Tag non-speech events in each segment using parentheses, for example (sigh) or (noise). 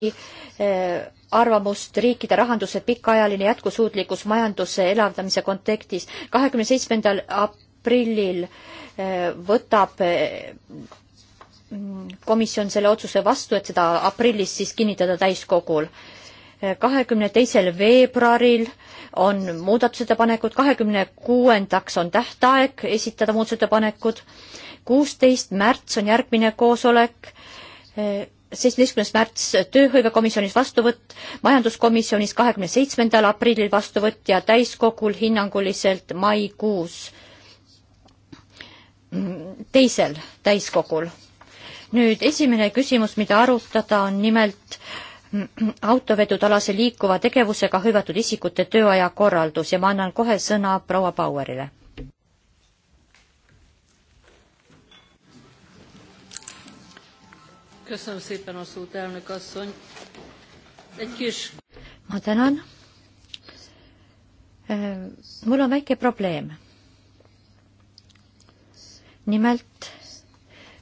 Äh, arvamust riikide rahanduse pikaajaline jätkusuutlikkus majanduse elavdamise kontekstis. kahekümne seitsmendal aprillil äh, võtab äh, komisjon selle otsuse vastu, et seda aprillis siis kinnitada täiskogul. kahekümne teisel veebruaril on muudatusettepanekud, kahekümne kuuendaks on tähtaeg esitada muudatusettepanekud, kuusteist märts on järgmine koosolek seitsmeteistkümnes märts tööhõivekomisjonis vastuvõtt, majanduskomisjonis kahekümne seitsmendal aprillil vastuvõtt ja täiskogul hinnanguliselt maikuus teisel täiskogul. nüüd esimene küsimus, mida arutada, on nimelt autovedudalase liikuva tegevusega hõivatud isikute tööaja korraldus ja ma annan kohe sõna proua Bauerile Köszönöm szépen a szót, elnök asszony. Egy kis... Ma tänan. mul on väike probleem. nimelt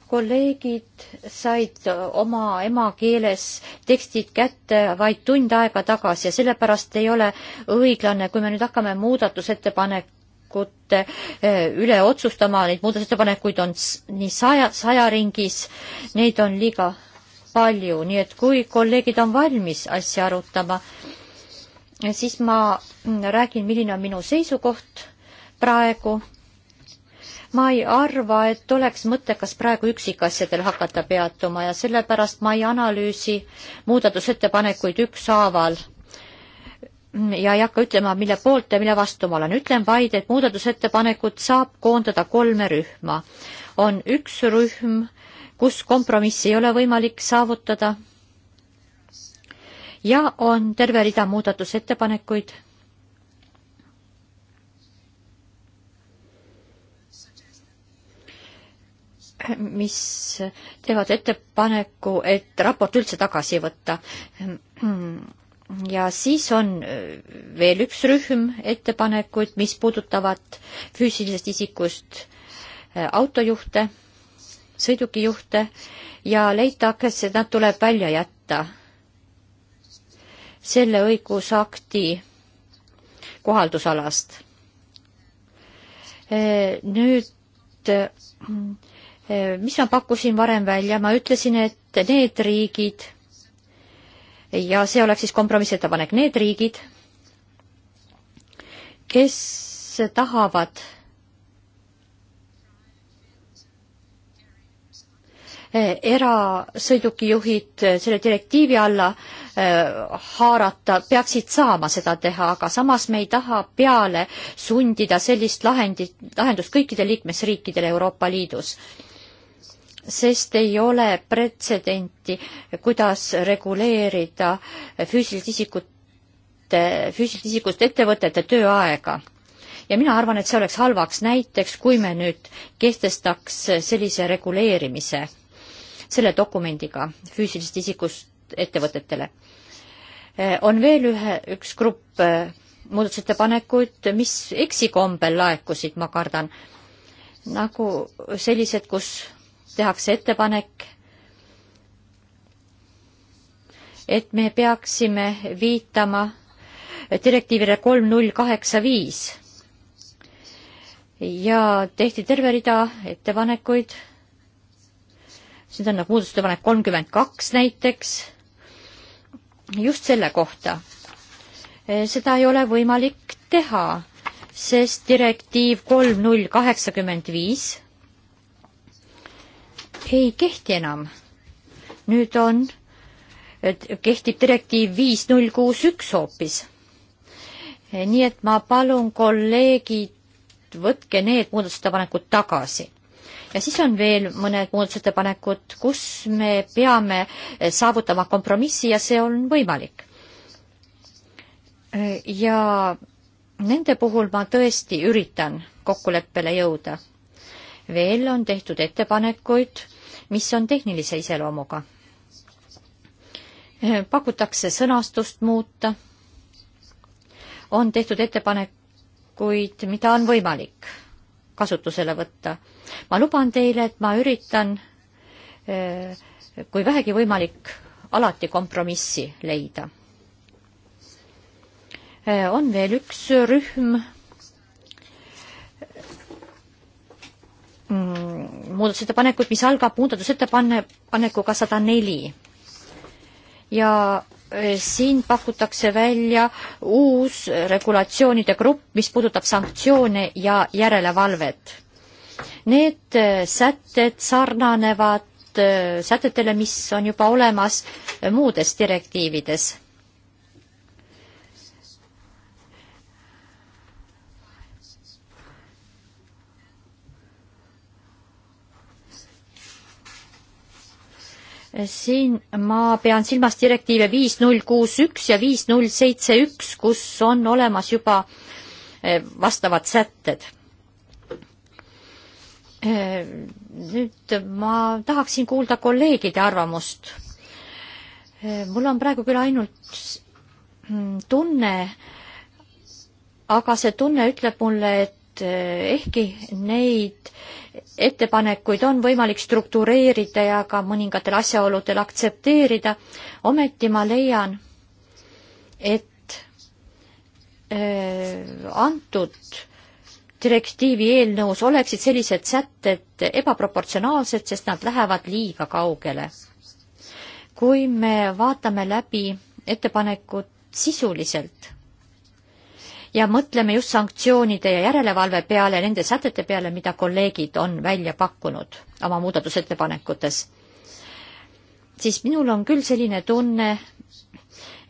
kolleegid said oma emakeeles tekstid kätte vaid tund aega tagasi ja sellepärast ei ole õiglane, kui me nüüd hakkame muudatusettepanek ettepanekute eh, üle otsustama, neid muudatusettepanekuid on nii saja, saja ringis, neid on liiga palju, nii et kui kolleegid on valmis asja arutama, eh, siis ma mm, räägin, milline on minu seisukoht praegu. ma ei arva, et oleks mõttekas praegu üksikasjadel hakata peatuma ja sellepärast ma ei analüüsi muudatusettepanekuid ükshaaval ja ei hakka ütlema, mille poolt ja mille vastu ma olen. ütlen vaid, et muudatusettepanekud saab koondada kolme rühma. on üks rühm, kus kompromissi ei ole võimalik saavutada ja on terve rida muudatusettepanekuid, mis teevad ettepaneku, et raport üldse tagasi võtta ja siis on äh, veel üks rühm ettepanekuid, mis puudutavad füüsilisest isikust äh, autojuhte, sõidukijuhte ja leitakse, et nad tuleb välja jätta selle õigusakti kohaldusalast. Äh, nüüd, mis ma pakkusin varem välja, ma ütlesin, et need riigid, ja see oleks siis kompromissettepanek, need riigid, kes tahavad eh, erasõidukijuhid eh, selle direktiivi alla eh, haarata, peaksid saama seda teha, aga samas me ei taha peale sundida sellist lahendit, lahendust kõikidele liikmesriikidele Euroopa Liidus sest ei ole pretsedenti, kuidas reguleerida füüsilist isikut ettevõtete, füüsilisest isikust ettevõtete tööaega. ja mina arvan, et see oleks halvaks näiteks, kui me nüüd kehtestaks sellise reguleerimise selle dokumendiga füüsilisest isikust ettevõtetele. on veel ühe, üks grupp muudatusettepanekuid, mis eksikombel laekusid, ma kardan, nagu sellised, kus tehakse ettepanek, et me peaksime viitama direktiivile kolm null kaheksa viis ja tehti terve rida ettepanekuid. see tähendab nagu muudatusettepanek kolmkümmend kaks näiteks, just selle kohta. seda ei ole võimalik teha, sest direktiiv kolm null kaheksakümmend viis ei kehti enam. nüüd on, kehtib direktiiv viis null kuus üks hoopis. Eh, nii et ma palun, kolleegid, võtke need muudatusettepanekud tagasi. ja siis on veel mõned muudatusettepanekud, kus me peame eh, saavutama kompromissi ja see on võimalik. Eh, ja nende puhul ma tõesti üritan kokkuleppele jõuda veel on tehtud ettepanekuid, mis on tehnilise iseloomuga. pakutakse sõnastust muuta, on tehtud ettepanekuid, mida on võimalik kasutusele võtta. ma luban teile, et ma üritan eh, kui vähegi võimalik, alati kompromissi leida. Eh, on veel üks rühm Mm, muudatusettepanekut, mis algab muudatusettepanekuga sada neli. ja eh, siin pakutakse välja uus regulatsioonide grupp, mis puudutab sanktsioone ja järelevalvet. Need eh, sätted sarnanevad eh, sätetele, mis on juba olemas muudes direktiivides siin ma pean silmas direktiive viis null kuus üks ja viis null seitse üks, kus on olemas juba eh, vastavad sätted. Eh, nüüd ma tahaksin kuulda kolleegide arvamust. Eh, mul on praegu küll ainult mm, tunne, aga see tunne ütleb mulle, et et eh, ehkki neid ettepanekuid on võimalik struktureerida ja ka mõningatel asjaoludel aktsepteerida, ometi ma leian, et eh, antud direktiivi eelnõus oleksid sellised sätted ebaproportsionaalsed, sest nad lähevad liiga kaugele. kui me vaatame läbi ettepanekut sisuliselt ja mõtleme just sanktsioonide ja järelevalve peale, nende sätete peale, mida kolleegid on välja pakkunud oma muudatusettepanekutes, siis minul on küll selline tunne,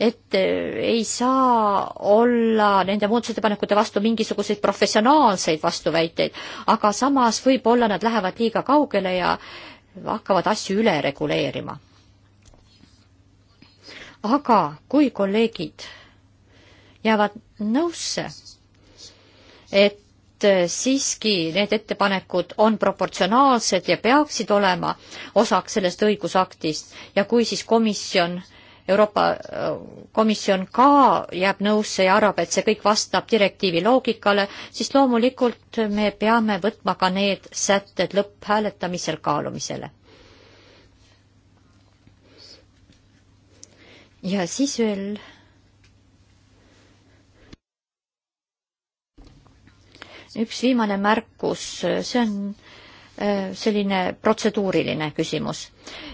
et äh, ei saa olla nende muudatusettepanekute vastu mingisuguseid professionaalseid vastuväiteid, aga samas võib-olla nad lähevad liiga kaugele ja hakkavad asju üle reguleerima. aga kui kolleegid jäävad nõusse, et äh, siiski need ettepanekud on proportsionaalsed ja peaksid olema osaks sellest õigusaktist ja kui siis komisjon Euroopa äh, Komisjon ka jääb nõusse ja arvab, et see kõik vastab direktiivi loogikale, siis loomulikult me peame võtma ka need sätted lõpphääletamisel kaalumisele. ja siis veel üks viimane märkus, see on äh, selline protseduuriline küsimus.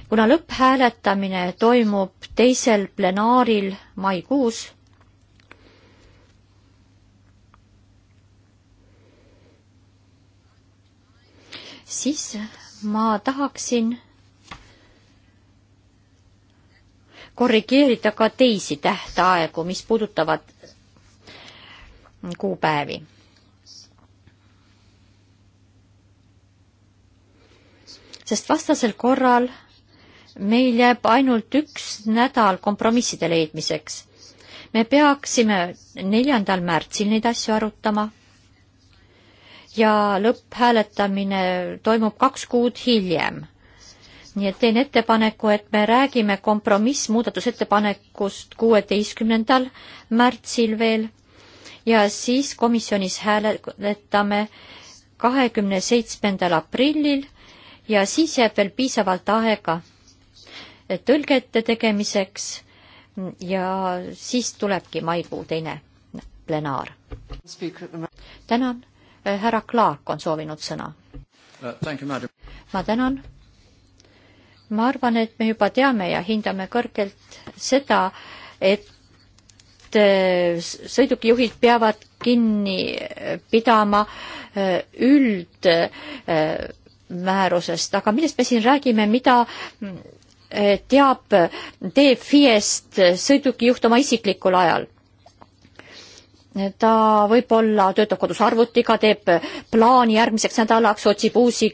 kuna lõpphääletamine toimub teisel plenaaril maikuus, siis ma tahaksin korrigeerida ka teisi tähtaegu, mis puudutavad kuupäevi sest vastasel korral meil jääb ainult üks nädal kompromisside leidmiseks. me peaksime neljandal märtsil neid asju arutama ja lõpphääletamine toimub kaks kuud hiljem. nii et teen ettepaneku, et me räägime kompromissmuudatusettepanekust kuueteistkümnendal märtsil veel ja siis komisjonis hääletame kahekümne seitsmendal aprillil ja siis jääb veel piisavalt aega tõlgete tegemiseks ja siis tulebki maikuu teine plenaar. tänan, äh, härra Clark on soovinud sõna. Uh, ma tänan. ma arvan, et me juba teame ja hindame kõrgelt seda, et äh, sõidukijuhid peavad kinni äh, pidama üld määrusest, aga millest me siin räägime, mida eh, teab, teeb FIE-st sõidukijuht oma isiklikul ajal? ta võib-olla töötab kodus arvutiga, teeb plaani järgmiseks nädalaks, otsib uusi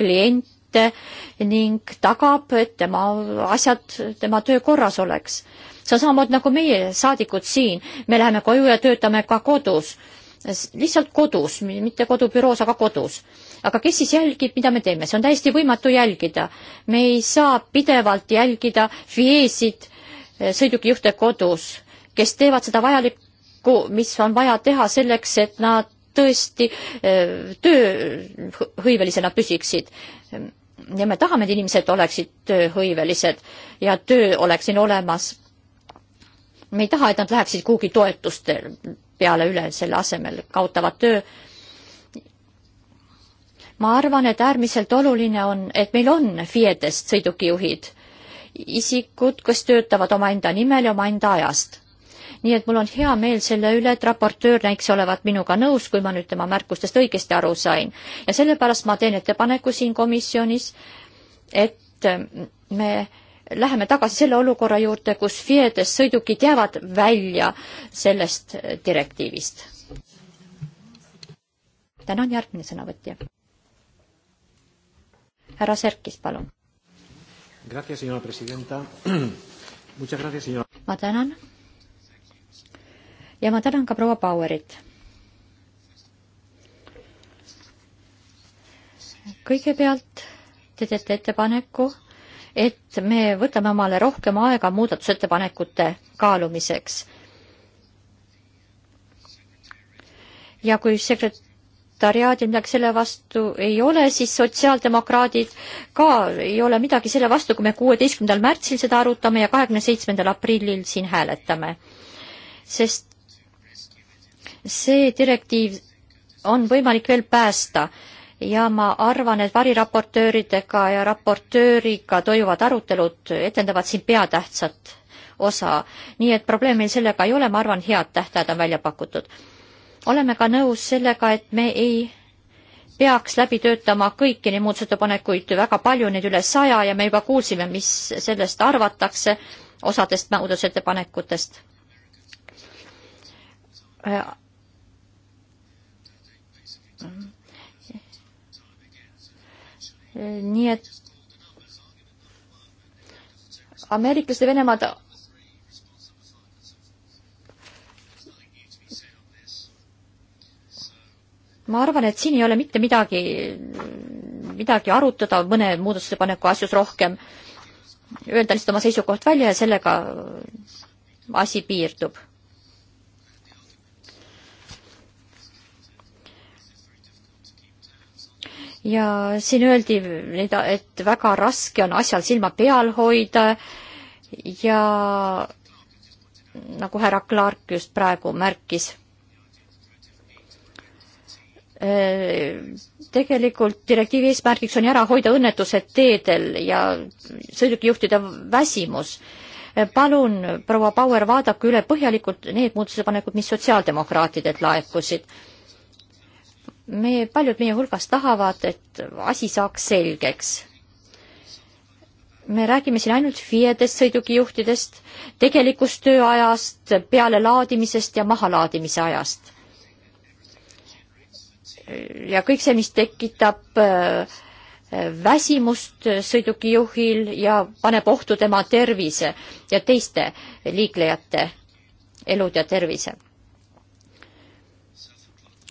kliente ning tagab, et tema asjad, tema töö korras oleks. see on samamoodi nagu meie saadikud siin, me läheme koju ja töötame ka kodus lihtsalt kodus, mitte kodubüroos, aga kodus aga kes siis jälgib, mida me teeme, see on täiesti võimatu jälgida. me ei saa pidevalt jälgida FIE-sid, eh, sõidukijuhte kodus, kes teevad seda vajalikku, mis on vaja teha selleks, et nad tõesti eh, tööhõivelisena püsiksid. ja me tahame, et inimesed oleksid tööhõivelised ja töö oleks siin olemas. me ei taha, et nad läheksid kuhugi toetuste peale üle, selle asemel kaotavad töö ma arvan, et äärmiselt oluline on, et meil on FIE-dest sõidukijuhid, isikud, kes töötavad omaenda nimel ja omaenda ajast. nii et mul on hea meel selle üle, et raportöör näiks olevat minuga nõus, kui ma nüüd tema märkustest õigesti aru sain. ja sellepärast ma teen ettepaneku siin komisjonis, et me läheme tagasi selle olukorra juurde, kus FIE-des sõidukid jäävad välja sellest direktiivist. tänan, järgmine sõnavõtja härra Serkis, palun. (clears throat) ma tänan. ja ma tänan ka proua Bauerit. kõigepealt te teete ettepaneku, et me võtame omale rohkem aega muudatusettepanekute kaalumiseks. ja kui sekret-, proletariaadil midagi selle vastu ei ole, siis sotsiaaldemokraadid ka ei ole midagi selle vastu, kui me kuueteistkümnendal märtsil seda arutame ja kahekümne seitsmendal aprillil siin hääletame. sest see direktiiv on võimalik veel päästa ja ma arvan, et variraportööridega ja raportööriga toimuvad arutelud etendavad siin peatähtsat osa, nii et probleem meil sellega ei ole, ma arvan, head tähtajad on välja pakutud oleme ka nõus sellega, et me ei peaks läbi töötama kõiki neid muudatusettepanekuid, väga palju neid üle saja ja me juba kuulsime, mis sellest arvatakse osadest muudatusettepanekutest. Äh, äh, nii et ameeriklased ja Venemaad ma arvan, et siin ei ole mitte midagi, midagi arutada mõne muudatusettepaneku asjus rohkem. Öelda lihtsalt oma seisukoht välja ja sellega asi piirdub. ja siin öeldi, et väga raske on asjal silma peal hoida ja nagu härra Clark just praegu märkis Äh, tegelikult direktiivi eesmärgiks on ära hoida õnnetused teedel ja sõidukijuhtide väsimus. Äh, palun, proua Bauer, vaadake üle põhjalikult need muudatusepanekud, mis sotsiaaldemokraatidelt laekusid. meie, paljud meie hulgas tahavad, et asi saaks selgeks me räägime siin ainult FIE-dest, sõidukijuhtidest, tegelikust tööajast, pealelaadimisest ja mahalaadimise ajast ja kõik see, mis tekitab äh, väsimust sõidukijuhil ja paneb ohtu tema tervise ja teiste liiklejate elud ja tervise.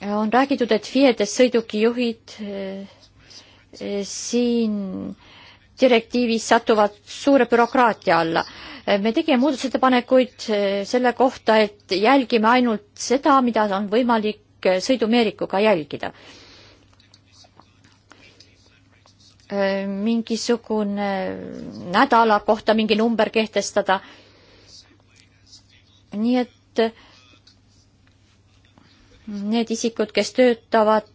on räägitud, et FIE-des sõidukijuhid äh, siin direktiivis satuvad suure bürokraatia alla. Äh, me tegime muudatusettepanekuid selle kohta, et jälgime ainult seda, mida on võimalik Äh, sõidumeerikuga jälgida. Äh, mingisugune äh, nädala kohta mingi number kehtestada. nii et need isikud, kes töötavad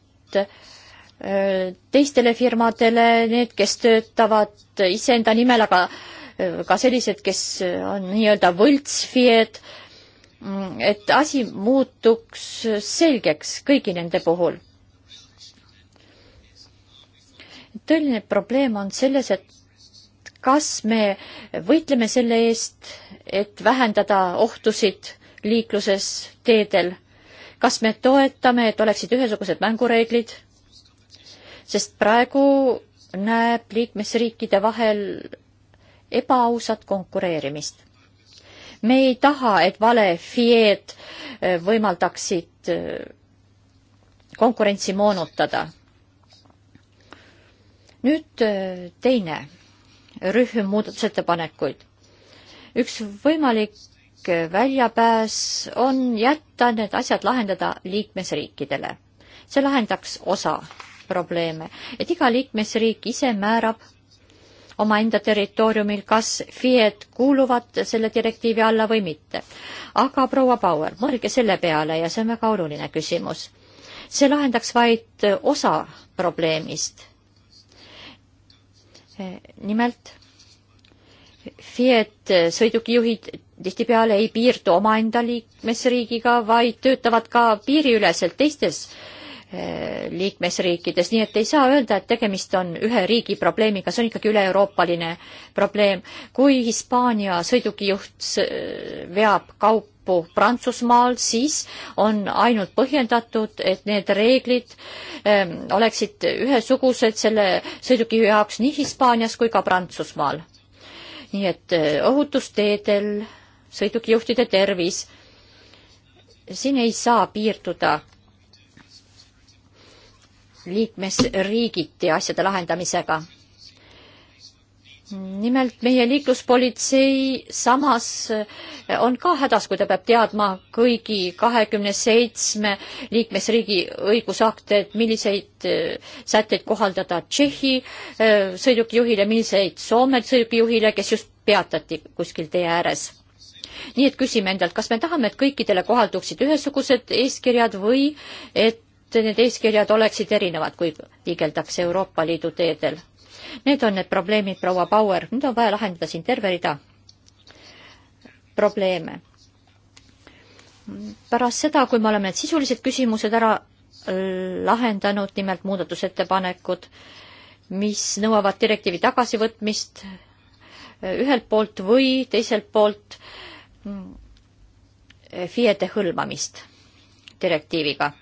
teistele firmadele, need, kes töötavad iseenda nimel, aga ka sellised, kes on nii-öelda võltsfijed, Mm, et asi muutuks selgeks kõigi nende puhul. tõeline probleem on selles, et kas me võitleme selle eest, et vähendada ohtusid liikluses, teedel, kas me toetame, et oleksid ühesugused mängureeglid, sest praegu näeb liikmesriikide vahel ebaausat konkureerimist me ei taha, et valefied äh, võimaldaksid äh, konkurentsi moonutada. nüüd äh, teine rühm muudatusettepanekuid. üks võimalik väljapääs on jätta need asjad lahendada liikmesriikidele. see lahendaks osa probleeme, et iga liikmesriik ise määrab omaenda territooriumil, kas FIE-d kuuluvad selle direktiivi alla või mitte. aga proua Bauer, mõelge selle peale ja see on väga oluline küsimus. see lahendaks vaid osa probleemist. nimelt FIE-d, sõidukijuhid tihtipeale ei piirdu omaenda liikmesriigiga, vaid töötavad ka piiriüleselt teistes äh, Eh, liikmesriikides, nii et ei saa öelda, et tegemist on ühe riigi probleemiga, see on ikkagi üle-euroopaline probleem. kui Hispaania sõidukijuht veab kaupu Prantsusmaal, siis on ainult põhjendatud, et need reeglid eh, oleksid ühesugused selle sõidukijuhi jaoks nii Hispaanias kui ka Prantsusmaal. nii et eh, ohutusteedel sõidukijuhtide tervis, siin ei saa piirduda liikmesriigiti asjade lahendamisega. nimelt meie liikluspolitsei samas eh, on ka hädas, kui ta peab teadma kõigi kahekümne seitsme liikmesriigi õigusakte, et milliseid eh, sätteid kohaldada Tšehhi eh, sõidukijuhile, milliseid Soome sõidukijuhile, kes just peatati kuskil tee ääres nii et küsime endalt, kas me tahame, et kõikidele kohalduksid ühesugused eeskirjad või et need eeskirjad oleksid erinevad, kui liigeldakse Euroopa Liidu teedel. Need on need probleemid, proua Bauer, nüüd on vaja lahendada siin terve rida probleeme. pärast seda, kui me oleme need sisulised küsimused ära äh, lahendanud, nimelt muudatusettepanekud, mis nõuavad direktiivi tagasivõtmist äh, ühelt poolt või teiselt poolt mm, äh, FIE-de hõlmamist direktiiviga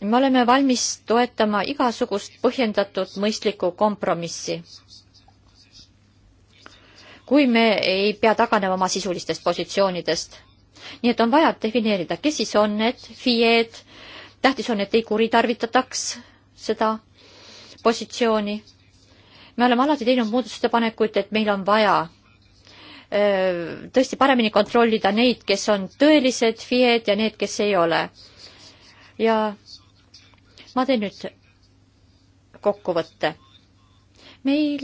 me oleme valmis toetama igasugust põhjendatud mõistlikku kompromissi. kui me ei pea taganema oma sisulistest positsioonidest. nii et on vaja defineerida, kes siis on need FIE-d, tähtis on, et ei kuritarvitataks seda positsiooni. me oleme alati teinud muudatusettepanekuid, et meil on vaja tõesti paremini kontrollida neid, kes on tõelised FIE-d ja need, kes ei ole. ja ma teen nüüd kokkuvõtte. meil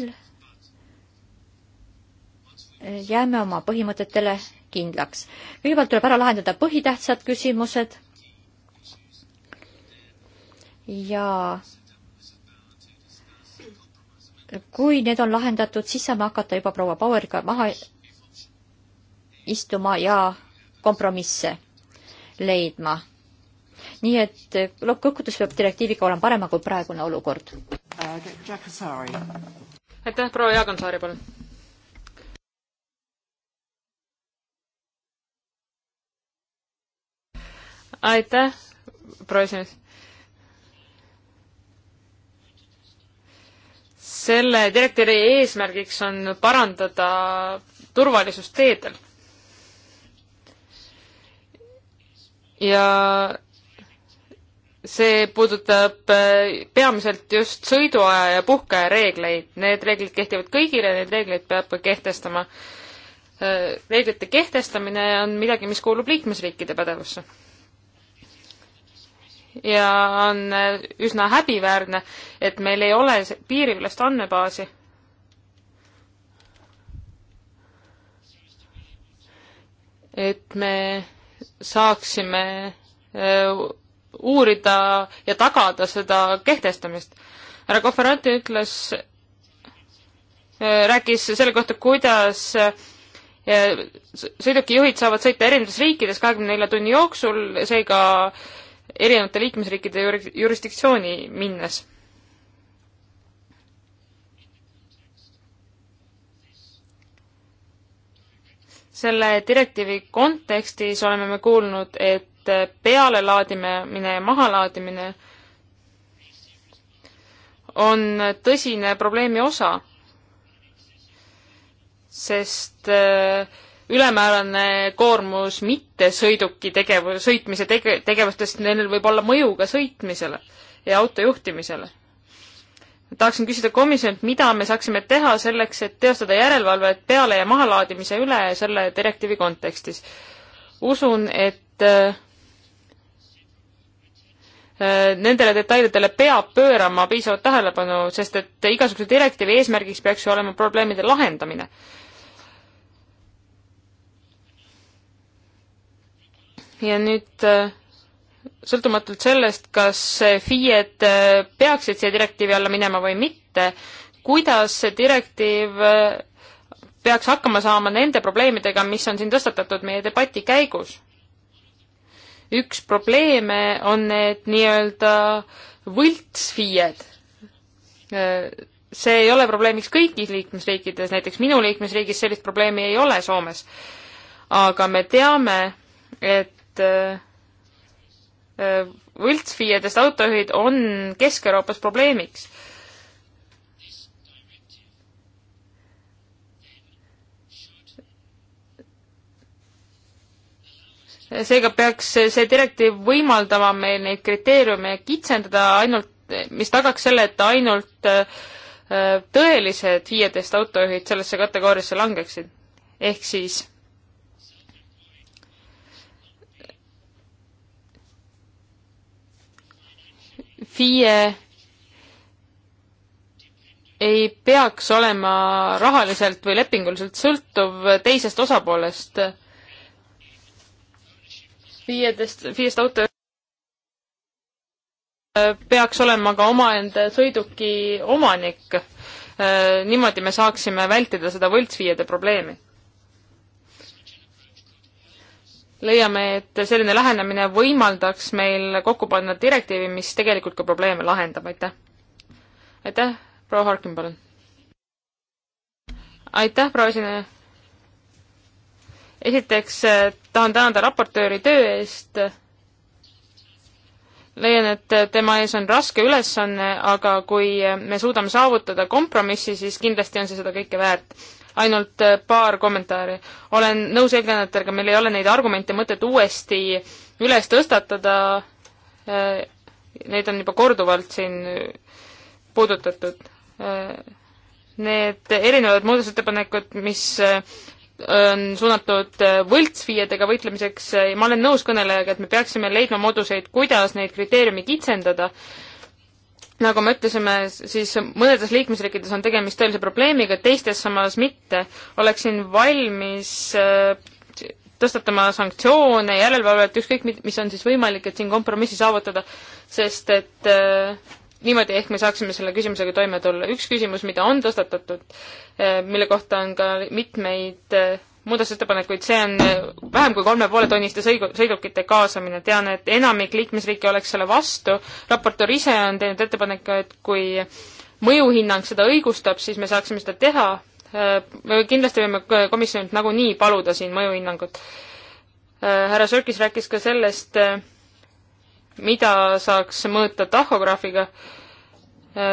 jääme oma põhimõtetele kindlaks. kõigepealt tuleb ära lahendada põhitähtsad küsimused ja kui need on lahendatud, siis saame hakata juba proua Poweriga maha istuma ja kompromisse leidma nii et eh, lõppkokkuvõttes peab direktiiviga olema parema kui praegune olukord. Äh, aitäh, proua Jaagonsaari, palun. aitäh, proua esimees. selle direktiivi eesmärgiks on parandada turvalisust teedel ja see puudutab äh, peamiselt just sõiduaja ja puhkeaja reegleid. Need reeglid kehtivad kõigile, neid reegleid peab ka kehtestama. Äh, reeglite kehtestamine on midagi, mis kuulub liikmesriikide pädevusse. ja on äh, üsna häbiväärne, et meil ei ole piiriülest andmebaasi. et me saaksime uurida ja tagada seda kehtestamist. härra Kohverati ütles, äh, rääkis selle kohta, kuidas äh, sõidukijuhid saavad sõita erinevates riikides kahekümne nelja tunni jooksul, seega erinevate liikmesriikide jurisdiktsiooni minnes selle direktiivi kontekstis oleme me kuulnud, et andmete pealelaadimine ja mahalaadimine on tõsine probleemi osa, sest äh, ülemäärane koormus mitte sõiduki tegev-, sõitmise tege-, tegevustest, neil võib olla mõju ka sõitmisele ja auto juhtimisele. tahaksin küsida komisjonilt, mida me saaksime teha selleks, et teostada järelevalvet peale- ja mahalaadimise üle selle direktiivi kontekstis. usun, et äh, Äh, nendele detailidele peab pöörama piisavat tähelepanu, sest et igasuguse direktiivi eesmärgiks peaks ju olema probleemide lahendamine. ja nüüd äh, sõltumatult sellest, kas FIE-d äh, peaksid siia direktiivi alla minema või mitte, kuidas see direktiiv peaks hakkama saama nende probleemidega, mis on siin tõstatatud meie debati käigus üks probleeme on need nii-öelda võltsfiied. see ei ole probleemiks kõigis liikmesriikides, näiteks minu liikmesriigis sellist probleemi ei ole Soomes. aga me teame, et äh, võltsfiiedest autojuhid on Kesk-Euroopas probleemiks seega peaks see direktiiv võimaldama meil neid kriteeriume kitsendada ainult, mis tagaks selle, et ainult äh, tõelised viieteist autojuhid sellesse kategooriasse langeksid. ehk siis FIE ei peaks olema rahaliselt või lepinguliselt sõltuv teisest osapoolest viieteist, viiest auto peaks olema ka omaenda sõiduki omanik. niimoodi me saaksime vältida seda võltsviiede probleemi. leiame, et selline lähenemine võimaldaks meil kokku panna direktiivi, mis tegelikult ka probleeme lahendab, aitäh. aitäh, proua Harkin, palun. aitäh, proua esineja esiteks eh, tahan tänada raportööri töö eest. leian, et eh, tema ees on raske ülesanne, aga kui eh, me suudame saavutada kompromissi, siis kindlasti on see seda kõike väärt. ainult paar kommentaari. olen nõus eelkõnelejatega, meil ei ole neid argumente mõtet uuesti üles tõstatada. Neid on juba korduvalt siin puudutatud. Need erinevad muudatusettepanekud, mis on suunatud äh, võltsfiiedega võitlemiseks ja ma olen nõus kõnelejaga, et me peaksime leidma mooduseid, kuidas neid kriteeriume kitsendada. nagu me ütlesime, siis mõnedes liikmesriikides on tegemist tõelise probleemiga, teistes samas mitte. oleksin valmis äh, tõstatama sanktsioone, järelevalvet, ükskõik mis on siis võimalik, et siin kompromissi saavutada, sest et äh, niimoodi ehk me saaksime selle küsimusega toime tulla. üks küsimus, mida on tõstatatud, eh, mille kohta on ka mitmeid eh, muudatusettepanekuid, see on eh, vähem kui kolme poole tonniste sõidu, sõidukite kaasamine. tean, et enamik liikmesriike oleks selle vastu. raportöör ise on teinud ettepaneku, et kui mõjuhinnang seda õigustab, siis me saaksime seda teha. kindlasti võime komisjonilt nagunii paluda siin mõjuhinnangut. härra Sörkis rääkis ka sellest, mida saaks mõõta tahograafiga,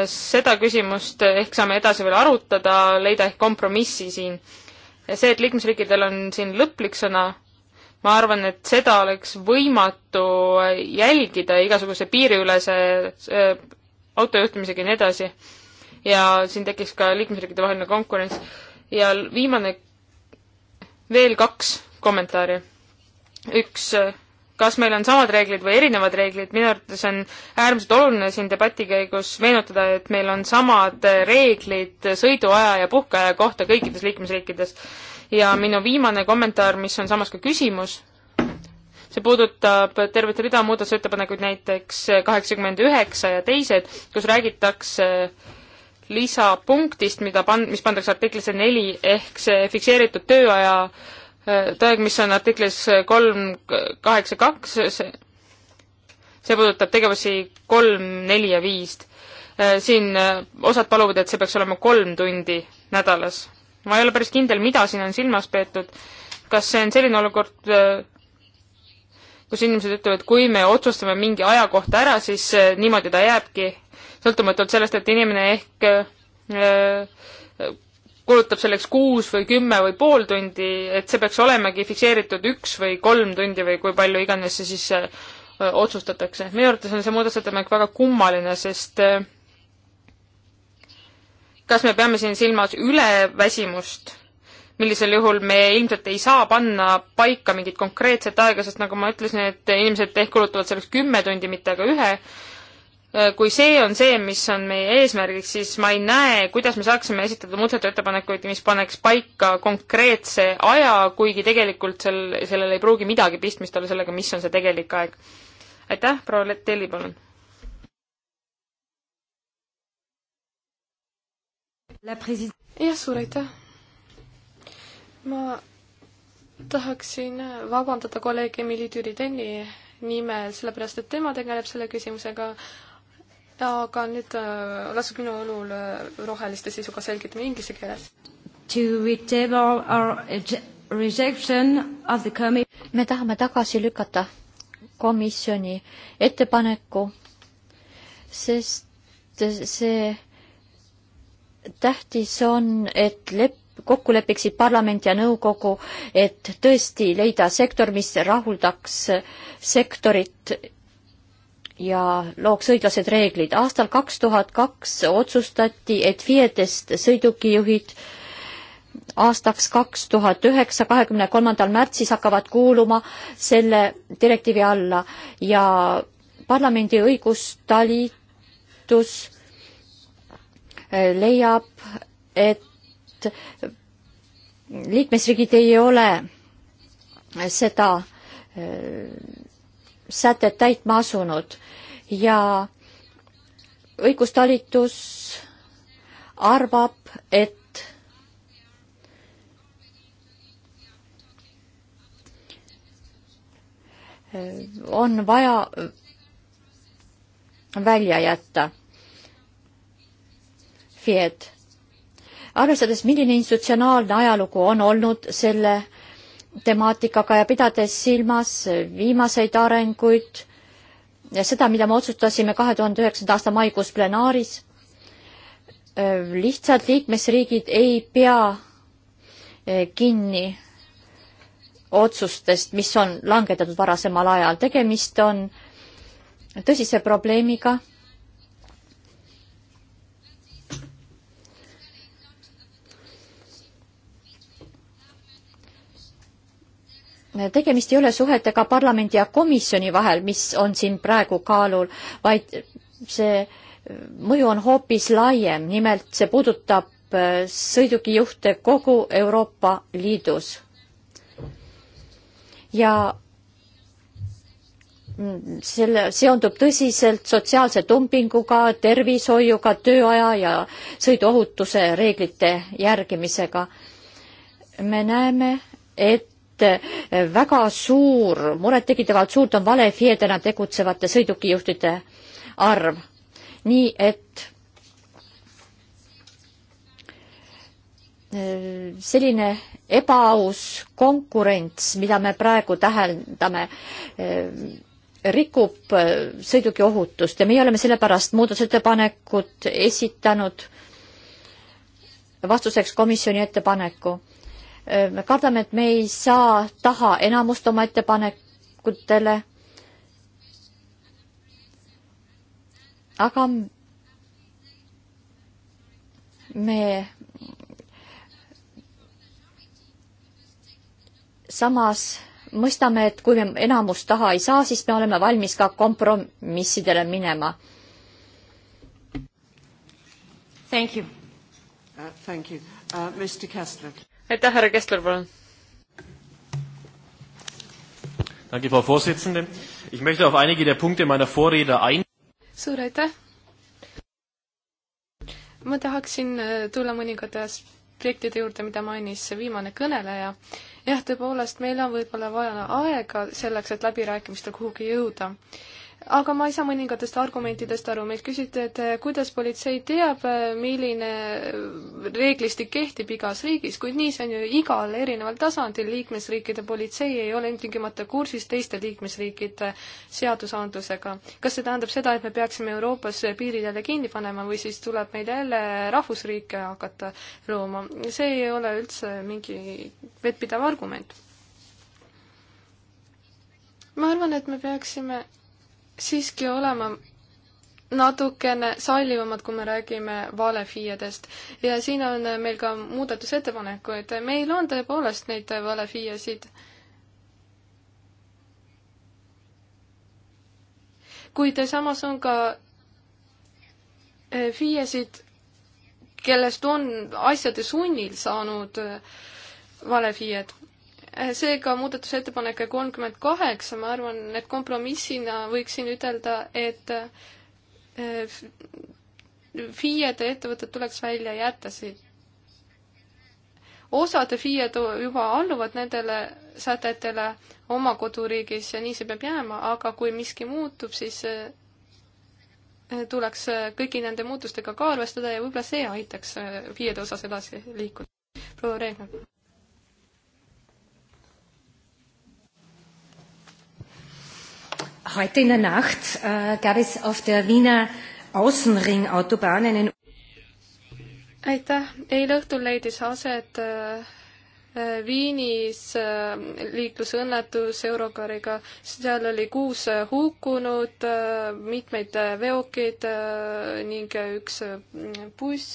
seda küsimust ehk saame edasi veel arutada, leida ehk kompromissi siin. see, et liikmesriikidel on siin lõplik sõna, ma arvan, et seda oleks võimatu jälgida igasuguse piiriülese äh, autojuhtimisega ja nii edasi. ja siin tekiks ka liikmesriikide vaheline konkurents. ja viimane, veel kaks kommentaari. üks äh, kas meil on samad reeglid või erinevad reeglid, minu arvates on äärmiselt oluline siin debati käigus meenutada, et meil on samad reeglid sõiduaja ja puhkeaja kohta kõikides liikmesriikides. ja minu viimane kommentaar, mis on samas ka küsimus, see puudutab tervet rida muudatusettepanekuid, näiteks kaheksakümmend üheksa ja teised, kus räägitakse lisapunktist, mida pan-, mis pandakse artiklisse neli, ehk see fikseeritud tööaja äh, tõeg, mis on artiklis kolm kaheksa kaks, see, see puudutab tegevusi kolm, neli ja viis. siin osad paluvad, et see peaks olema kolm tundi nädalas. ma ei ole päris kindel, mida siin on silmas peetud. kas see on selline olukord, kus inimesed ütlevad, kui me otsustame mingi aja kohta ära, siis eh, niimoodi ta jääbki, sõltumatult sellest, et inimene ehk eh, kulutab selleks kuus või kümme või pool tundi, et see peaks olemegi fikseeritud üks või kolm tundi või kui palju iganes see siis äh, otsustatakse. minu arvates on see muudatusettepanek väga kummaline, sest äh, kas me peame siin silmas üleväsimust, millisel juhul me ilmselt ei saa panna paika mingit konkreetset aega, sest nagu ma ütlesin, et inimesed ehk kulutavad selleks kümme tundi, mitte aga ühe, Äh, kui see on see, mis on meie eesmärgiks, siis ma ei näe, kuidas me saaksime esitada muudatusettepanekuid, mis paneks paika konkreetse aja, kuigi tegelikult sel, sellel ei pruugi midagi pistmist olla sellega, mis on see tegelik aeg. aitäh, proua Telli, palun. jah, suur aitäh. ma tahaksin vabandada kolleeg Emily Türiteni nime, sellepärast et tema tegeleb selle küsimusega, aga nüüd äh, lasub minu õlul äh, roheliste sisuga selgitada inglise keeles. To retable our rejection of the committee. me tahame tagasi lükata komisjoni ettepaneku, sest see tähtis on, et lep-, kokku lepiksid parlament ja nõukogu, et tõesti leida sektor, mis rahuldaks sektorit ja looks õiglased reeglid. aastal kaks tuhat kaks otsustati, et FIE-dest sõidukijuhid aastaks kaks tuhat üheksa, kahekümne kolmandal märtsis hakkavad kuuluma selle direktiivi alla ja parlamendi õigustalitus eh, leiab, et liikmesriigid ei ole seda eh, sätet täitma asunud ja õigustalitus arvab, et on vaja välja jätta FIE-d. arvestades, milline institutsionaalne ajalugu on olnud selle temaatikaga ja pidades silmas viimaseid arenguid ja seda, mida me otsustasime kahe tuhande üheksanda aasta maikuus plenaaris, lihtsalt liikmesriigid ei pea eh, kinni otsustest, mis on langetatud varasemal ajal. tegemist on tõsise probleemiga tegemist ei ole suhetega parlamendi ja komisjoni vahel, mis on siin praegu kaalul, vaid see mõju on hoopis laiem, nimelt see puudutab äh, sõidukijuhte kogu Euroopa Liidus. ja mm, selle seondub tõsiselt sotsiaalse dumpinguga, tervishoiuga, tööaja ja sõiduohutuse reeglite järgimisega. me näeme, et et eh, väga suur, murettekitavalt suurt on valefiedena tegutsevate sõidukijuhtide arv. nii et eh, selline ebaaus konkurents, mida me praegu täheldame, eh, rikub sõiduki ohutust ja meie oleme sellepärast muudatusettepanekud esitanud vastuseks komisjoni ettepaneku me kardame, et me ei saa taha enamust oma ettepanekutele. aga me samas mõistame, et kui me enamust taha ei saa, siis me oleme valmis ka kompromissidele minema. Thank you uh,. Thank you uh,. Mr Kessler aitäh, härra Kessler, palun. Danke, Frau Vorsitzende. Ich möchte auf einige der Punkte meiner Vorrede ein-. suur aitäh. ma tahaksin äh, tulla mõningate aspektide juurde, mida mainis viimane kõneleja. jah, tõepoolest, meil on võib-olla vaja aega selleks, et läbirääkimistel kuhugi jõuda aga ma ei saa mõningatest argumentidest aru, meilt küsiti, et eh, kuidas politsei teab, eh, milline reeglistik kehtib igas riigis, kuid nii see on ju igal erineval tasandil, liikmesriikide politsei ei ole ilmtingimata kursis teiste liikmesriikide seadusandlusega. kas see tähendab seda, et me peaksime Euroopas piirid jälle kinni panema või siis tuleb meil jälle rahvusriike hakata looma? see ei ole üldse mingi vettpidav argument. ma arvan, et me peaksime siiski olema natukene sallivamad, kui me räägime valefiiedest. ja siin on meil ka muudatusettepanekuid, meil on tõepoolest neid valefiiesid. kuid samas on ka eh, FIE-sid, kellest on asjade sunnil saanud eh, valefiied seega muudatusettepanek kolmkümmend kaheksa, ma arvan, et kompromissina võiksin ütelda, et äh, FIE-de ettevõtted tuleks välja jätta siit. osad FIE-d juba alluvad nendele sätetele oma koduriigis ja nii see peab jääma, aga kui miski muutub, siis äh, tuleks äh, kõigi nende muutustega ka arvestada ja võib-olla see aitaks FIE-de osas edasi liikuda. proua Reegna. Heute in der Nacht äh, gab es auf der Wiener Außenringautobahn einen aitäh, eile õhtul leidis aset äh, äh Viinis äh, liiklusõnnetus Eurokariga, seal oli kuus äh, hukkunut äh,, mitmeid äh, veokeid ning üks buss,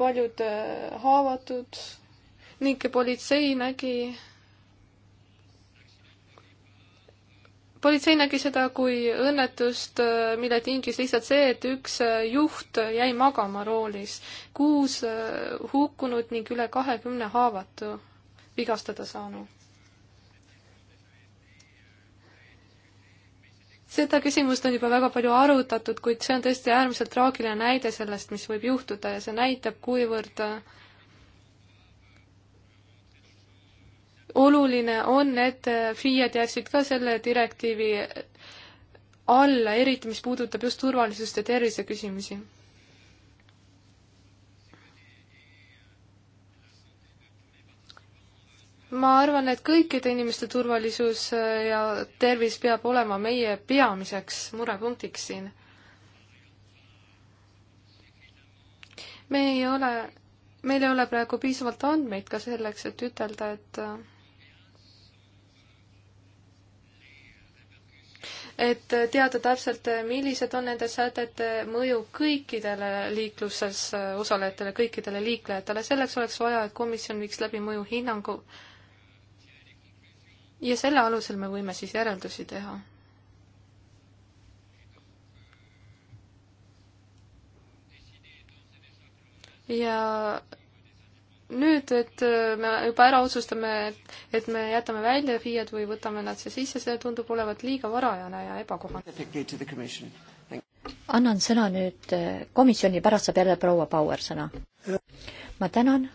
paljud haavatud ning politsei nägi politsei nägi seda kui õnnetust, äh, mille tingis lihtsalt see, et üks äh, juht jäi magama roolis. kuus äh, hukkunut ning üle kahekümne haavatu vigastada saanu. seda küsimust on juba väga palju arutatud, kuid see on tõesti äärmiselt traagiline näide sellest, mis võib juhtuda ja see näitab, kuivõrd äh, oluline on, et FIE-d jääksid ka selle direktiivi alla, eriti mis puudutab just turvalisust ja terviseküsimusi. ma arvan, et kõikide inimeste turvalisus ja tervis peab olema meie peamiseks murepunktiks siin. me ei ole, meil ei ole praegu piisavalt andmeid ka selleks, et ütelda, et et teada täpselt, millised on nende sätete mõju kõikidele liikluses äh, osalejatele, kõikidele liiklejatele, selleks oleks vaja, et komisjon viiks läbi mõjuhinnangu. ja selle alusel me võime siis järeldusi teha. ja nüüd, et äh, me juba ära otsustame, et me jätame välja FIE-d või võtame nad siia sisse, see tundub olevat liiga varajane ja ebakohane. annan sõna nüüd äh, komisjoni, pärast saab jälle proua Bauer sõna. ma tänan.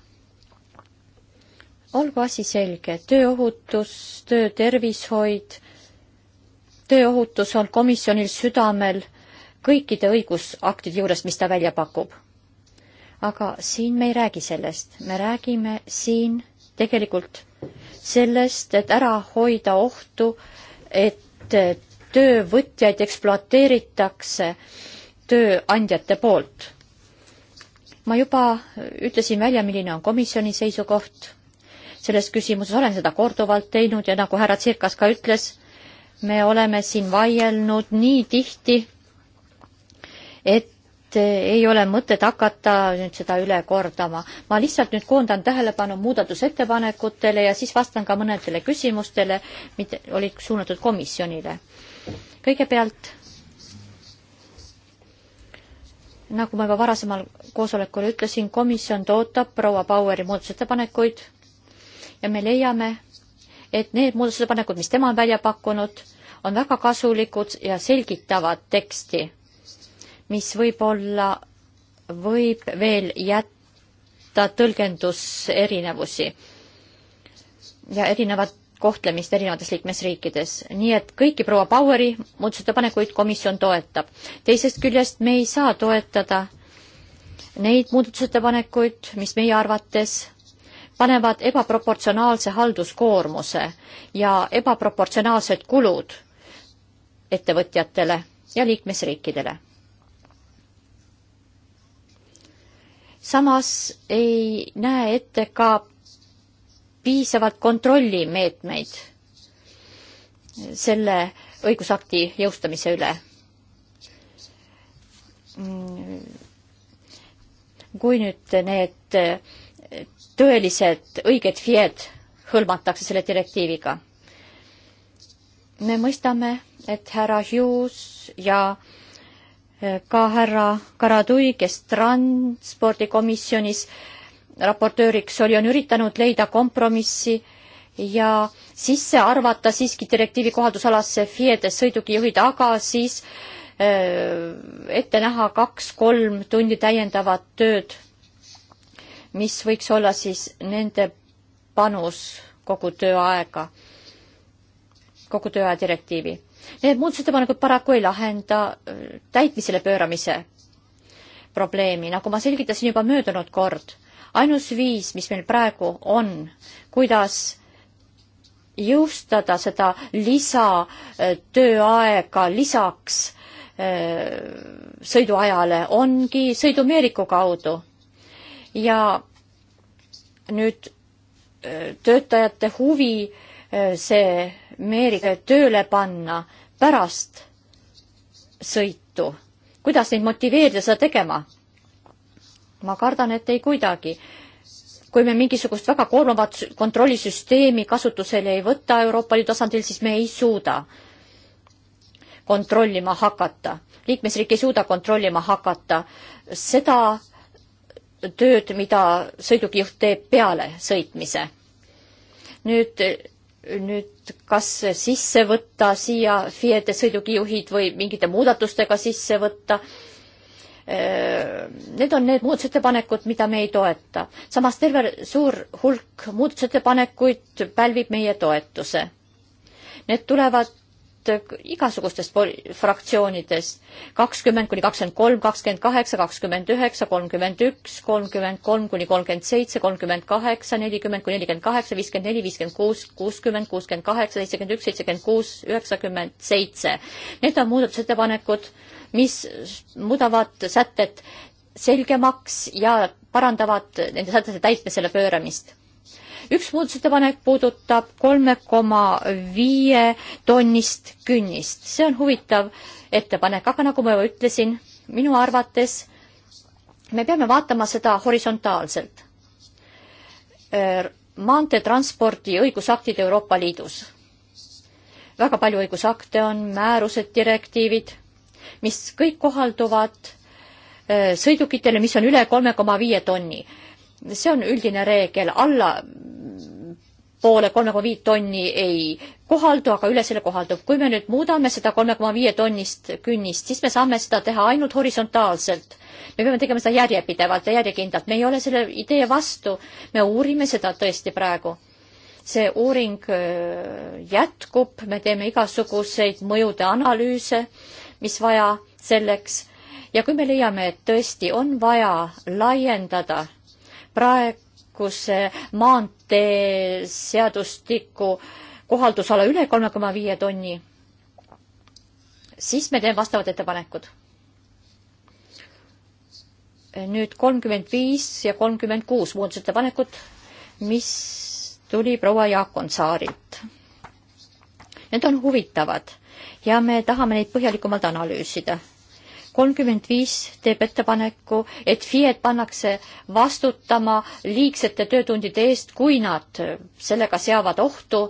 olgu asi selge, tööohutus, töötervishoid, tööohutus on komisjonil südamel kõikide õigusaktide juures, mis ta välja pakub aga siin me ei räägi sellest, me räägime siin tegelikult sellest, et ära hoida ohtu, et töövõtjaid ekspluateeritakse tööandjate poolt. ma juba ütlesin välja, milline on komisjoni seisukoht selles küsimuses, olen seda korduvalt teinud ja nagu härra Tsirkas ka ütles, me oleme siin vaielnud nii tihti, et Eh, ei ole mõtet hakata nüüd seda üle kordama. ma lihtsalt nüüd koondan tähelepanu muudatusettepanekutele ja siis vastan ka mõnedele küsimustele, mis olid suunatud komisjonile. kõigepealt, nagu ma juba varasemal koosolekul ütlesin, komisjon ootab proua Baueri muudatusettepanekuid ja me leiame, et need muudatusettepanekud, mis tema on välja pakkunud, on väga kasulikud ja selgitavad teksti mis võib-olla võib veel jätta tõlgenduserinevusi ja erinevat kohtlemist erinevates liikmesriikides. nii et kõiki proua Baueri muudatusettepanekuid komisjon toetab. teisest küljest me ei saa toetada neid muudatusettepanekuid, mis meie arvates panevad ebaproportsionaalse halduskoormuse ja ebaproportsionaalsed kulud ettevõtjatele ja liikmesriikidele samas ei näe ette ka piisavalt kontrollimeetmeid selle õigusakti jõustamise üle. kui nüüd need tõelised õiged FIE-d hõlmatakse selle direktiiviga, me mõistame, et härra Hughes ja äh, ka härra Karadui, kes transpordikomisjonis raportööriks oli, on üritanud leida kompromissi ja sisse arvata siiski direktiivi kohaldusalasse FIE-des sõidukijuhid, aga siis öö, äh, ette näha kaks-kolm tundi täiendavat tööd, mis võiks olla siis nende panus kogu tööaega, kogu tööaja direktiivi Need muudatusettepanekud paraku ei lahenda äh, täitmisele pööramise probleemi, nagu ma selgitasin juba möödunud kord. ainus viis, mis meil praegu on, kuidas jõustada seda lisatööaega äh, lisaks äh, sõiduajale, ongi sõidumeeriku kaudu. ja nüüd töötajate huvi see Ameerika tööle panna pärast sõitu? kuidas neid motiveerida seda tegema? ma kardan, et ei kuidagi. kui me mingisugust väga koormavat kontrollisüsteemi kasutusele ei võta Euroopa Liidu tasandil, siis me ei suuda kontrollima hakata. liikmesriik ei suuda kontrollima hakata seda tööd, mida sõidukijuht teeb peale sõitmise. nüüd nüüd kas sisse võtta siia FIE-de sõidukijuhid või mingite muudatustega sisse võtta. Äh, need on need muudatusettepanekud, mida me ei toeta. samas terve suur hulk muudatusettepanekuid pälvib meie toetuse. Need tulevad Äh, igasugustest fraktsioonidest, kakskümmend kuni kakskümmend kolm, kakskümmend kaheksa, kakskümmend üheksa, kolmkümmend üks, kolmkümmend kolm kuni kolmkümmend seitse, kolmkümmend kaheksa, nelikümmend kuni nelikümmend kaheksa, viiskümmend neli, viiskümmend kuus, kuuskümmend, kuuskümmend kaheksa, seitsekümmend üks, seitsekümmend kuus, üheksakümmend seitse. Need on muudatusettepanekud, mis muudavad sätted selgemaks ja parandavad nende sätete täitmisele pööramist üks muudatusettepanek puudutab kolme koma viie tonnist künnist, see on huvitav ettepanek, aga nagu ma juba ütlesin, minu arvates me peame vaatama seda horisontaalselt. Äh, maanteetranspordi õigusaktid Euroopa Liidus. väga palju õigusakte on, määrused, direktiivid, mis kõik kohalduvad äh, sõidukitele, mis on üle kolme koma viie tonni. see on üldine reegel, alla poole kolme koma viit tonni ei kohaldu, aga üle selle kohaldub. kui me nüüd muudame seda kolme koma viie tonnist künnist, siis me saame seda teha ainult horisontaalselt. me peame tegema seda järjepidevalt ja järjekindlalt, me ei ole selle idee vastu, me uurime seda tõesti praegu. see uuring äh, jätkub, me teeme igasuguseid mõjude analüüse, mis vaja selleks ja kui me leiame, et tõesti on vaja laiendada praegu praeguse maanteeseadustiku kohaldusala üle kolme koma viie tonni, siis me teeme vastavad ettepanekud. nüüd kolmkümmend viis ja kolmkümmend kuus muudatusettepanekut, mis tuli proua Jaakonsaarilt. Need on huvitavad ja me tahame neid põhjalikumalt analüüsida kolmkümmend viis teeb ettepaneku, et FIE-d pannakse vastutama liigsete töötundide eest, kui nad sellega seavad ohtu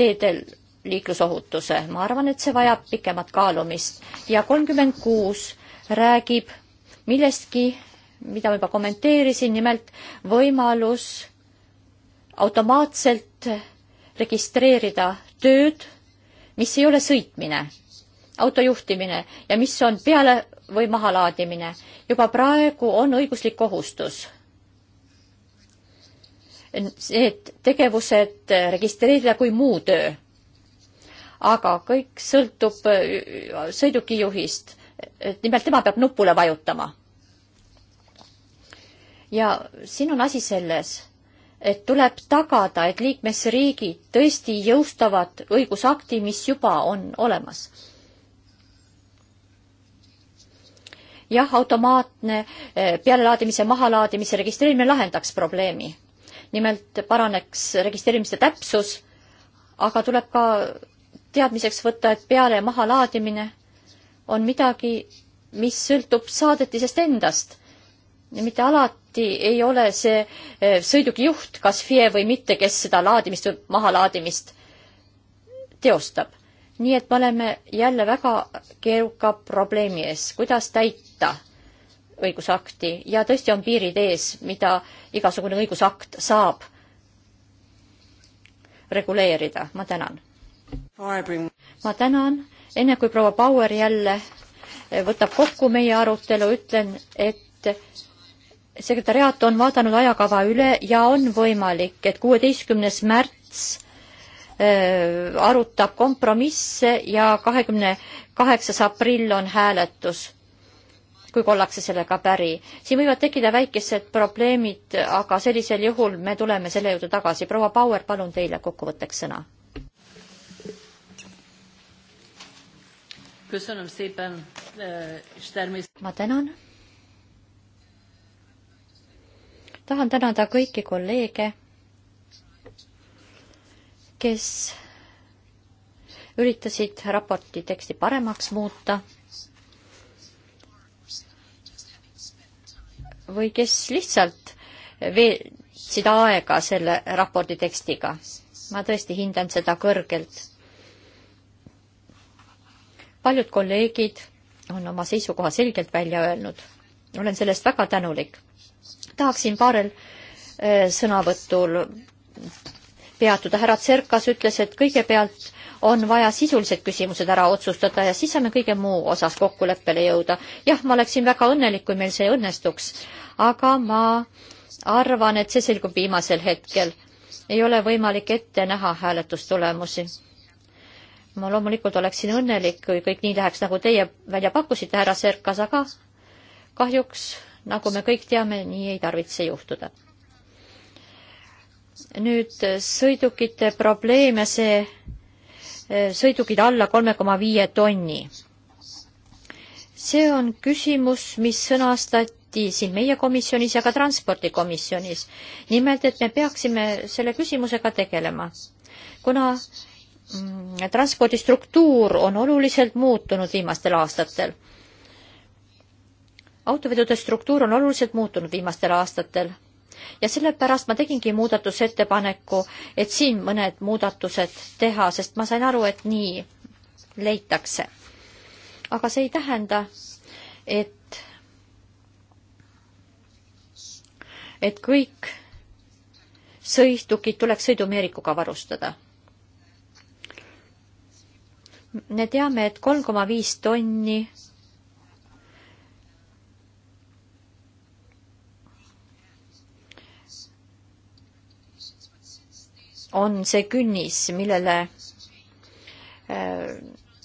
teedel liiklusohutuse. ma arvan, et see vajab pikemat kaalumist. ja kolmkümmend kuus räägib millestki, mida ma juba kommenteerisin, nimelt võimalus automaatselt registreerida tööd, mis ei ole sõitmine autojuhtimine ja mis on peale või mahalaadimine. juba praegu on õiguslik kohustus. Need tegevused registreerida kui muu töö. aga kõik sõltub äh, sõidukijuhist, et nimelt tema peab nupule vajutama. ja siin on asi selles et tuleb tagada, et liikmesriigid tõesti jõustavad õigusakti, mis juba on olemas jah, automaatne eh, pealelaadimise, mahalaadimise registreerimine lahendaks probleemi. nimelt paraneks registreerimise täpsus, aga tuleb ka teadmiseks võtta, et peale- ja mahalaadimine on midagi, mis sõltub saadetisest endast. mitte alati ei ole see eh, sõiduki juht, kas FIE või mitte, kes seda laadimist või mahalaadimist teostab. nii et me oleme jälle väga keeruka probleemi ees, kuidas täita võita õigusakti ja tõesti on piirid ees, mida igasugune õigusakt saab reguleerida. ma tänan. ma tänan, enne kui proua Bauer jälle võtab kokku meie arutelu, ütlen, et sekretäriaat on vaadanud ajakava üle ja on võimalik, et kuueteistkümnes märts äh, arutab kompromisse ja kahekümne kaheksas aprill on hääletus kui ollakse sellega päri. siin võivad tekkida väikesed probleemid, aga sellisel juhul me tuleme selle juurde tagasi. proua Bauer, palun teile kokkuvõtteks sõna. Eh, ma tänan. tahan tänada kõiki kolleege, kes üritasid raporti teksti paremaks muuta või kes lihtsalt veetsid aega selle raporti tekstiga. ma tõesti hindan seda kõrgelt. paljud kolleegid on oma seisukoha selgelt välja öelnud. olen sellest väga tänulik. tahaksin paarel eh, sõnavõtul peatuda. härra Tserkas ütles, et kõigepealt on vaja sisulised küsimused ära otsustada ja siis saame kõige muu osas kokkuleppele jõuda. jah, ma oleksin väga õnnelik, kui meil see õnnestuks, aga ma arvan, et see selgub viimasel hetkel. ei ole võimalik ette näha hääletustulemusi. ma loomulikult oleksin õnnelik, kui kõik nii läheks, nagu teie välja pakkusite, härra Serkas, aga kahjuks, nagu me kõik teame, nii ei tarvitse juhtuda nüüd sõidukite probleem ja see Eh, sõidukid alla kolme koma viie tonni. see on küsimus, mis sõnastati siin meie komisjonis ja ka transpordikomisjonis. nimelt, et me peaksime selle küsimusega tegelema, kuna mm, transpordistruktuur on oluliselt muutunud viimastel aastatel. autovedude struktuur on oluliselt muutunud viimastel aastatel ja sellepärast ma tegingi muudatusettepaneku, et siin mõned muudatused teha, sest ma sain aru, et nii leitakse. aga see ei tähenda, et, et kõik sõidukid tuleks sõidumeerikuga varustada. me teame, et kolm koma viis tonni on see künnis, millele äh,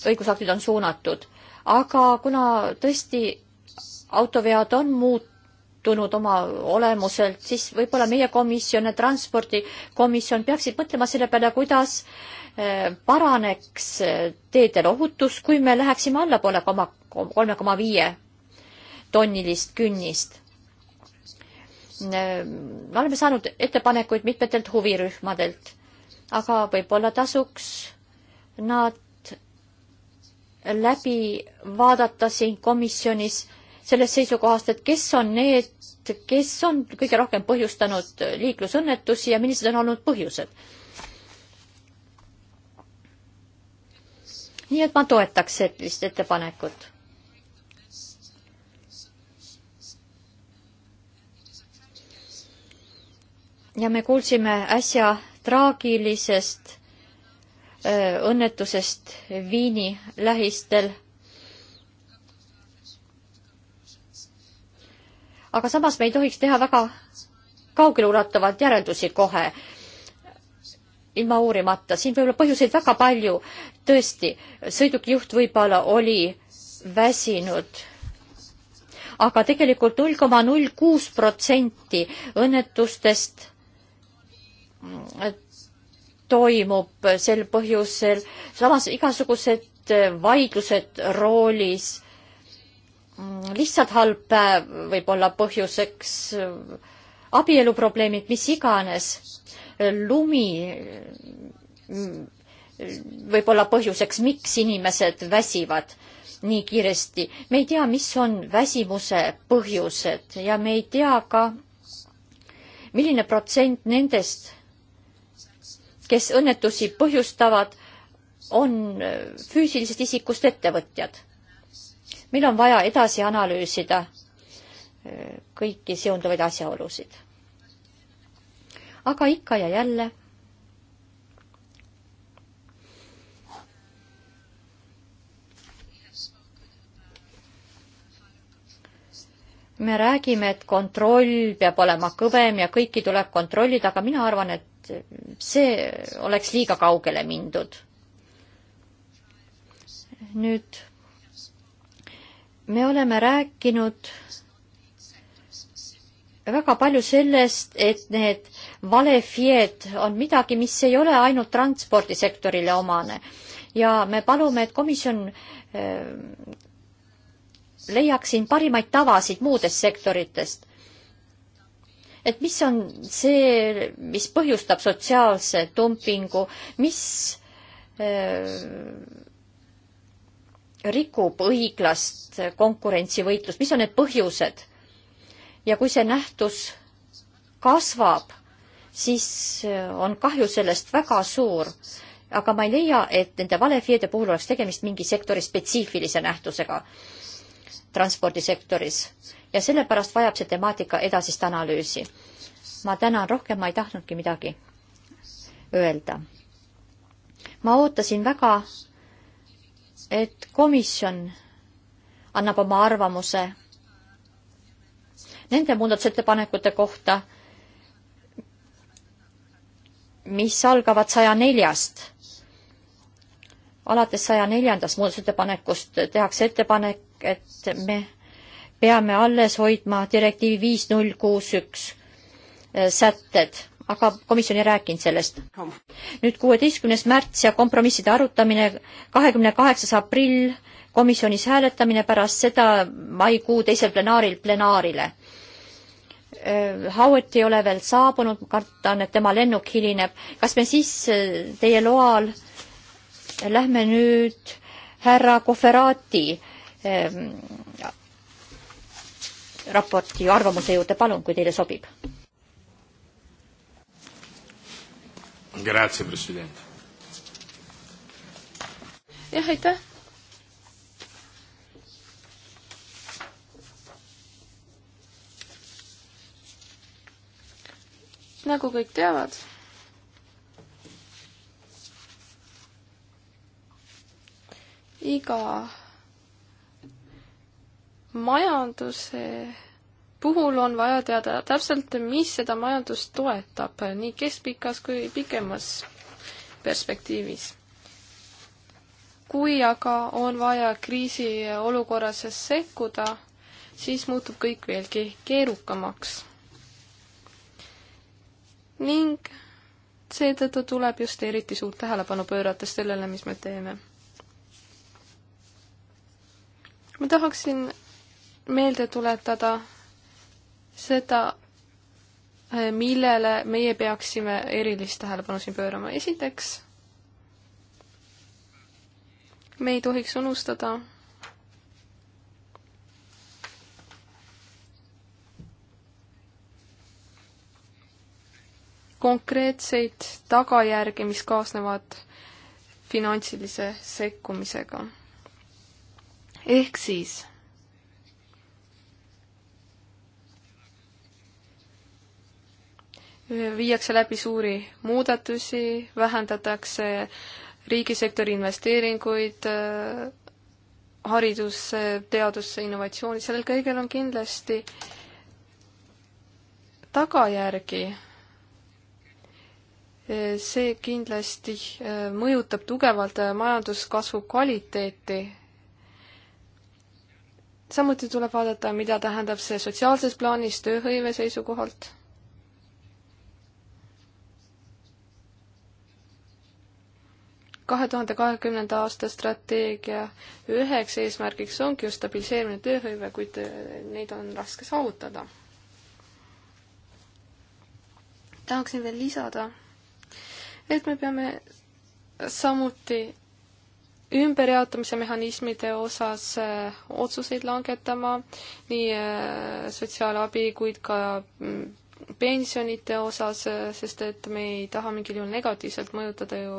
õigusaktid on suunatud. aga kuna tõesti autovead on muutunud oma olemuselt, siis võib-olla meie komisjon ja transpordikomisjon peaksid mõtlema selle peale, kuidas äh, paraneks äh, teedel ohutus, kui me läheksime allapoole koma, kolme koma viie tonnilist künnist. me oleme saanud ettepanekuid mitmetelt huvirühmadelt aga võib-olla tasuks nad läbi vaadata siin komisjonis sellest seisukohast, et kes on need, kes on kõige rohkem põhjustanud liiklusõnnetusi ja millised on olnud põhjused. nii et ma toetaks sellist ettepanekut. ja me kuulsime äsja traagilisest äh, õnnetusest Viini lähistel. aga samas me ei tohiks teha väga kaugeleulatuvaid järeldusi kohe, ilma uurimata. siin võib olla põhjuseid väga palju. tõesti, sõidukijuht võib-olla oli väsinud aga tegelikult null koma null kuus protsenti õnnetustest toimub sel põhjusel, samas igasugused vaidlused roolis, mm, lihtsalt halb päev võib olla põhjuseks, mm, abieluprobleemid, mis iganes, lumi mm, võib olla põhjuseks, miks inimesed väsivad nii kiiresti. me ei tea, mis on väsimuse põhjused ja me ei tea ka, milline protsent nendest kes õnnetusi põhjustavad, on füüsilisest isikust ettevõtjad. meil on vaja edasi analüüsida äh, kõiki seonduvaid asjaolusid. aga ikka ja jälle me räägime, et kontroll peab olema kõvem ja kõiki tuleb kontrollida, aga mina arvan, et et see oleks liiga kaugele mindud. nüüd me oleme rääkinud väga palju sellest, et need valefied on midagi, mis ei ole ainult transpordisektorile omane ja me palume, et komisjon eh, leiaks siin parimaid tavasid muudest sektoritest et mis on see, mis põhjustab sotsiaalse dumpingu, mis äh, rikub õiglast konkurentsivõitlust, mis on need põhjused? ja kui see nähtus kasvab, siis äh, on kahju sellest väga suur. aga ma ei leia, et nende valefiede puhul oleks tegemist mingi sektori spetsiifilise nähtusega transpordisektoris ja sellepärast vajab see temaatika edasist analüüsi. ma tänan rohkem, ma ei tahtnudki midagi öelda. ma ootasin väga, et komisjon annab oma arvamuse nende muudatusettepanekute kohta, mis algavad saja neljast. alates saja neljandast muudatusettepanekust tehakse ettepanek, et me peame alles hoidma direktiivi viis null kuus üks äh, sätted, aga komisjon ei rääkinud sellest. nüüd kuueteistkümnes märts ja kompromisside arutamine, kahekümne kaheksas aprill komisjonis hääletamine, pärast seda maikuu teisel plenaaril plenaarile. Äh, Howard ei ole veel saabunud, kardan, et tema lennuk hilineb. kas me siis äh, teie loal lähme nüüd härra Koferaati ähm, raporti arvamuse juurde, palun, kui teile sobib. jah, aitäh. nagu kõik teavad iga majanduse puhul on vaja teada täpselt, mis seda majandust toetab nii keskpikas kui pikemas perspektiivis. kui aga on vaja kriisiolukorras sekkuda, siis muutub kõik veelgi keerukamaks. ning seetõttu tuleb just eriti suurt tähelepanu pöörata sellele, mis me teeme. ma tahaksin meelde tuletada seda, millele meie peaksime erilist tähelepanu siin pöörama. esiteks, me ei tohiks unustada konkreetseid tagajärgi, mis kaasnevad finantsilise sekkumisega. ehk siis viiakse läbi suuri muudatusi, vähendatakse riigisektori investeeringuid äh, haridusse, teadusse, innovatsiooni, sellel kõigel on kindlasti tagajärgi. see kindlasti äh, mõjutab tugevalt äh, majanduskasvu kvaliteeti. samuti tuleb vaadata, mida tähendab see sotsiaalses plaanis tööhõive seisukohalt kahe tuhande kahekümnenda aasta strateegia üheks eesmärgiks ongi ju stabiliseerimine tööhõive, kuid äh, neid on raske saavutada. tahaksin veel lisada, et me peame samuti ümberjaotamise mehhanismide osas äh, otsuseid langetama nii äh, sotsiaalabi kuid ka mm, pensionite osas, sest et me ei taha mingil juhul negatiivselt mõjutada ju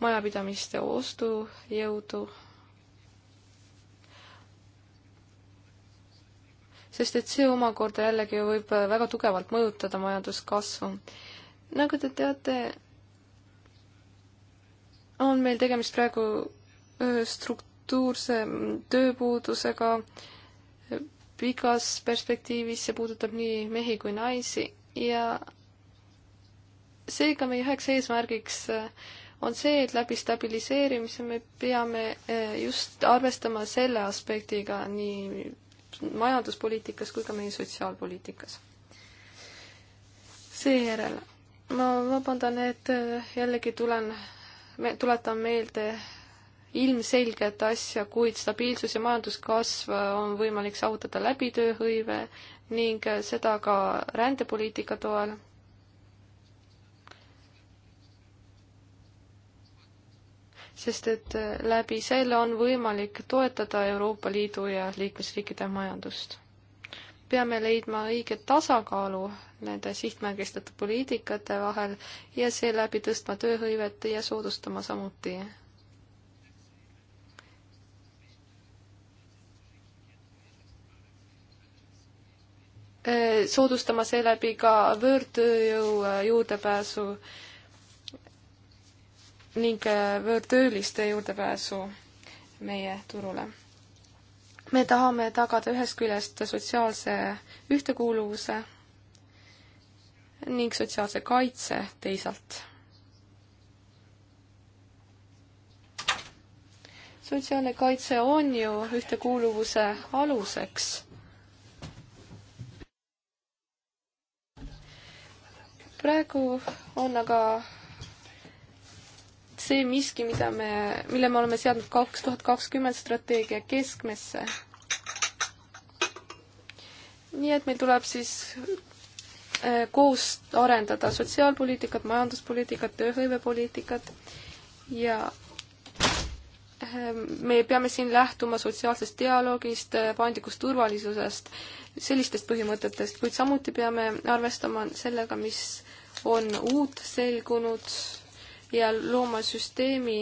majapidamiste ostujõudu. sest et see omakorda jällegi võib väga tugevalt mõjutada majanduskasvu. nagu te teate, on meil tegemist praegu struktuurse tööpuudusega pikas perspektiivis, see puudutab nii mehi kui naisi ja seega meie üheks eesmärgiks on see, et läbi stabiliseerimise me peame eh, just arvestama selle aspektiga nii majanduspoliitikas kui ka meie sotsiaalpoliitikas. seejärel ma vabandan, et eh, jällegi tulen, tuletan meelde ilmselget asja, kuid stabiilsus ja majanduskasv eh, on võimalik saavutada läbi tööhõive ning seda ka rändepoliitika toel sest et äh, läbi selle on võimalik toetada Euroopa Liidu ja liikmesriikide majandust. peame leidma õige tasakaalu nende sihtmärgistatud poliitikate vahel ja seeläbi tõstma tööhõivet ja soodustama samuti äh, soodustama seeläbi ka võõrtööjõu äh, juurdepääsu ning äh, võõrtööliste juurdepääsu meie turule. me tahame tagada ühest küljest sotsiaalse ühtekuuluvuse ning sotsiaalse kaitse teisalt. sotsiaalne kaitse on ju ühtekuuluvuse aluseks praegu on aga see miski, mida me, mille me oleme seadnud kaks tuhat kakskümmend strateegia keskmesse. nii et meil tuleb siis äh, koos arendada sotsiaalpoliitikat, majanduspoliitikat, tööhõivepoliitikat ja äh, me peame siin lähtuma sotsiaalsest dialoogist, äh, paindlikust turvalisusest, sellistest põhimõtetest, kuid samuti peame arvestama sellega, mis on uut selgunud ja looma süsteemi,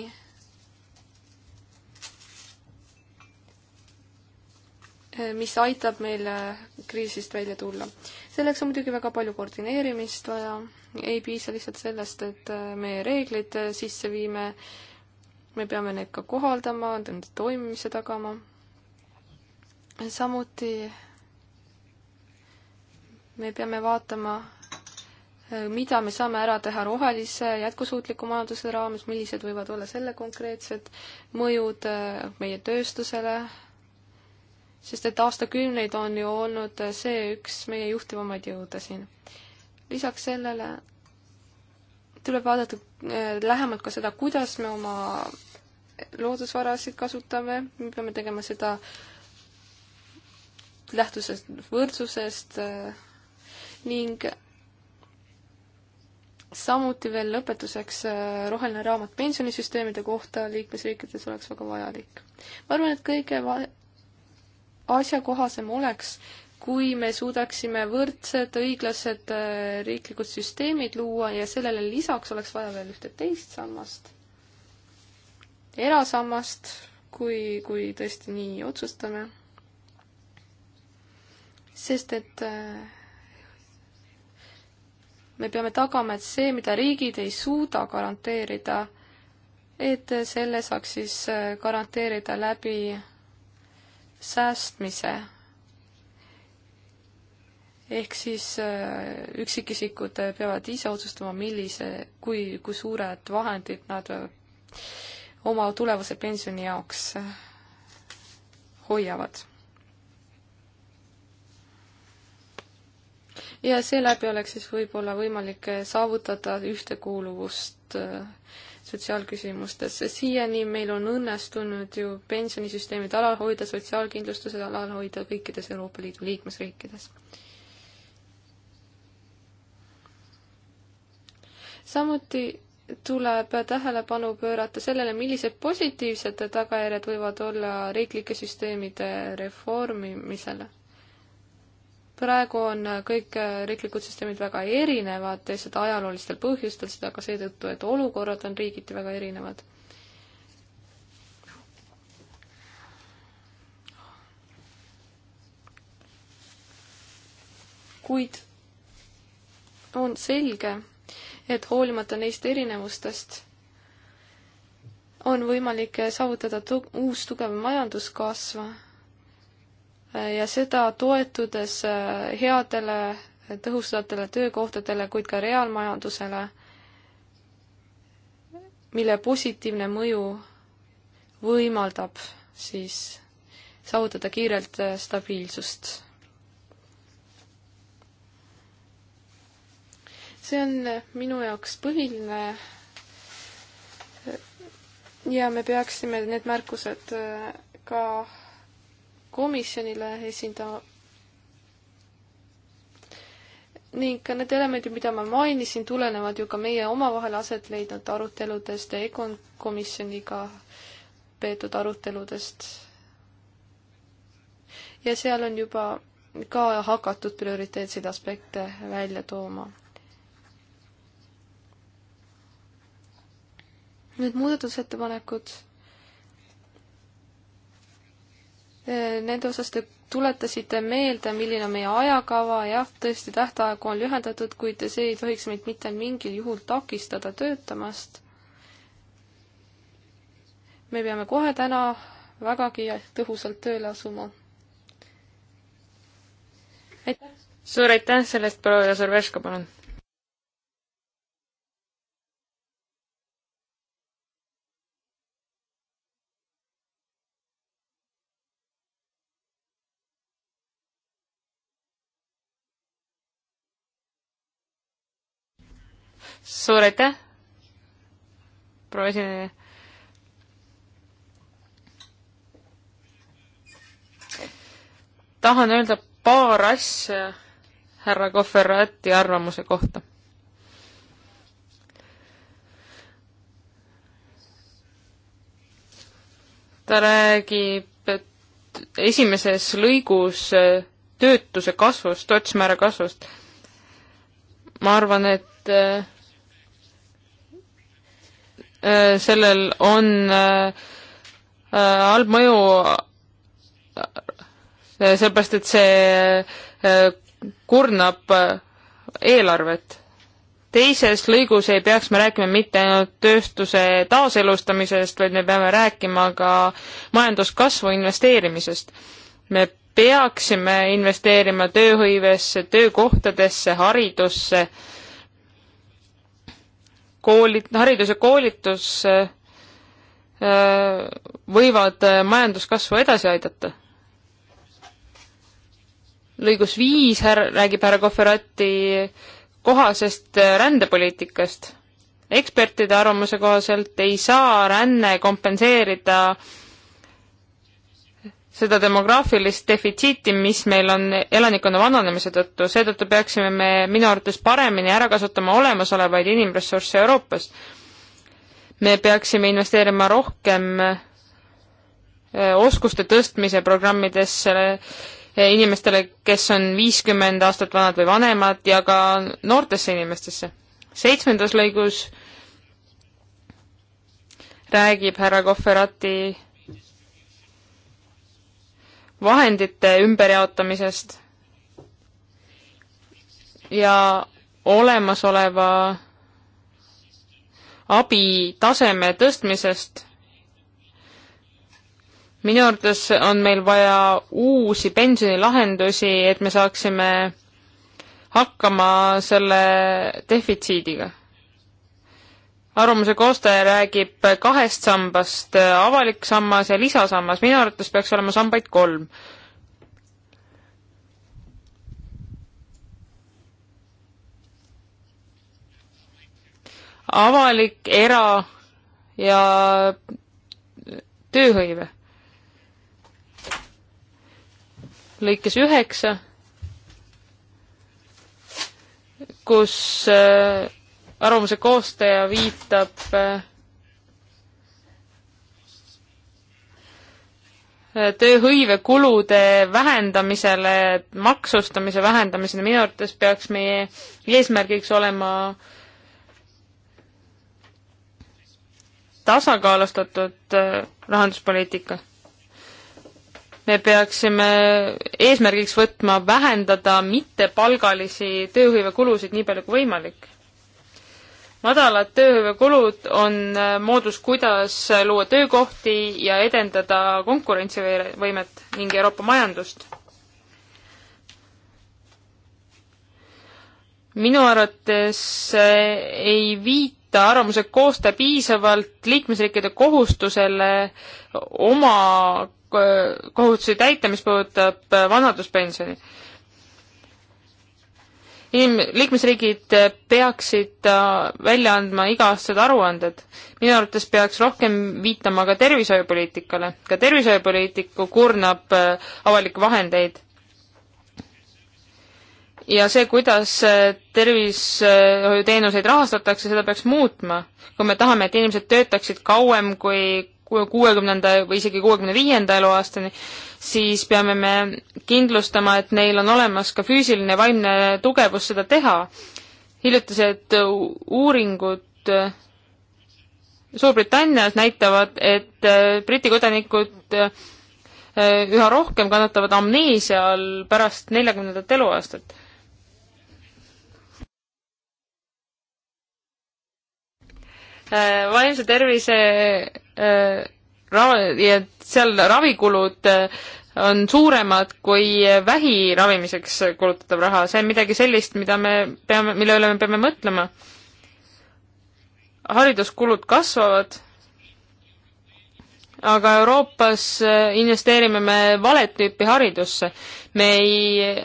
eh, mis aitab meil eh, kriisist välja tulla. selleks on muidugi väga palju koordineerimist vaja, ei piisa lihtsalt sellest, et eh, me reeglid sisse viime, me peame neid ka kohaldama, nende toimimise tagama. samuti me peame vaatama, mida me saame ära teha rohelise jätkusuutliku majanduse raames, millised võivad olla selle konkreetsed mõjud eh, meie tööstusele, sest et aastakümneid on ju olnud eh, see üks meie juhtivamaid jõude siin. lisaks sellele tuleb vaadata eh, lähemalt ka seda, kuidas me oma loodusvarasid kasutame, me peame tegema seda lähtusest võrdsusest ning samuti veel lõpetuseks äh, roheline raamat pensionisüsteemide kohta liikmesriikides oleks väga vajalik. ma arvan, et kõige asjakohasem oleks, kui me suudaksime võrdsed, õiglased äh, riiklikud süsteemid luua ja sellele lisaks oleks vaja veel ühte teist sammast, erasammast, kui, kui tõesti nii otsustame. sest et äh, me peame tagama, et see, mida riigid ei suuda garanteerida, et selle saaks siis äh, garanteerida läbi säästmise. ehk siis äh, üksikisikud äh, peavad ise otsustama, millise, kui, kui suured vahendid nad oma tulevase pensioni jaoks hoiavad ja seeläbi oleks siis võib-olla võimalik saavutada ühtekuuluvust äh, sotsiaalküsimustes. siiani meil on õnnestunud ju pensionisüsteemid alal hoida, sotsiaalkindlustuse alal hoida kõikides Euroopa Liidu liikmesriikides. samuti tuleb tähelepanu pöörata sellele, millised positiivsed tagajärjed võivad olla riiklike süsteemide reformimisele praegu on kõik äh, riiklikud süsteemid väga erinevad, seda ajaloolistel põhjustel, seda ka seetõttu, et olukorrad on riigiti väga erinevad. kuid on selge, et hoolimata neist erinevustest on võimalik saavutada tu-, uus tugev majanduskasv ja seda toetudes äh, headele tõhustatele töökohtadele, kuid ka reaalmajandusele, mille positiivne mõju võimaldab siis saavutada kiirelt äh, stabiilsust. see on äh, minu jaoks põhiline ja me peaksime need märkused ka komisjonile esindaja ning ka need elemendid, mida ma mainisin, tulenevad ju ka meie omavahel aset leidnud aruteludest ja EKON komisjoniga peetud aruteludest. ja seal on juba ka hakatud prioriteetseid aspekte välja tooma. nüüd muudatusettepanekud Nende osas te tuletasite meelde, milline on meie ajakava, jah, tõesti, tähtaegu on lühendatud, kuid see ei tohiks meid mitte mingil juhul takistada töötamast. me peame kohe täna vägagi tõhusalt tööle asuma. aitäh! suur aitäh selle eest, proua Jasur Verško, palun! suur aitäh, proua esineja. tahan öelda paar asja härra Kohverati arvamuse kohta. ta räägib esimeses lõigus töötuse kasvust, toetusmäära kasvust. ma arvan, et äh, Äh, sellel on äh, äh, halb mõju sellepärast, et see kurnab eelarvet. teises lõigus ei peaks me rääkima mitte ainult tööstuse taaselustamisest, vaid me peame rääkima ka majanduskasvu investeerimisest. me peaksime investeerima tööhõivesse, töökohtadesse, haridusse äh,, koolid, haridus ja koolitus äh, äh, võivad äh, majanduskasvu edasi aidata. lõigus viis här-, räägib härra Kohverati kohasest rändepoliitikast. ekspertide arvamuse kohaselt ei saa ränne kompenseerida äh, seda demograafilist defitsiiti, mis meil on elanikkonna vananemise tõttu, seetõttu peaksime me minu arvates paremini ära kasutama olemasolevaid inimressursse Euroopas. me peaksime investeerima rohkem eh, oskuste tõstmise programmidesse eh, inimestele, kes on viiskümmend aastat vanad või vanemad ja ka noortesse inimestesse. seitsmendas lõigus räägib härra Kohverati vahendite ümberjaotamisest ja olemasoleva abi taseme tõstmisest. minu arvates on meil vaja uusi pensionilahendusi, et me saaksime hakkama selle defitsiidiga arvamuse koostaja räägib kahest sambast, avalik sammas ja lisasammas, minu arvates peaks olema sambaid kolm. avalik, era ja tööhõive. lõikes üheksa, kus äh, arvamuse koostaja viitab äh, tööhõivekulude vähendamisele, maksustamise vähendamisele, minu arvates peaks meie eesmärgiks olema tasakaalustatud äh, rahanduspoliitika. me peaksime eesmärgiks võtma vähendada mittepalgalisi tööhõivekulusid nii palju kui võimalik madalad tööhõivekulud on äh, moodus, kuidas äh, luua töökohti ja edendada konkurentsivõimet ning Euroopa majandust. minu arvates äh, ei viita arvamuse koostaja piisavalt liikmesriikide kohustusele oma kohustusi täita, mis puudutab vanaduspensioni inim-, liikmesriigid peaksid äh, välja andma iga-aastased aruanded. minu arvates peaks rohkem viitama ka tervishoiupoliitikale. ka tervishoiupoliitiku kurnab äh, avalikke vahendeid. ja see, kuidas äh, tervishoiuteenuseid rahastatakse, seda peaks muutma. kui me tahame, et inimesed töötaksid kauem kui kuuekümnenda või isegi kuuekümne viienda eluaastani, siis peame me kindlustama, et neil on olemas ka füüsiline ja vaimne tugevus seda teha. hiljutised uuringud Suurbritannias näitavad, et äh, Briti kodanikud äh, üha rohkem kannatavad amneesia all pärast neljakümnendat eluaastat Äh, vaimse tervise äh, ra-, ja seal ravikulud äh, on suuremad kui vähi ravimiseks kulutatav raha, see on midagi sellist, mida me peame, mille üle me peame mõtlema. hariduskulud kasvavad, aga Euroopas investeerime me valet tüüpi haridusse. me ei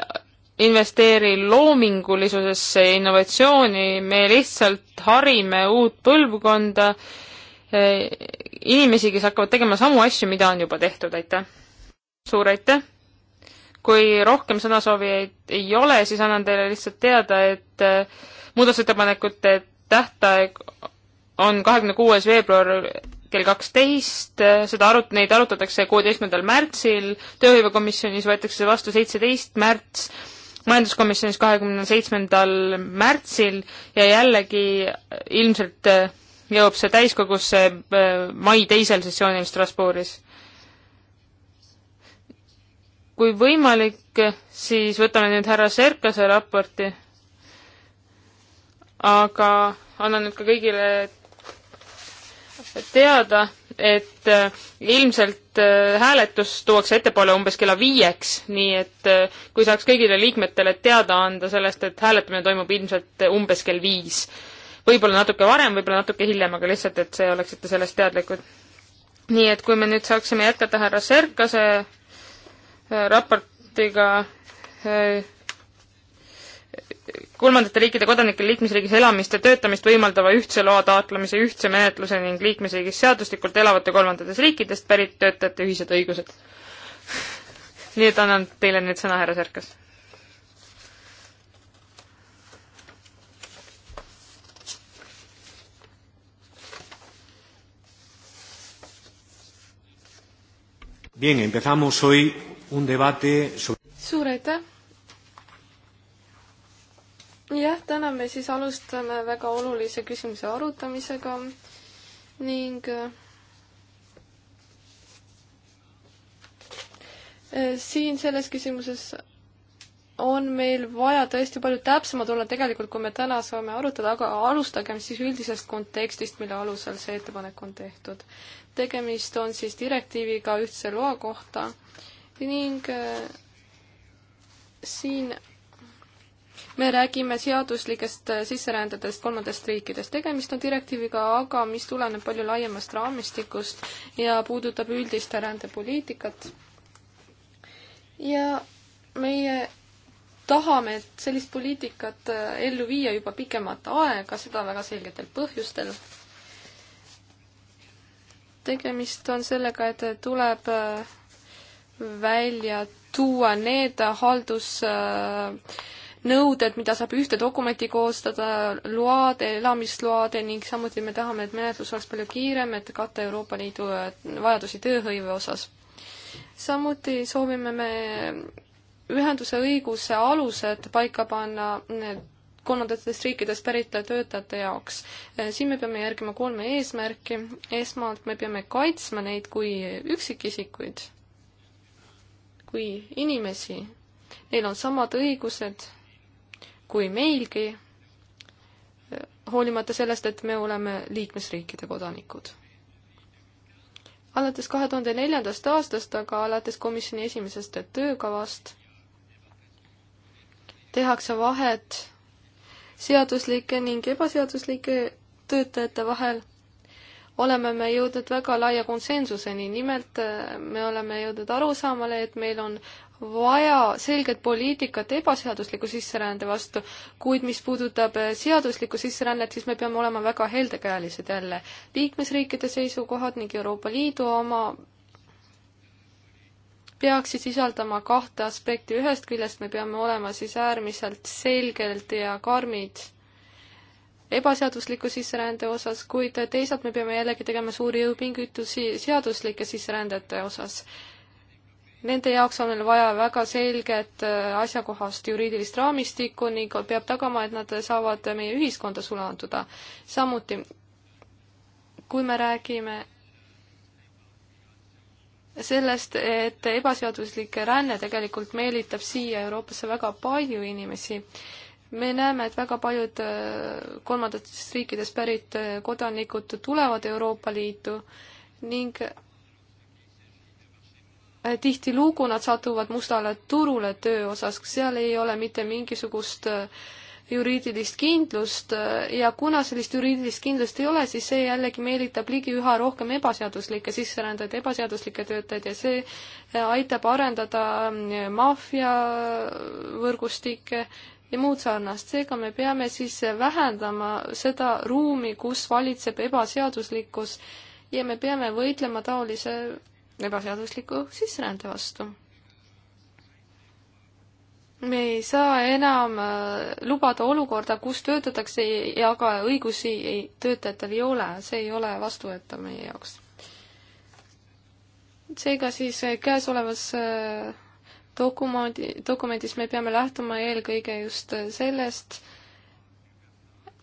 investeeri loomingulisusesse ja innovatsiooni, me lihtsalt harime uut põlvkonda, eh, inimesi, kes hakkavad tegema samu asju, mida on juba tehtud, aitäh! suur aitäh! kui rohkem sõnasoovijaid ei ole, siis annan teile lihtsalt teada, et eh, muudatusettepanekute tähtaeg on kahekümne kuues veebruar kell kaksteist, seda arut-, neid arutatakse kuueteistkümnendal märtsil, tööhõivekomisjonis võetakse vastu seitseteist märts majanduskomisjonis kahekümne seitsmendal märtsil ja jällegi ilmselt äh, jõuab see täiskogusse äh, mai teisel sessioonil Strasbourgis. kui võimalik, siis võtame nüüd härra Serkase raporti, aga annan nüüd ka kõigile teada, et äh, ilmselt äh, hääletus tuuakse ettepoole umbes kella viieks, nii et äh, kui saaks kõigile liikmetele teada anda sellest, et hääletamine toimub ilmselt umbes kell viis. võib-olla natuke varem, võib-olla natuke hiljem, aga lihtsalt, et see oleksite sellest teadlikud. nii et kui me nüüd saaksime jätkata härra Serkase raportiga kolmandate riikide kodanikel liikmesriigis elamist ja töötamist võimaldava ühtse loa taotlemise, ühtse menetluse ning liikmesriigis seaduslikult elavate kolmandatest riikidest pärit töötajate ühised õigused. (laughs) nii et annan teile nüüd sõna, härra Särkas. suur aitäh jah, täna me siis alustame väga olulise küsimuse arutamisega ning äh, siin selles küsimuses on meil vaja tõesti palju täpsemad olla tegelikult, kui me täna saame arutada, aga alustagem siis üldisest kontekstist, mille alusel see ettepanek on tehtud. tegemist on siis direktiiviga ühtse loa kohta ning äh, siin me räägime seaduslikest äh, sisserändadest kolmandast riikidest. tegemist on direktiiviga, aga mis tuleneb palju laiemast raamistikust ja puudutab üldist rändepoliitikat. ja meie tahame sellist poliitikat äh, ellu viia juba pikemat aega, seda väga selgetel põhjustel. tegemist on sellega, et tuleb äh, välja tuua need haldus äh, nõuded, mida saab ühte dokumenti koostada, loade, elamisloade ning samuti me tahame, et menetlus oleks palju kiirem, et katta Euroopa Liidu äh, vajadusi tööhõive osas. samuti soovime me ühenduse õiguse alused paika panna äh, kolmandatest riikidest päritle töötajate jaoks. Äh, siin me peame järgima kolme eesmärki. esmalt me peame kaitsma neid kui üksikisikuid, kui inimesi. Neil on samad õigused kui meilgi, hoolimata sellest, et me oleme liikmesriikide kodanikud. alates kahe tuhande neljandast aastast, aga alates komisjoni esimesest töökavast tehakse vahet seaduslike ning ebaseaduslike töötajate vahel oleme me jõudnud väga laia konsensuseni, nimelt me oleme jõudnud arusaamale, et meil on vaja selget poliitikat ebaseadusliku sisserände vastu, kuid mis puudutab eh, seaduslikku sisserännet, siis me peame olema väga heldekäelised jälle. liikmesriikide seisukohad ning Euroopa Liidu oma peaksid sisaldama kahte aspekti, ühest küljest me peame olema siis äärmiselt selgelt ja karmid ebaseadusliku sisserände osas, kuid teisalt me peame jällegi tegema suuri jõupingutusi seaduslike sisserändajate osas Nende jaoks on meil vaja väga selget äh, asjakohast juriidilist raamistikku ning peab tagama, et nad saavad meie ühiskonda sulanduda. samuti, kui me räägime sellest, et ebaseaduslik ränne tegelikult meelitab siia Euroopasse väga palju inimesi. me näeme, et väga paljud äh, kolmandatest riikidest pärit äh, kodanikud tulevad Euroopa Liitu ning Eh, tihtilugu nad satuvad mustale turule töö osas, seal ei ole mitte mingisugust eh, juriidilist kindlust eh, ja kuna sellist juriidilist kindlust ei ole, siis see jällegi meelitab ligi üha rohkem ebaseaduslikke sisserändajaid, ebaseaduslikke töötajaid ja see aitab arendada maffiavõrgustikke ja muud sarnast. seega me peame siis vähendama seda ruumi, kus valitseb ebaseaduslikkus ja me peame võitlema taolise ebaseadusliku sisserände vastu. me ei saa enam äh, lubada olukorda, kus töötatakse ja ka õigusi ei, töötajatel ei ole, see ei ole vastuvõetav meie jaoks. seega siis äh, käesolevas äh, dokumendi, dokumendis me peame lähtuma eelkõige just sellest,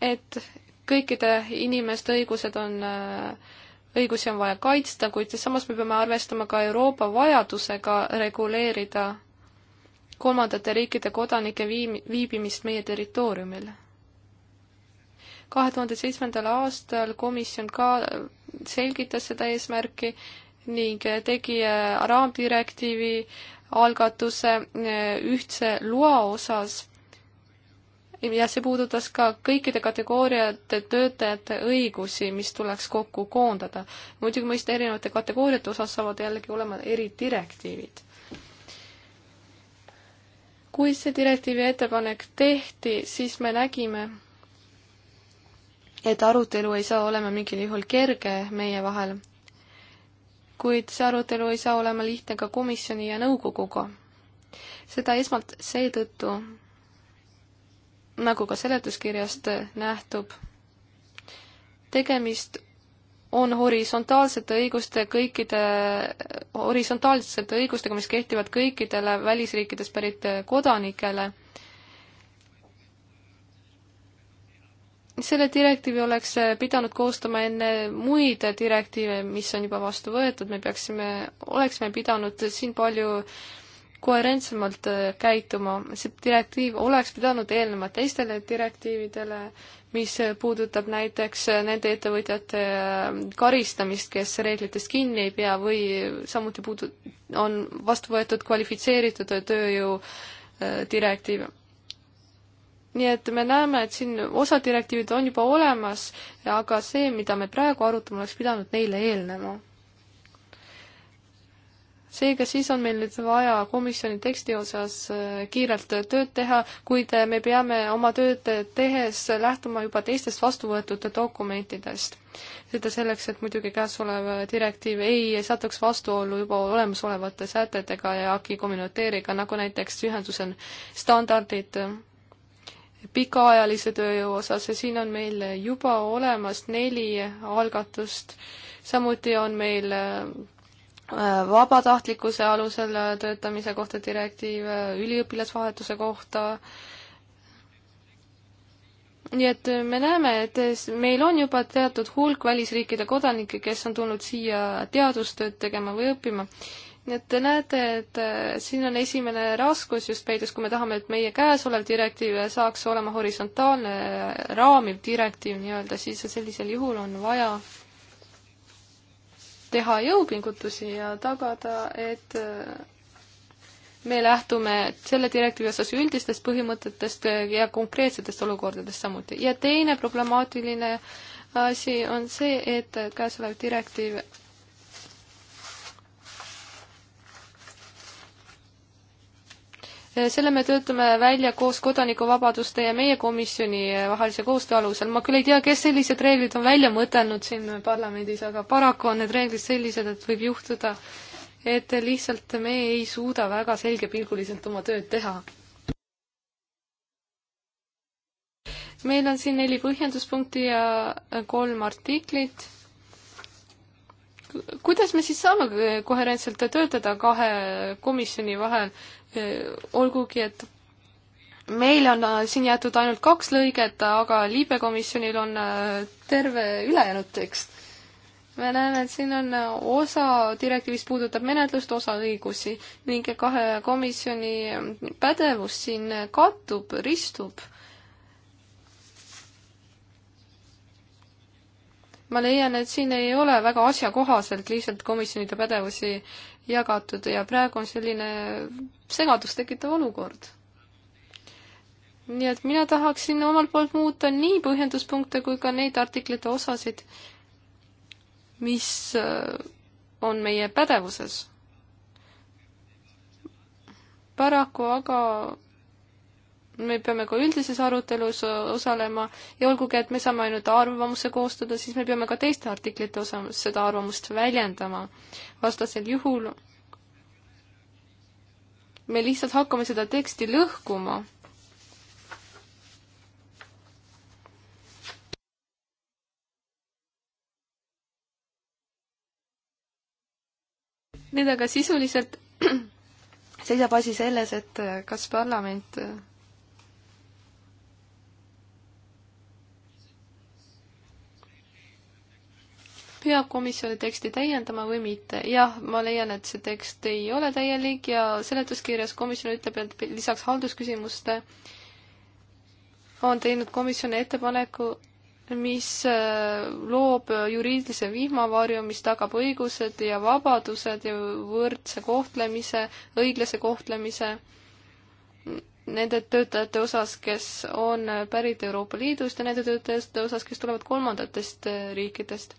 et kõikide inimeste õigused on äh, õigusi on vaja kaitsta, kuid samas me peame arvestama ka Euroopa vajadusega reguleerida kolmandate riikide kodanike viim-, viibimist meie territooriumil. kahe tuhande seitsmendal aastal komisjon ka selgitas seda eesmärki ning tegi äh, raamdirektiivi algatuse äh, ühtse loa osas ja see puudutas ka kõikide kategooriate töötajate õigusi, mis tuleks kokku koondada. muidugi mõista erinevate kategooriate osas saavad jällegi olema eridirektiivid. kui see direktiivi ettepanek tehti, siis me nägime, et arutelu ei saa olema mingil juhul kerge meie vahel, kuid see arutelu ei saa olema lihtne ka komisjoni ja nõukoguga. seda esmalt seetõttu, nagu ka seletuskirjast nähtub, tegemist on horisontaalsete õiguste kõikide, horisontaalsete õigustega, mis kehtivad kõikidele välisriikidest pärit kodanikele. selle direktiivi oleks pidanud koostama enne muid direktiive, mis on juba vastu võetud, me peaksime, oleksime pidanud siin palju äh, koherentsemalt äh, käituma. see direktiiv oleks pidanud eelnema teistele direktiividele, mis äh, puudutab näiteks äh, nende ettevõtjate karistamist, kes reeglitest kinni ei pea või samuti puudu-, on vastu võetud kvalifitseeritud tööjõu direktiiv nii et me näeme, et siin osad direktiivid on juba olemas, aga see, mida me praegu arutame, oleks pidanud neile eelnema seega siis on meil nüüd vaja komisjoni teksti osas äh, kiirelt tööd teha, kuid äh, me peame oma tööd tehes lähtuma juba teistest vastuvõetud dokumentidest. seda selleks, et muidugi käesolev direktiiv ei satuks vastuollu juba olemasolevate sätetega ja AKI kommenteeriga, nagu näiteks ühenduse standardid pikaajalise tööjõu osas ja siin on meil juba olemas neli algatust, samuti on meil äh, Äh, vabatahtlikkuse alusel äh, töötamise kohta direktiiv, äh, üliõpilasvahetuse kohta. nii et me näeme, et meil on juba teatud hulk välisriikide kodanikke, kes on tulnud siia teadustööd tegema või õppima nii et te näete, et siin on esimene raskus just peidus, kui me tahame, et meie käesolev direktiiv saaks olema horisontaalne raamiv direktiiv nii-öelda, siis sellisel juhul on vaja teha jõupingutusi ja tagada, et äh, me lähtume selle direktiivi osas üldistest põhimõtetest äh, ja konkreetsetest olukordadest samuti. ja teine problemaatiline asi on see, et äh, käesolev direktiiv selle me töötame välja koos kodanikuvabaduste ja meie komisjoni vahelise koostöö alusel. ma küll ei tea, kes sellised reeglid on välja mõtelnud siin parlamendis, aga paraku on need reeglid sellised, et võib juhtuda, et lihtsalt me ei suuda väga selgepilguliselt oma tööd teha. meil on siin neli põhjenduspunkti ja kolm artiklit kuidas me siis saame koherentselt töötada kahe komisjoni vahel, olgugi et meil on äh, siin jäetud ainult kaks lõiget, aga liibekomisjonil on äh, terve ülejäänud tekst. me näeme, et siin on äh, osa direktiivist puudutab menetlust, osa õigusi ning kahe komisjoni pädevus siin kattub, ristub ma leian, et siin ei ole väga asjakohaselt lihtsalt komisjonide pädevusi jagatud ja praegu on selline segadust tekitav olukord. nii et mina tahaksin omalt poolt muuta nii põhjenduspunkte kui ka neid artiklite osasid, mis äh, on meie pädevuses. paraku aga me peame ka üldises arutelus osalema ja olgugi, et me saame ainult arvamuse koostada, siis me peame ka teiste artiklite osa seda arvamust väljendama. vastasel juhul me lihtsalt hakkame seda teksti lõhkuma. nüüd aga sisuliselt (clears throat) seisab asi selles, et kas parlament peab komisjoni teksti täiendama või mitte. jah, ma leian, et see tekst ei ole täielik ja seletuskirjas komisjon ütleb, et lisaks haldusküsimuste on teinud komisjoni ettepaneku, mis äh, loob juriidilise vihmavarju, mis tagab õigused ja vabadused ja võrdse kohtlemise, õiglase kohtlemise nende töötajate osas, kes on pärit Euroopa Liidust ja nende töötajate osas, kes tulevad kolmandatest äh, riikidest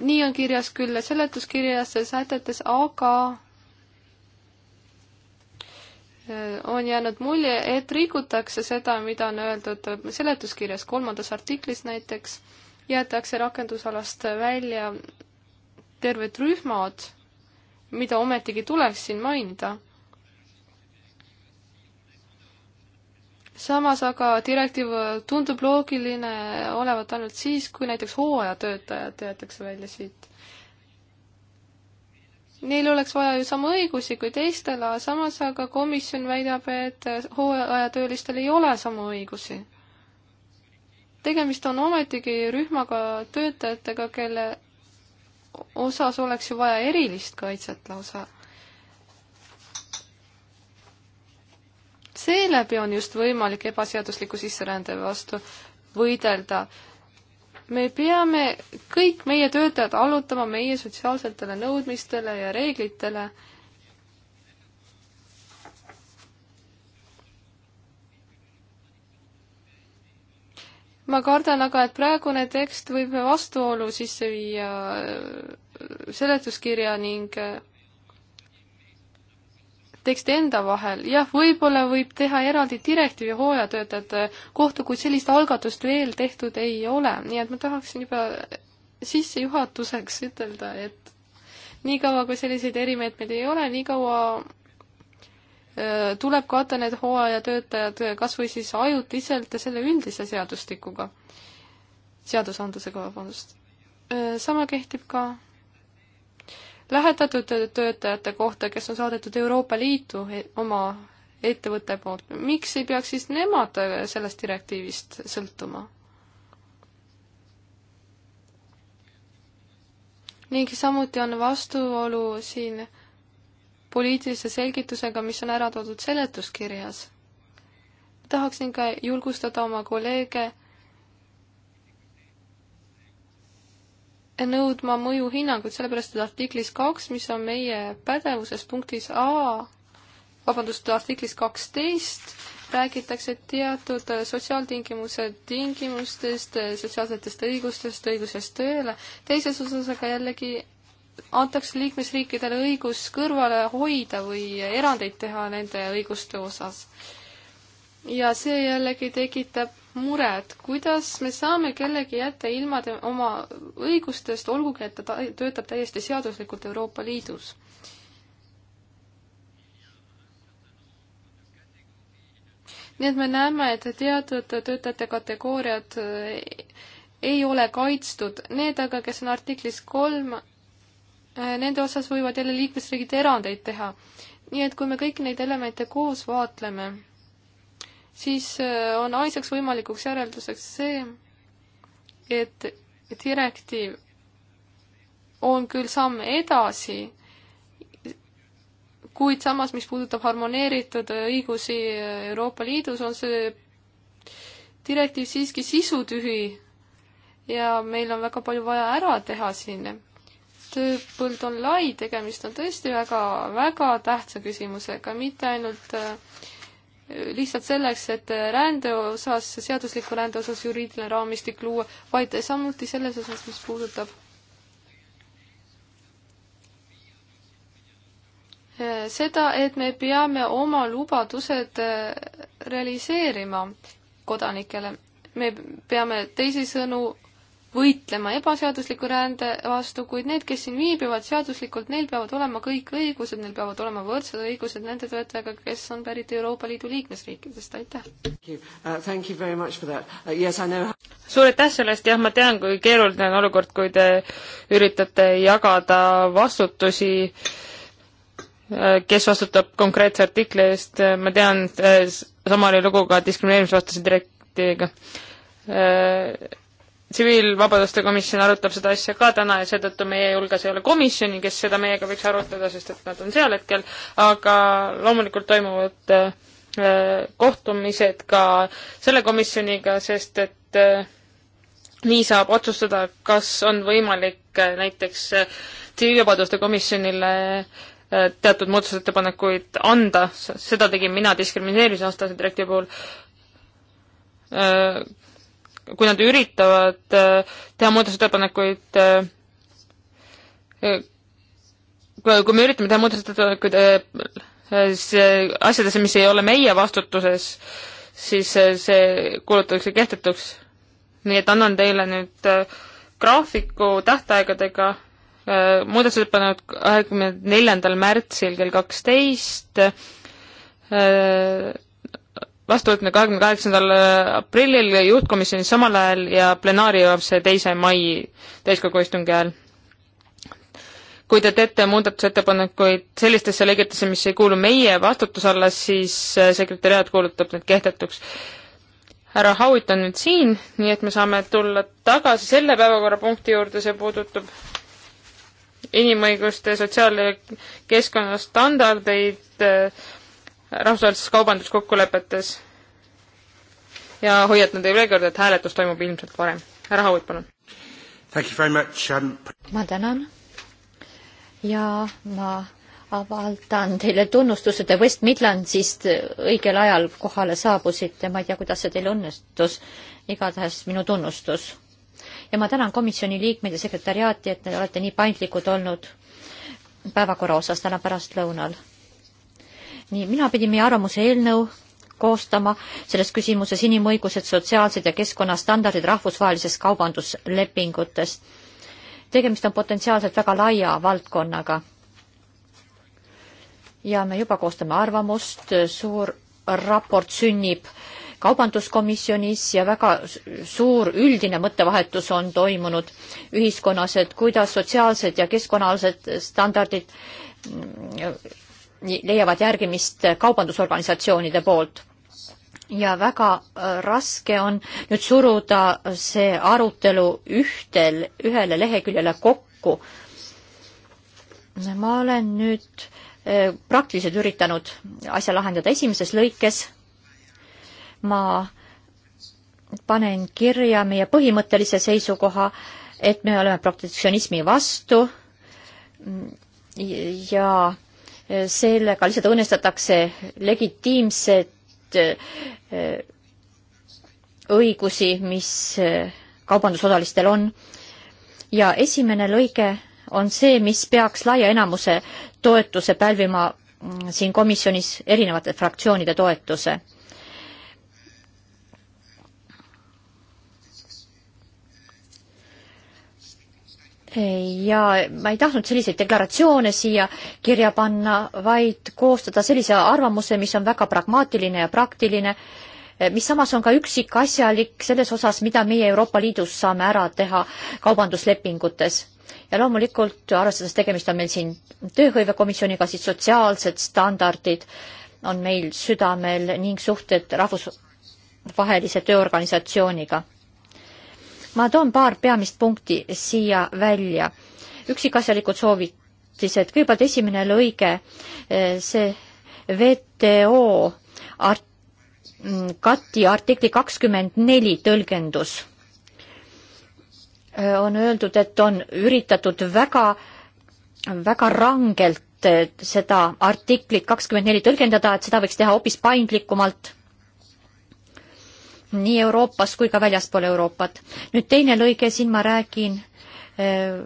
nii on kirjas küll seletuskirjas ja sätetes, aga äh, on jäänud mulje, et rikutakse seda, mida on öeldud seletuskirjas kolmandas artiklis näiteks, jäetakse rakendusalast välja terved rühmad, mida ometigi tuleks siin mainida. samas aga direktiiv tundub loogiline olevat ainult siis, kui näiteks hooajatöötajad jäetakse välja siit. Neil oleks vaja ju sama õigusi kui teistel, samas aga komisjon väidab, et hooajatöölistel ei ole sama õigusi. tegemist on ometigi rühmaga töötajatega, kelle osas oleks ju vaja erilist kaitset lausa seeläbi on just võimalik ebaseadusliku sisserände vastu võidelda. me peame kõik meie töötajad allutama meie sotsiaalsetele nõudmistele ja reeglitele. ma kardan aga, et praegune tekst võib vastuolu sisse viia seletuskirja ning teksti enda vahel, jah, võib-olla võib teha eraldi direktiivi hooajatöötajate kohta, kuid sellist algatust veel tehtud ei ole, nii et ma tahaksin juba sissejuhatuseks ütelda, et niikaua, kui selliseid erimeetmeid ei ole, niikaua äh, tuleb katta need hooajatöötajad kas või siis ajutiselt selle üldise seadustikuga, seadusandlusega, vabandust. Äh, sama kehtib ka lähetatud töötajate kohta, kes on saadetud Euroopa Liitu e-, oma ettevõtte poolt, miks ei peaks siis nemad sellest direktiivist sõltuma? ning samuti on vastuolu siin poliitilise selgitusega, mis on ära toodud seletuskirjas tahaksin ka julgustada oma kolleege nõudma mõjuhinnangut, sellepärast et artiklis kaks, mis on meie pädevuses punktis A, vabandust, artiklis kaksteist, räägitakse teatud sotsiaaltingimused tingimustest, sotsiaalsetest õigustest, õigusest tööle, teises osas aga jällegi antakse liikmesriikidele õigus kõrvale hoida või erandeid teha nende õiguste osas. ja see jällegi tekitab muret, kuidas me saame kellegi jätta ilma oma õigustest, olgugi et ta, ta töötab täiesti seaduslikult Euroopa Liidus. nii et me näeme, et teatud töötajate kategooriad eh, ei ole kaitstud, need aga, kes on artiklis kolm, eh, nende osas võivad jälle liikmesriigid erandeid teha. nii et kui me kõiki neid elemente koos vaatleme siis äh, on ainsaks võimalikuks järelduseks see, et direktiiv on küll samm edasi, kuid samas, mis puudutab harmoneeritud õigusi Euroopa Liidus, on see direktiiv siiski sisutühi ja meil on väga palju vaja ära teha siin. tööpõld on lai, tegemist on tõesti väga, väga tähtsa küsimusega, mitte ainult äh, lihtsalt selleks, et rände osas, seadusliku rände osas juriidiline raamistik luua, vaid samuti selles osas, mis puudutab eh, seda, et me peame oma lubadused eh, realiseerima kodanikele. me peame teisisõnu võitlema ebaseadusliku rände vastu, kuid need, kes siin viibivad seaduslikult, neil peavad olema kõik õigused, neil peavad olema võrdsed õigused nende töötajaga, kes on pärit Euroopa Liidu liikmesriikidest, aitäh! Uh, uh, suur aitäh selle eest, jah, ma tean, kui keeruline on olukord, kui te üritate jagada vastutusi äh, kes vastutab konkreetse artikli eest, ma tean, sama oli lugu ka diskrimineerimisvastase direktiiviga äh, tsiviilvabaduste komisjon arutab seda asja ka täna ja seetõttu meie hulgas ei ole komisjoni, kes seda meiega võiks arutada, sest et nad on seal hetkel, aga loomulikult toimuvad äh, kohtumised ka selle komisjoniga, sest et äh, nii saab otsustada, kas on võimalik äh, näiteks äh, tsiviilvabaduste komisjonile äh, teatud muudatusettepanekuid anda, seda tegin mina diskrimineerimise vastase direktiivi puhul äh, kui nad üritavad äh, teha muudatusettepanekuid äh, äh, kui me üritame teha muudatusettepanekuid asjadesse, mis ei ole meie vastutuses, siis see kuulutatakse kehtetuks. nii et annan teile nüüd graafiku tähtaegadega muudatusettepanekud kahekümne neljandal märtsil kell kaksteist vastuvõtmine kahekümne kaheksandal äh, aprillil juhtkomisjonis samal ajal ja plenaari jõuab see teise mai täiskogu istungi ajal. kui te teete muudatusettepanekuid sellistesse lõigetesse, mis ei kuulu meie vastutuse alla, siis äh, sekretäriaat kuulutab need kehtetuks. härra Howitt on nüüd siin, nii et me saame tulla tagasi selle päevakorrapunkti juurde, see puudutab inimõiguste sotsiaal- ja keskkonnastandardeid äh, rahvusvahelistes kaubanduskokkulepetes ja hoiatan teid veel kord, et hääletus toimub ilmselt varem. härra Hauid, palun. Um... ma tänan ja ma avaldan teile tunnustuse, te West Midlandsist õigel ajal kohale saabusite, ma ei tea, kuidas see teil õnnestus, igatahes minu tunnustus. ja ma tänan komisjoni liikmeid ja sekretäriaati, et te olete nii paindlikud olnud päevakorra osas täna pärastlõunal nii, mina pidin meie arvamuse eelnõu koostama selles küsimuses inimõigused, sotsiaalsed ja keskkonnastandardid rahvusvahelises kaubanduslepingutes. tegemist on potentsiaalselt väga laia valdkonnaga. ja me juba koostame arvamust, suur raport sünnib kaubanduskomisjonis ja väga suur üldine mõttevahetus on toimunud ühiskonnas, et kuidas sotsiaalsed ja keskkonnaalased standardid leiavad järgimist kaubandusorganisatsioonide poolt. ja väga äh, raske on nüüd suruda see arutelu ühtel, ühele leheküljele kokku. ma olen nüüd äh, praktiliselt üritanud asja lahendada esimeses lõikes. ma panen kirja meie põhimõttelise seisukoha, et me oleme protektsionismi vastu ja sellega lihtsalt õõnestatakse legitiimset äh, õigusi, mis äh, kaubandusosalistel on. ja esimene lõige on see, mis peaks laia enamuse toetuse pälvima mm, siin komisjonis erinevate fraktsioonide toetuse ja ma ei tahtnud selliseid deklaratsioone siia kirja panna, vaid koostada sellise arvamuse, mis on väga pragmaatiline ja praktiline, mis samas on ka üksikasjalik selles osas, mida meie Euroopa Liidus saame ära teha kaubanduslepingutes. ja loomulikult, arvestades tegemist on meil siin tööhõivekomisjoniga, siis sotsiaalsed standardid on meil südamel ning suhted rahvusvahelise tööorganisatsiooniga ma toon paar peamist punkti siia välja. üksikasjalikud soovitused, kõigepealt esimene lõige, eh, see WTO art-, kati artikli kakskümmend neli tõlgendus. Eh, on öeldud, et on üritatud väga, väga rangelt eh, seda artiklit kakskümmend neli tõlgendada, et seda võiks teha hoopis paindlikumalt nii Euroopas kui ka väljaspool Euroopat. nüüd teine lõige, siin ma räägin eh,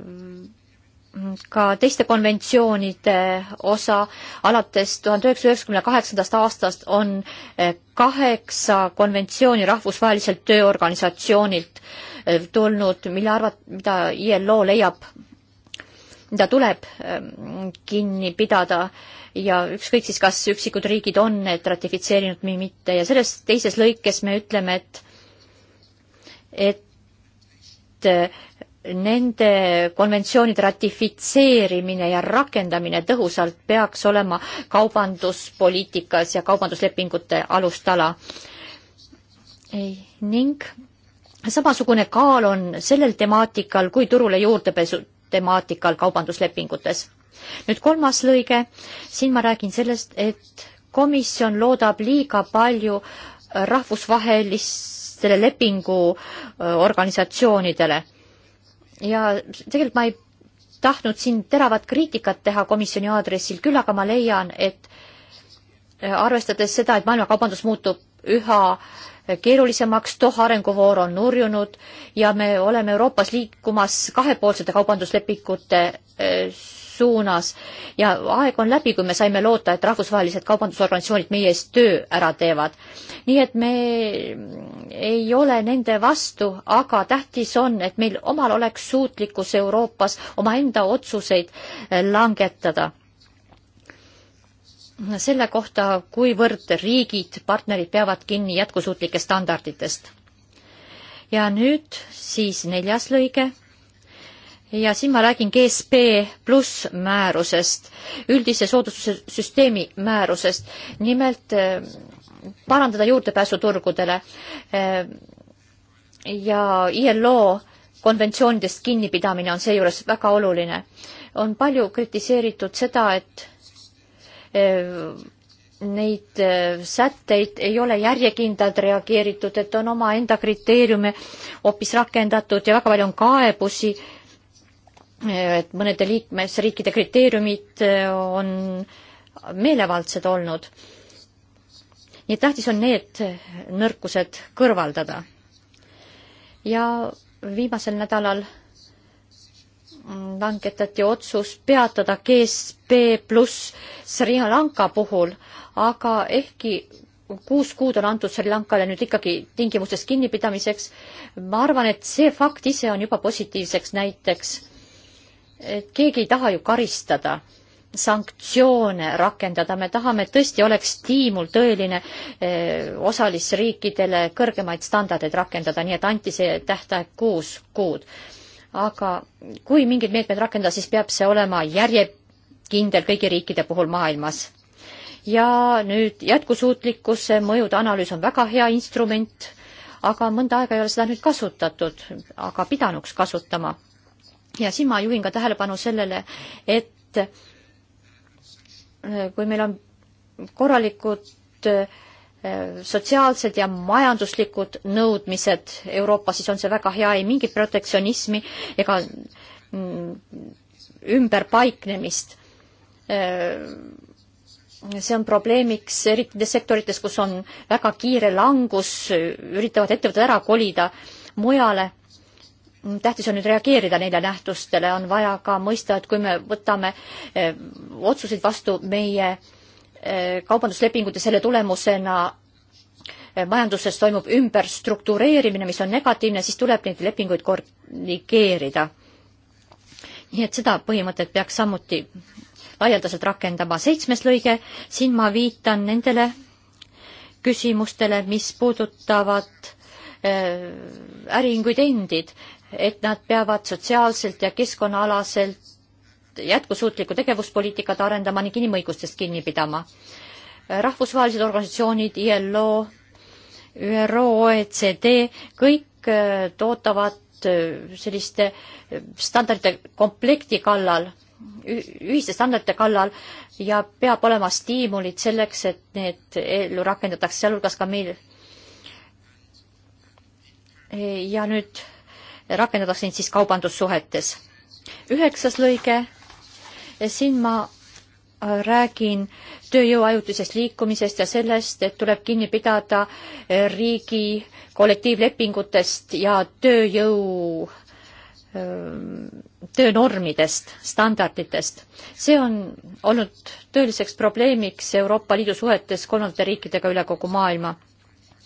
ka teiste konventsioonide osa, alates tuhande üheksasaja üheksakümne kaheksandast aastast on eh, kaheksa konventsiooni rahvusvaheliselt tööorganisatsioonilt eh, tulnud, mille arvat-, mida ILO leiab mida tuleb ähm, kinni pidada ja ükskõik siis, kas üksikud riigid on need ratifitseerinud või mitte ja selles teises lõikes me ütleme, et et äh, nende konventsioonide ratifitseerimine ja rakendamine tõhusalt peaks olema kaubanduspoliitikas ja kaubanduslepingute alustala. ning samasugune kaal on sellel temaatikal kui turule juurdepääsu temaatikal kaubanduslepingutes. nüüd kolmas lõige, siin ma räägin sellest, et komisjon loodab liiga palju äh, rahvusvahelistele lepinguorganisatsioonidele. Äh, ja tegelikult ma ei tahtnud siin teravat kriitikat teha komisjoni aadressil, küll aga ma leian, et äh, arvestades seda, et maailma kaubandus muutub üha äh, keerulisemaks, Doha arenguvoor on nurjunud ja me oleme Euroopas liikumas kahepoolsete kaubanduslepikute äh, suunas ja aeg on läbi, kui me saime loota, et rahvusvahelised kaubandusorganisatsioonid meie eest töö ära teevad. nii et me ei ole nende vastu, aga tähtis on, et meil omal oleks suutlikkus Euroopas omaenda otsuseid langetada selle kohta, kuivõrd riigid, partnerid peavad kinni jätkusuutlikest standarditest. ja nüüd siis neljas lõige. ja siin ma räägin GSP pluss määrusest, üldise soodustuse süsteemi määrusest, nimelt eh, parandada juurdepääsu turgudele eh, ja ILO konventsioonidest kinnipidamine on seejuures väga oluline. on palju kritiseeritud seda, et Äh, neid äh, sätteid ei ole järjekindlalt reageeritud, et on omaenda kriteeriume hoopis rakendatud ja väga palju on kaebusi, äh, et mõnede liikmesriikide kriteeriumid on meelevaldsed olnud. nii et tähtis on need nõrkused kõrvaldada. ja viimasel nädalal langetati otsus peatada GSP pluss Sri Lanka puhul, aga ehkki kuus kuud on antud Sri Lankale nüüd ikkagi tingimustest kinnipidamiseks, ma arvan, et see fakt ise on juba positiivseks näiteks. et keegi ei taha ju karistada, sanktsioone rakendada, me tahame, et tõesti oleks stiimul tõeline eh, osalisriikidele kõrgemaid standardeid rakendada, nii et anti see tähtaeg kuus kuud aga kui mingeid meetmeid rakendada, siis peab see olema järjekindel kõigi riikide puhul maailmas. ja nüüd jätkusuutlikkuse mõjude analüüs on väga hea instrument, aga mõnda aega ei ole seda nüüd kasutatud, aga pidanuks kasutama. ja siin ma juhin ka tähelepanu sellele, et äh, kui meil on korralikud äh, sotsiaalsed ja majanduslikud nõudmised Euroopas, siis on see väga hea, ei mingit protektsionismi ega mm, ümberpaiknemist. see on probleemiks eriti nendes sektorites, kus on väga kiire langus, üritavad ettevõtted ära kolida mujale tähtis on nüüd reageerida neile nähtustele, on vaja ka mõista, et kui me võtame eh, otsuseid vastu meie äh, Eh, kaubanduslepingud ja selle tulemusena eh, majanduses toimub ümberstruktureerimine, mis on negatiivne, siis tuleb neid lepinguid korrigeerida. nii et seda põhimõtet peaks samuti laialdaselt rakendama. seitsmes lõige, siin ma viitan nendele küsimustele, mis puudutavad eh, äriühinguid endid, et nad peavad sotsiaalselt ja keskkonnaalaselt jätkusuutlikku tegevuspoliitikat arendama ning inimõigustest kinni pidama. rahvusvahelised organisatsioonid, ILO, ÜRO, OECD, kõik äh, tootavad äh, selliste äh, standardite komplekti kallal, ühiste standardite kallal ja peab olema stiimulid selleks, et need ellu rakendatakse, sealhulgas ka meil. ja nüüd rakendatakse neid siis kaubandussuhetes. üheksas lõige siin ma äh, räägin tööjõu ajutisest liikumisest ja sellest, et tuleb kinni pidada äh, riigi kollektiivlepingutest ja tööjõu ähm, töönormidest, standarditest. see on olnud tõeliseks probleemiks Euroopa Liidu suhetes kolmandate riikidega üle kogu maailma.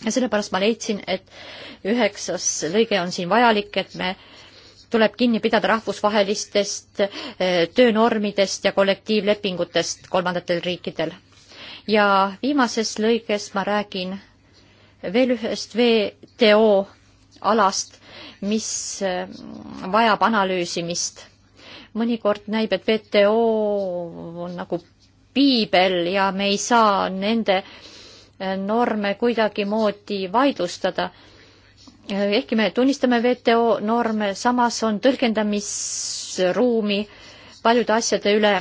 ja sellepärast ma leidsin, et üheksas lõige on siin vajalik, et me äh, tuleb kinni pidada rahvusvahelistest eh, töönormidest ja kollektiivlepingutest kolmandatel riikidel. ja viimases lõiges ma räägin veel ühest WTO alast, mis eh, vajab analüüsimist. mõnikord näib, et WTO on nagu piibel ja me ei saa nende eh, norme kuidagimoodi vaidlustada ehkki me tunnistame WTO norme, samas on tõlgendamisruumi paljude asjade üle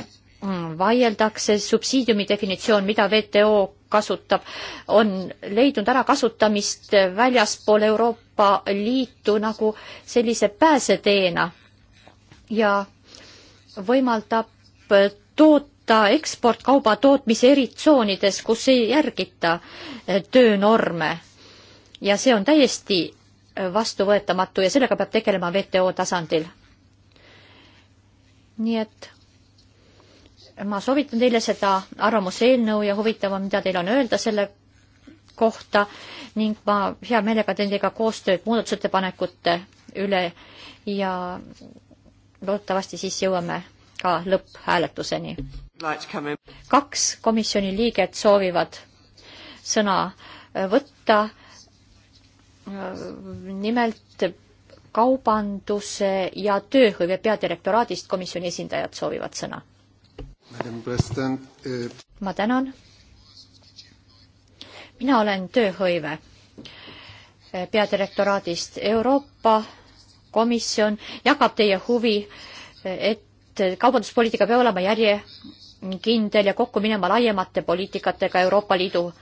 mm, vaieldakse, subsiidiumi definitsioon, mida WTO kasutab, on leidnud ärakasutamist väljaspool Euroopa Liitu nagu sellise pääseteena ja võimaldab toota eksportkauba tootmise eritsoonides, kus ei järgita töönorme. ja see on täiesti vastuvõetamatu ja sellega peab tegelema WTO tasandil. nii et ma soovitan teile seda arvamuseelnõu ja huvitavam, mida teil on öelda selle kohta ning ma hea meelega teen teiega koostööd muudatusettepanekute üle ja loodetavasti siis jõuame ka lõpphääletuseni. kaks komisjoni liiget soovivad sõna võtta nimelt kaubanduse ja tööhõive peadirektoraadist komisjoni esindajad soovivad sõna. Eh, ma tänan. mina olen tööhõive eh, peadirektoraadist. Euroopa Komisjon jagab teie huvi, eh, et kaubanduspoliitika peab olema järjekindel ja kokku minema laiemate poliitikatega Euroopa Liidu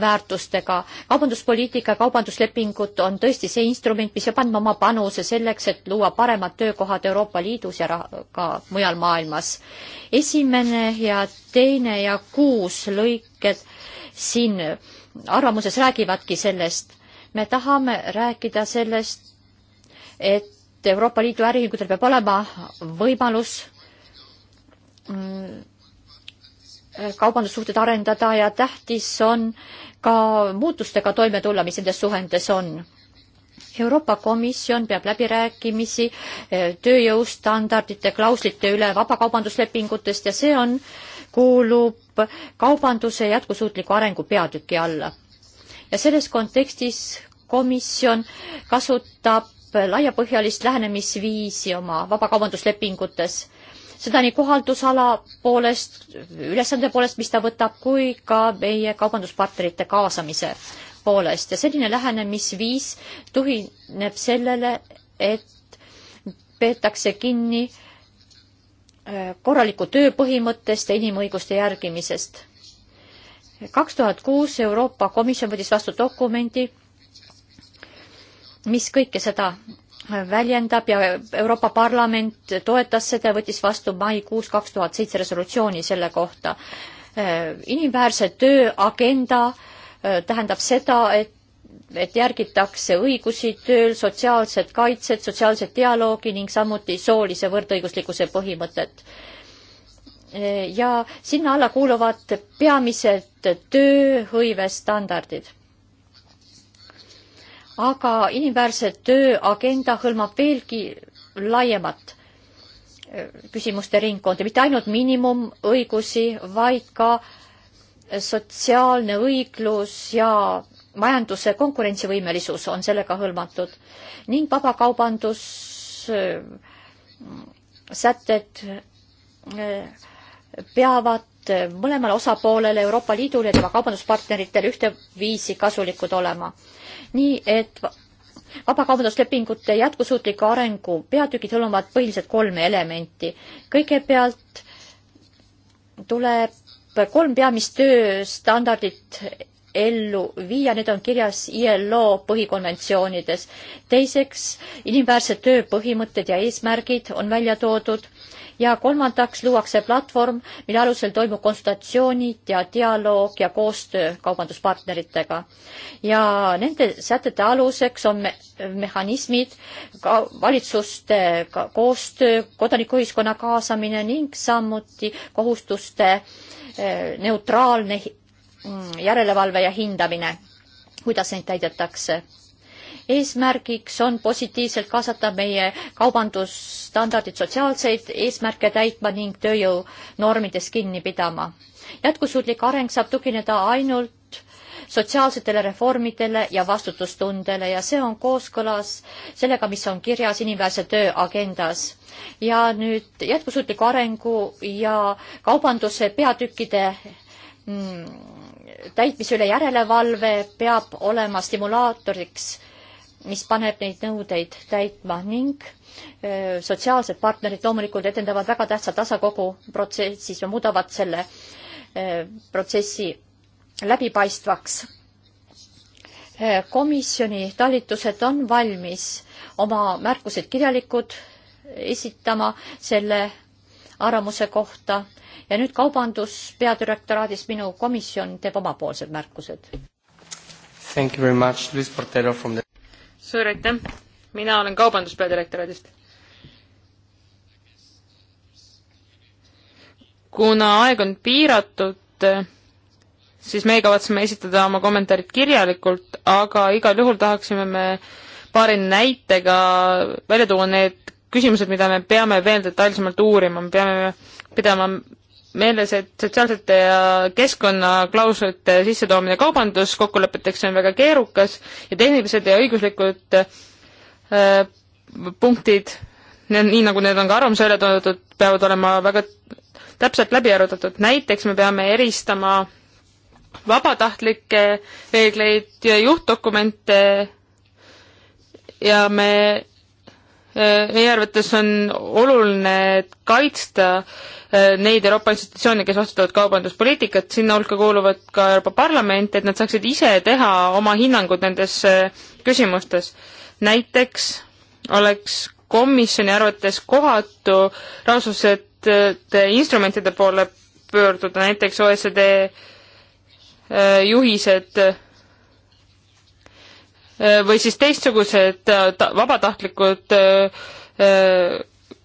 väärtustega. kaubanduspoliitika ja kaubanduslepingud on tõesti see instrument, mis peab andma oma panuse selleks, et luua paremad töökohad Euroopa Liidus ja ka mujal maailmas. esimene ja teine ja kuus lõiked siin arvamuses räägivadki sellest. me tahame rääkida sellest, et Euroopa Liidu äriühingutel peab olema võimalus mm, kaubandussuhted arendada ja tähtis on ka muutustega toime tulla, mis nendes suhendes on. Euroopa Komisjon peab läbirääkimisi eh, tööjõustandardite klauslite üle vabakaubanduslepingutest ja see on, kuulub kaubanduse jätkusuutliku arengu peatüki alla. ja selles kontekstis komisjon kasutab laiapõhjalist lähenemisviisi oma vabakaubanduslepingutes seda nii kohaldusala poolest, ülesande poolest, mis ta võtab, kui ka meie kaubanduspartnerite kaasamise poolest ja selline lähenemisviis tugineb sellele, et peetakse kinni äh, korraliku töö põhimõttest ja inimõiguste järgimisest. kaks tuhat kuus Euroopa Komisjon võttis vastu dokumendi, mis kõike seda väljendab ja Euroopa Parlament toetas seda, võttis vastu maikuus kaks tuhat seitse resolutsiooni selle kohta. Äh, inimväärse töö agenda äh, tähendab seda, et et järgitakse õigusi tööl, sotsiaalset kaitset, sotsiaalset dialoogi ning samuti soolise võrdõiguslikkuse põhimõtet. Äh, ja sinna alla kuuluvad peamiselt tööhõive standardid aga inimväärse töö agenda hõlmab veelgi laiemat äh, küsimuste ringkonda, mitte ainult miinimumõigusi, vaid ka sotsiaalne õiglus ja majanduse konkurentsivõimelisus on sellega hõlmatud ning vabakaubandus äh, sätted äh, peavad mõlemale osapoolele, Euroopa Liidule ja tema kaubanduspartneritele ühteviisi kasulikud olema nii et vabakaubanduslepingute jätkusuutliku arengu peatükid hõlmavad põhiliselt kolme elementi. kõigepealt tuleb kolm peamist tööstandardit ellu viia, need on kirjas ILO põhikonventsioonides. teiseks, inimväärse töö põhimõtted ja eesmärgid on välja toodud ja kolmandaks luuakse platvorm, mille alusel toimub konsultatsioonid ja dialoog ja koostöö kaubanduspartneritega. ja nende sätete aluseks on me mehhanismid, ka valitsuste ka koostöö, kodanikuühiskonna kaasamine ning samuti kohustuste eh, neutraalne mm, järelevalve ja hindamine, kuidas neid täidetakse eesmärgiks on positiivselt kaasata meie kaubandusstandardid sotsiaalseid eesmärke täitma ning tööjõunormidest kinni pidama. jätkusuutlik areng saab tugineda ainult sotsiaalsetele reformidele ja vastutustundele ja see on kooskõlas sellega, mis on kirjas inimväärse töö agendas. ja nüüd jätkusuutliku arengu ja kaubanduse peatükkide mm, täitmise üle järelevalve peab olema stimulaatoriks mis paneb neid nõudeid täitma ning äh, sotsiaalsed partnerid loomulikult edendavad väga tähtsa tasakogu protsessis ja muudavad selle äh, protsessi läbipaistvaks. Äh, komisjoni talitused on valmis oma märkused kirjalikud esitama selle arvamuse kohta ja nüüd kaubandus peadirektoraadis minu komisjon teeb omapoolsed märkused. Thank you very much, Luis Portero from the suur aitäh, mina olen kaubanduspeadirektoraadist. kuna aeg on piiratud, siis meie kavatseme esitada oma kommentaarid kirjalikult, aga igal juhul tahaksime me paari näitega välja tuua need küsimused, mida me peame veel detailsemalt uurima, me peame pidama meeles, et sotsiaalsete ja keskkonnaklauslite sissetoomine kaubanduskokkulepeteks on väga keerukas ja tehnilised ja õiguslikud äh, punktid, nii nagu need on ka arvamuse välja toodud, peavad olema väga täpselt läbi arutatud, näiteks me peame eristama vabatahtlikke reegleid ja juhtdokumente ja me Äh, meie arvates on oluline kaitsta äh, neid Euroopa institutsioone, kes vastutavad kaubanduspoliitikat, sinna hulka kuuluvad ka Euroopa Parlament, et nad saaksid ise teha oma hinnangud nendes äh, küsimustes. näiteks oleks komisjoni arvates kohatu rahvusvaheliste instrumentide poole pöörduda, näiteks OECD juhised Äh, või siis teistsugused äh, vabatahtlikud äh,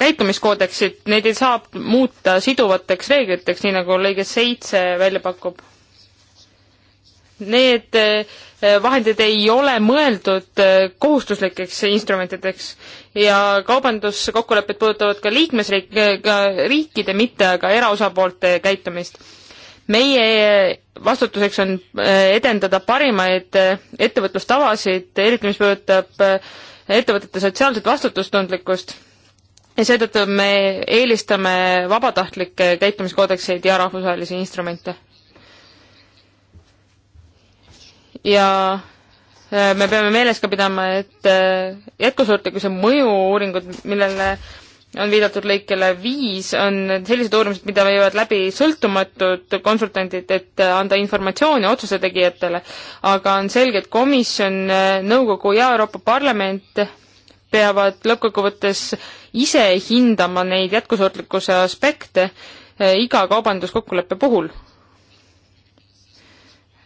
käitumiskoodeksid, neid ei saa muuta siduvateks reegliteks, nii nagu lõige seitse välja pakub. Need vahendid ei ole mõeldud kohustuslikeks instrumentideks ja kaubanduskokkulepped puudutavad ka liikmesriik, ka riikide, mitte aga eraosapoolte käitumist meie vastutuseks on äh, edendada parimaid äh, ettevõtlustavasid, eriti mis puudutab äh, ettevõtete sotsiaalset vastutustundlikkust ja seetõttu me eelistame vabatahtlikke käitumiskoodekseid ja rahvusvahelisi instrumente. ja me peame meeles ka pidama, et jätkusuutlikkuse mõju-uuringud, millele on viidatud lõikele viis, on sellised uurimised, mida viivad läbi sõltumatud konsultandid, et anda informatsiooni otsuse tegijatele, aga on selge, et komisjon, nõukogu ja Euroopa Parlament peavad lõppkokkuvõttes ise hindama neid jätkusuutlikkuse aspekte eh, iga kaubanduskokkuleppe puhul.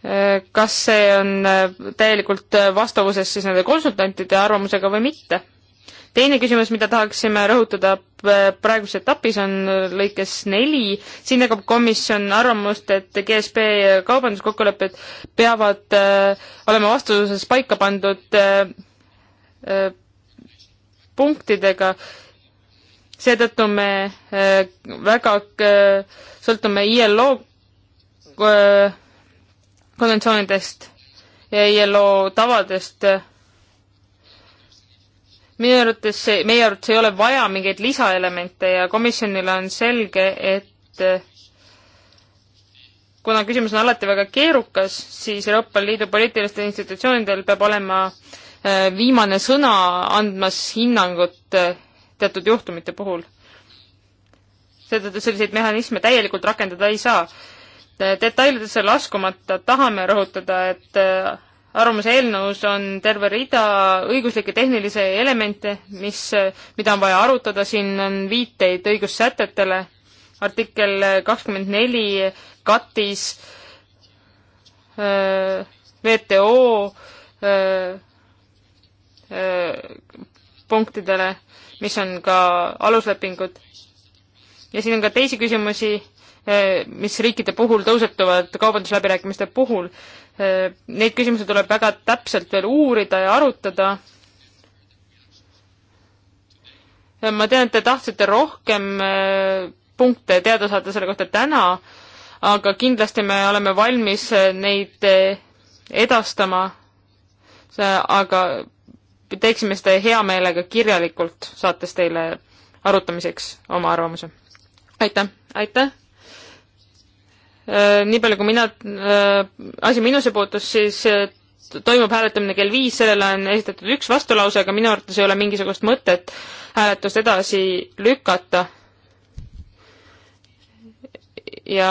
Eh, kas see on eh, täielikult vastavuses siis nende konsultantide arvamusega või mitte? teine küsimus, mida tahaksime rõhutada praeguses etapis, on lõikes neli. siin jagab komisjon arvamust, et GSP kaubanduskokkulepped peavad äh, olema vastuses paika pandud äh, äh, punktidega seetõttu me äh, väga äh, sõltume ILO äh, konventsioonidest ja ILO tavadest minu arvates, meie arvates ei ole vaja mingeid lisaelemente ja komisjonile on selge, et eh, kuna küsimus on alati väga keerukas, siis Euroopa Liidu poliitilistel institutsioonidel peab olema eh, viimane sõna andmas hinnangut eh, teatud juhtumite puhul. seetõttu selliseid mehhanisme täielikult rakendada ei saa. detailidesse laskumata tahame rõhutada, et arvamuse eelnõus on terve rida õiguslikke tehnilisi elemente, mis, mida on vaja arutada, siin on viiteid õigussätetele, artikkel kakskümmend neli, katis, WTO punktidele, mis on ka aluslepingud. ja siin on ka teisi küsimusi, mis riikide puhul tõusetuvad kaubandusläbirääkimiste puhul Äh, neid küsimusi tuleb väga täpselt veel uurida ja arutada. Äh, ma tean, et te tahtsite rohkem äh, punkte teada saada selle kohta täna, aga kindlasti me oleme valmis neid edastama, aga teeksime seda hea meelega kirjalikult, saates teile arutamiseks oma arvamuse. aitäh, aitäh! Äh, nii palju, kui mina, äh, asi minusse puutus, siis äh, toimub hääletamine kell viis, sellele on esitatud üks vastulause, aga minu arvates ei ole mingisugust mõtet hääletust edasi lükata. ja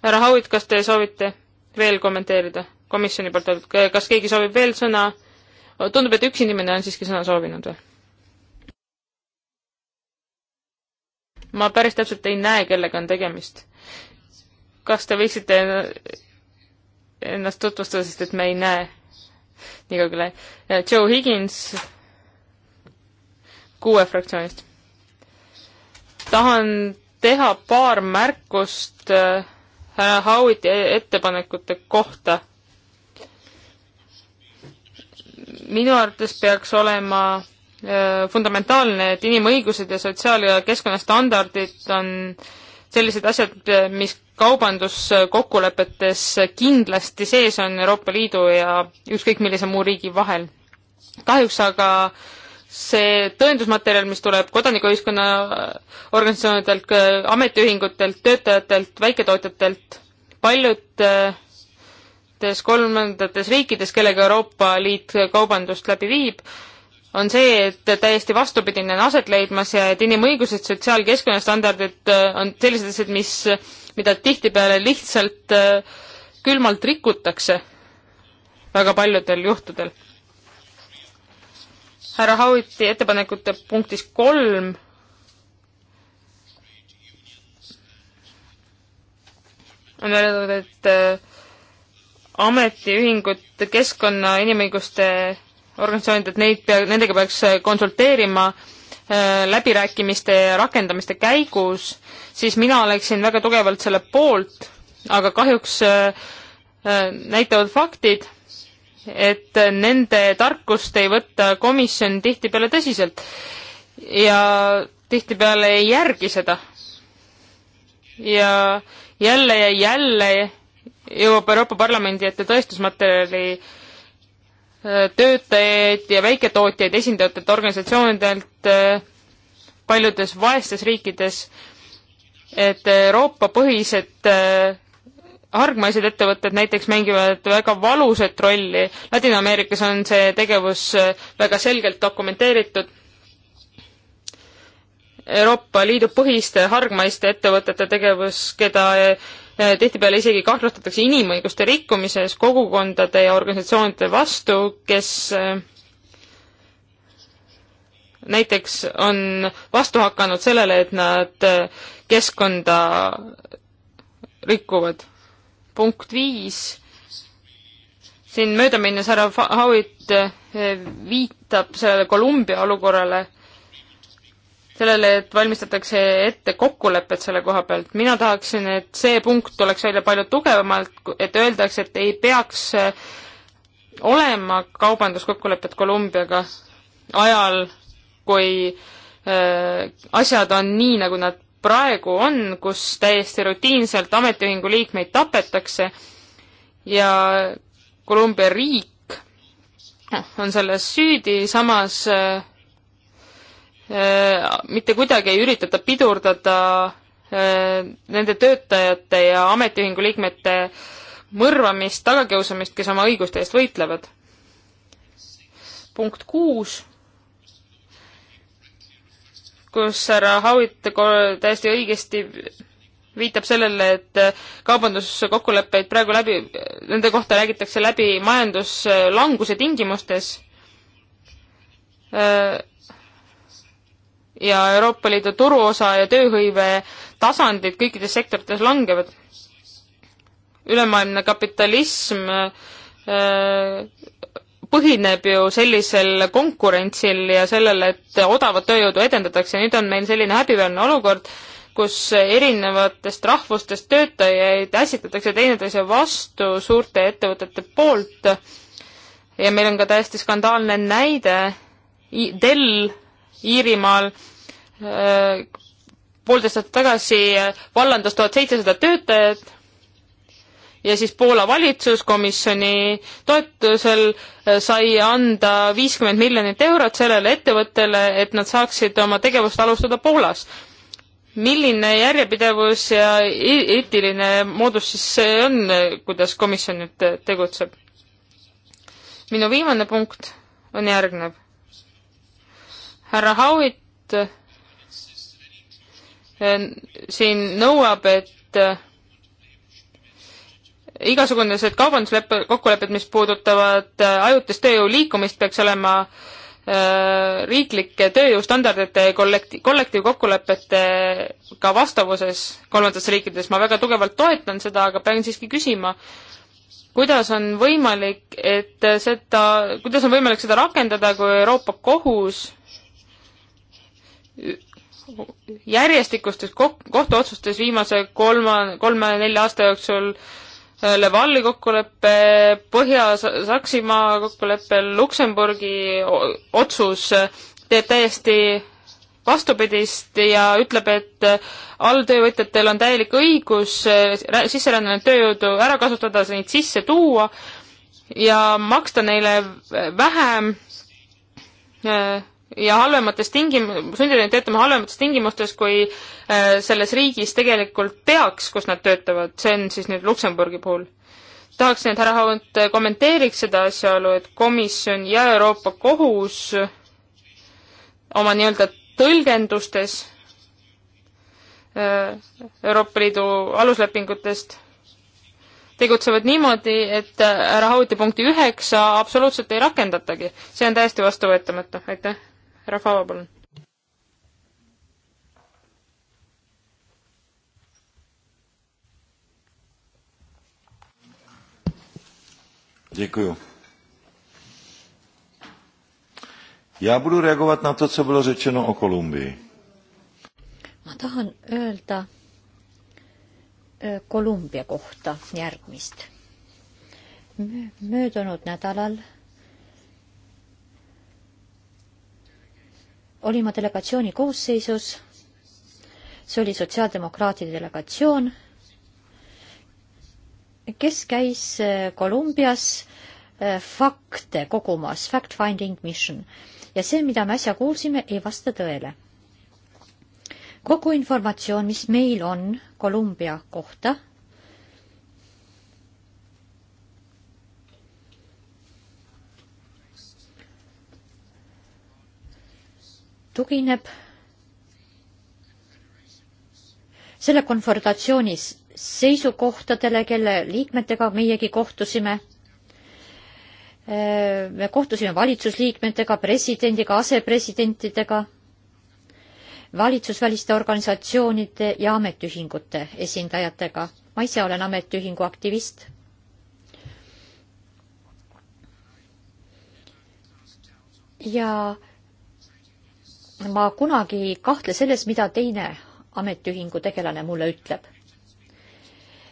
härra Howitt, kas te soovite veel kommenteerida komisjoni poolt, kas keegi soovib veel sõna? tundub, et üks inimene on siiski sõna soovinud veel ma päris täpselt ei näe, kellega on tegemist. kas te võiksite ennast tutvustada, sest et me ei näe nii kaugele. Joe Higins kuue fraktsioonist. tahan teha paar märkust äh, härra Howiti e-, ettepanekute kohta. minu arvates peaks olema Äh, fundamentaalne, et inimõigused ja sotsiaal- ja keskkonnastandardid on sellised asjad, mis kaubanduskokkulepetes kindlasti sees on Euroopa Liidu ja ükskõik millise muu riigi vahel. kahjuks aga see tõendusmaterjal, mis tuleb kodanikuühiskonna organisatsioonidelt, ametiühingutelt, töötajatelt, väiketootjatelt, paljud äh, kolmandates riikides, kellega Euroopa Liit kaubandust läbi viib, on see, et täiesti vastupidine on aset leidmas ja et inimõigused, sotsiaalkeskkonnastandardid äh, on sellised asjad, mis, mida tihtipeale lihtsalt äh, külmalt rikutakse väga paljudel juhtudel. härra Hauiti ettepanekute punktis kolm on öeldud, et äh, ametiühingud keskkonna inimõiguste organisatsioonid, et neid pea, nendega peaks äh, konsulteerima äh, läbirääkimiste ja rakendamiste käigus, siis mina oleksin väga tugevalt selle poolt, aga kahjuks äh, näitavad faktid, et nende tarkust ei võta komisjon tihtipeale tõsiselt ja tihtipeale ei järgi seda. ja jälle ja jälle jõuab Euroopa Parlamendi ette tõestusmaterjali äh, töötajaid ja väiketootjaid esindavatelt organisatsioonidelt äh, paljudes vaestes riikides, et Euroopa-põhised äh, hargmaised ettevõtted näiteks mängivad väga valusat rolli. Ladina-Ameerikas on see tegevus äh, väga selgelt dokumenteeritud. Euroopa Liidu põhiste hargmaiste ettevõtete tegevus, keda Äh, tihtipeale isegi kahtlustatakse inimõiguste rikkumises kogukondade ja organisatsioonide vastu, kes äh, näiteks on vastu hakanud sellele, et nad äh, keskkonda rikuvad. punkt viis, siin mööda minnes härra Howitt viitab sellele Kolumbia olukorrale sellele, et valmistatakse ette kokkulepet selle koha pealt. mina tahaksin, et see punkt tuleks välja palju tugevamalt, et öeldakse, et ei peaks eh, olema kaubanduskokkulepet Kolumbiaga ajal, kui äh, asjad on nii, nagu nad praegu on, kus täiesti rutiinselt ametiühingu liikmeid tapetakse ja Kolumbia riik noh, on selles süüdi, samas äh, Äh, mitte kuidagi ei üritata pidurdada äh, nende töötajate ja ametiühingu liikmete mõrvamist, tagakiusamist, kes oma õiguste eest võitlevad. punkt kuus, kus härra Howitt täiesti õigesti viitab sellele, et kaubanduskokkuleppeid praegu läbi, nende kohta räägitakse läbi majanduslanguse tingimustes äh, ja Euroopa Liidu turuosa ja tööhõive tasandid kõikides sektorites langevad. ülemaailmne kapitalism äh, põhineb ju sellisel konkurentsil ja sellele, et odavat tööjõudu edendatakse, nüüd on meil selline häbiväärne olukord, kus erinevatest rahvustest töötajaid ässitatakse teineteise vastu suurte ettevõtete poolt ja meil on ka täiesti skandaalne näide, Dell Iirimaal äh, poolteist aastat tagasi äh, vallandas tuhat seitsesada töötajat ja siis Poola valitsuskomisjoni toetusel äh, sai anda viiskümmend miljonit eurot sellele ettevõttele, et nad saaksid oma tegevust alustada Poolas. milline järjepidevus ja eetiline moodus siis see on, kuidas komisjon nüüd tegutseb? minu viimane punkt on järgnev härra Howitt eh, siin nõuab, et eh, igasugused kaubandusleppe, kokkulepped, mis puudutavad eh, ajutist tööjõu liikumist, peaks olema riiklike tööjõustandardite ja kollekti-, kollektiivkokkulepetega vastavuses kolmandates riikides, ma väga tugevalt toetan seda, aga pean siiski küsima, kuidas on võimalik, et seda, kuidas on võimalik seda rakendada, kui Euroopa Kohus järjestikustes kohtuotsustes viimase kolma, kolme-nelja aasta jooksul äh, Levalli kokkulepe, Põhja-Saksimaa kokkulepe, Luksemburgi otsus äh, teeb täiesti vastupidist ja ütleb, et äh, alltöövõtjatel on täielik õigus sisserännanud tööjõudu ära kasutada, neid sisse tuua ja maksta neile vähem ja halvemates tingim-, sundida neid töötama halvemates tingimustes, kui äh, selles riigis tegelikult peaks, kus nad töötavad, see on siis nüüd Luksemburgi puhul. tahaksin, et härra Haunt äh, kommenteeriks seda asjaolu, et komisjon ja Euroopa Kohus oma nii-öelda tõlgendustes äh, Euroopa Liidu aluslepingutest tegutsevad niimoodi, et härra Hauti punkti üheksa absoluutselt ei rakendatagi. see on täiesti vastuvõetamatu, aitäh härra Fava, palun. Děkuju. Já budu reagovat na to, co bylo řečeno o Kolumbii. Ma tahan öelda eh, Kolumbia kohta järgmist. Möödunud nädalal olin ma delegatsiooni koosseisus, see oli sotsiaaldemokraatide delegatsioon, kes käis äh, Kolumbias äh, fakte kogumas, fact-finding mission. ja see, mida me äsja kuulsime, ei vasta tõele. kogu informatsioon, mis meil on Kolumbia kohta tugineb selle konfrontatsioonis seisukohtadele, kelle liikmetega meiegi kohtusime. me kohtusime valitsusliikmetega, presidendiga, asepresidentidega, valitsusväliste organisatsioonide ja ametiühingute esindajatega. ma ise olen ametiühingu aktivist. ja ma kunagi ei kahtle selles, mida teine ametiühingu tegelane mulle ütleb.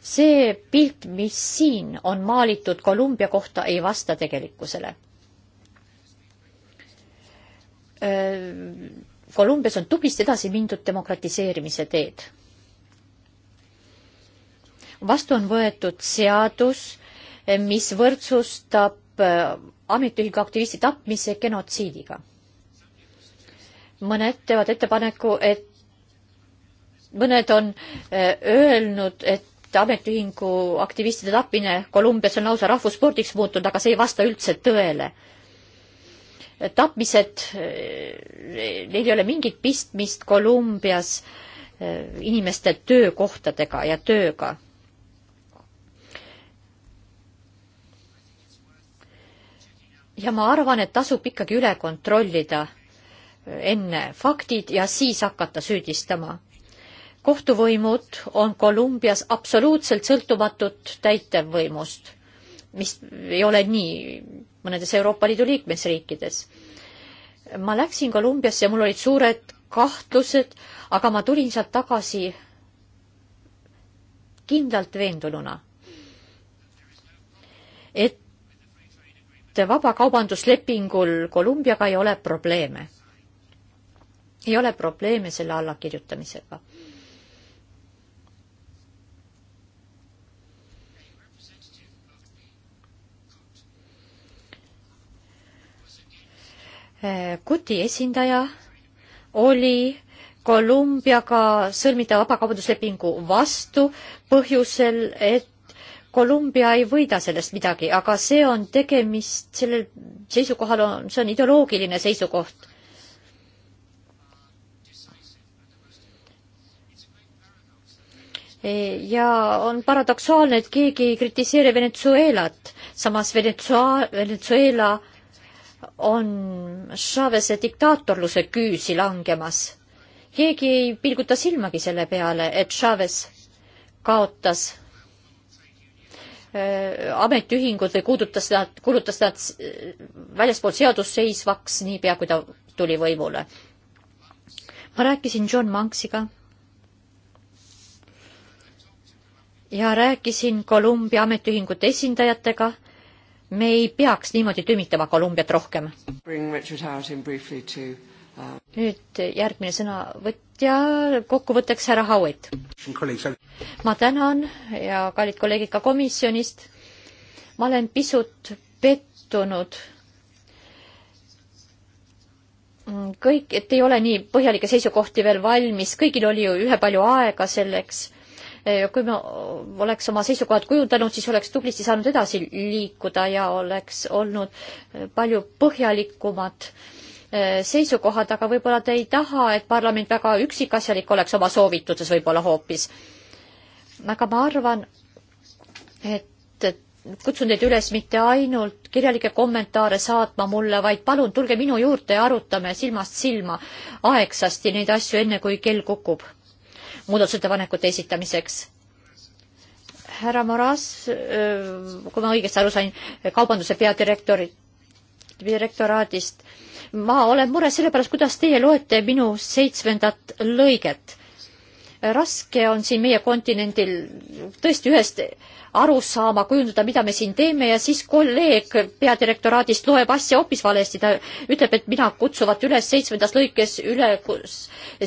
see pilt, mis siin on maalitud Kolumbia kohta, ei vasta tegelikkusele. Kolumbias on tublisti edasi mindud demokratiseerimise teed. vastu on võetud seadus, mis võrdsustab ametiühingu aktivisti tapmise genotsiidiga mõned teevad ettepaneku, et mõned on eh, öelnud, et ametiühingu aktivistide tapmine Kolumbias on lausa rahvusspordiks muutunud, aga see ei vasta üldse tõele. tapmised, eh, neil ei ole mingit pistmist Kolumbias eh, inimeste töökohtadega ja tööga. ja ma arvan, et tasub ikkagi üle kontrollida enne faktid ja siis hakata süüdistama. kohtuvõimud on Kolumbias absoluutselt sõltumatud täitevvõimust, mis ei ole nii mõnedes Euroopa Liidu liikmesriikides. ma läksin Kolumbiasse ja mul olid suured kahtlused, aga ma tulin sealt tagasi kindlalt veendununa, et vabakaubanduslepingul Kolumbiaga ei ole probleeme ei ole probleeme selle allakirjutamisega. Kuti esindaja oli Kolumbiaga sõlmida vabakaubanduslepingu vastu põhjusel, et Kolumbia ei võida sellest midagi, aga see on tegemist, sellel seisukohal on, see on ideoloogiline seisukoht. ja on paradoksaalne, et keegi ei kritiseeri Venezuelat, samas Venetsua-, Venezuela on Chavez'e diktaatorluse küüsi langemas. keegi ei pilguta silmagi selle peale, et Chavez kaotas äh, ametiühingud või kuudutas nad, kuulutas nad äh, väljaspool seadust seisvaks niipea, kui ta tuli võimule. ma rääkisin John Manksiga ja rääkisin Kolumbia ametiühingute esindajatega. me ei peaks niimoodi tümitama Kolumbiat rohkem. Uh, nüüd järgmine sõnavõtja, kokkuvõtteks härra Howitt. ma tänan ja kallid kolleegid ka komisjonist. ma olen pisut pettunud kõik, et ei ole nii põhjalikke seisukohti veel valmis, kõigil oli ju ühepalju aega selleks Eh, kui me äh, oleks oma seisukohad kujundanud, siis oleks tublisti saanud edasi liikuda ja oleks olnud äh, palju põhjalikumad äh, seisukohad, aga võib-olla te ei taha, et parlament väga üksikasjalik oleks oma soovituses võib-olla hoopis. aga ma arvan, et kutsun teid üles mitte ainult kirjalikke kommentaare saatma mulle, vaid palun tulge minu juurde ja arutame silmast silma aegsasti neid asju, enne kui kell kukub muudatusettepanekute esitamiseks. härra Moras, kui ma õigesti aru sain, kaubanduse peadirektori, direktoraadist, ma olen mures selle pärast, kuidas teie loete minu seitsmendat lõiget raske on siin meie kontinendil tõesti ühest aru saama, kujundada, mida me siin teeme ja siis kolleeg peadirektoraadist loeb asja hoopis valesti, ta ütleb, et mina kutsuvat üles seitsmendas lõikes üle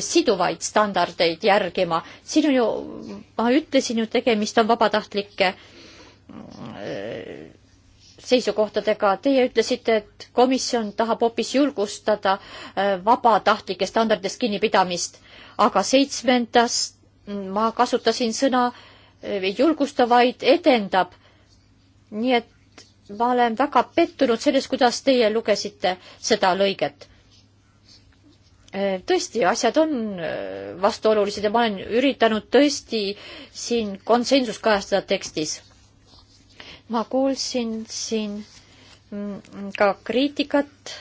siduvaid standardeid järgima. siin on ju, ma ütlesin ju, tegemist on vabatahtlike äh, seisukohtadega. Teie ütlesite, et komisjon tahab hoopis julgustada äh, vabatahtlike standardist kinnipidamist aga seitsmendast ma kasutasin sõna eh, julgustavaid edendab. nii et ma olen väga pettunud selles, kuidas teie lugesite seda lõiget. Eh, tõesti, asjad on eh, vastuolulised ja ma olen üritanud tõesti siin konsensust kajastada tekstis. ma kuulsin siin mm, ka kriitikat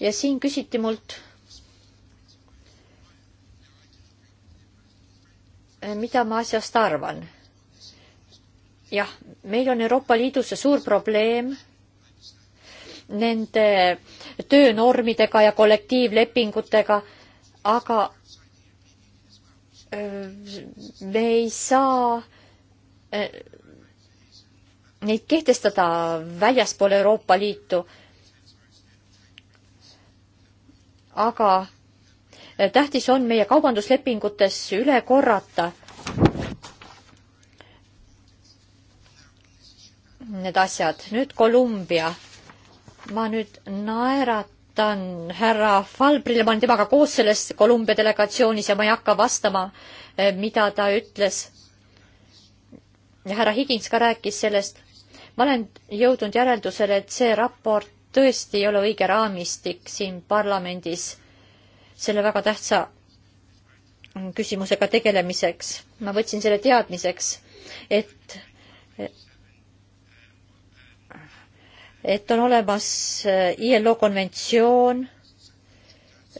ja siin küsiti mult mida ma asjast arvan. jah, meil on Euroopa Liidus see suur probleem nende töönormidega ja kollektiivlepingutega, aga me ei saa neid kehtestada väljaspool Euroopa Liitu. aga tähtis on meie kaubanduslepingutes üle korrata need asjad. nüüd Kolumbia. ma nüüd naeratan härra Falbrile, ma olen temaga koos selles Kolumbia delegatsioonis ja ma ei hakka vastama, eh, mida ta ütles. ja härra Higins ka rääkis sellest. ma olen jõudnud järeldusele, et see raport tõesti ei ole õige raamistik siin parlamendis selle väga tähtsa küsimusega tegelemiseks. ma võtsin selle teadmiseks, et et on olemas äh, ILO konventsioon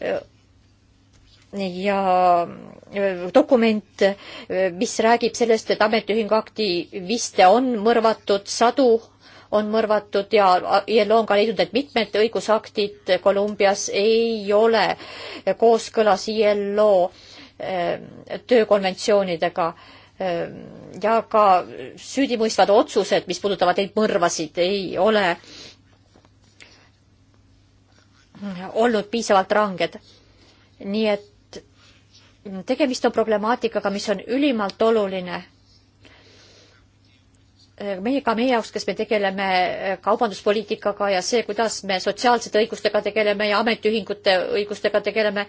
äh, ja äh, dokument, mis räägib sellest, et ametiühingu aktiviste on mõrvatud sadu on mõrvatud ja ILO on ka leidnud, et mitmed õigusaktid Kolumbias ei ole kooskõlas ILO eh, töökonventsioonidega eh, ja ka süüdimõistvad otsused, mis puudutavad neid mõrvasid, ei ole olnud piisavalt ranged. nii et tegemist on problemaatikaga, mis on ülimalt oluline Äh, meie, ka meie jaoks, kes me tegeleme äh, kaubanduspoliitikaga ja see, kuidas me sotsiaalsete õigustega tegeleme ja ametiühingute õigustega tegeleme.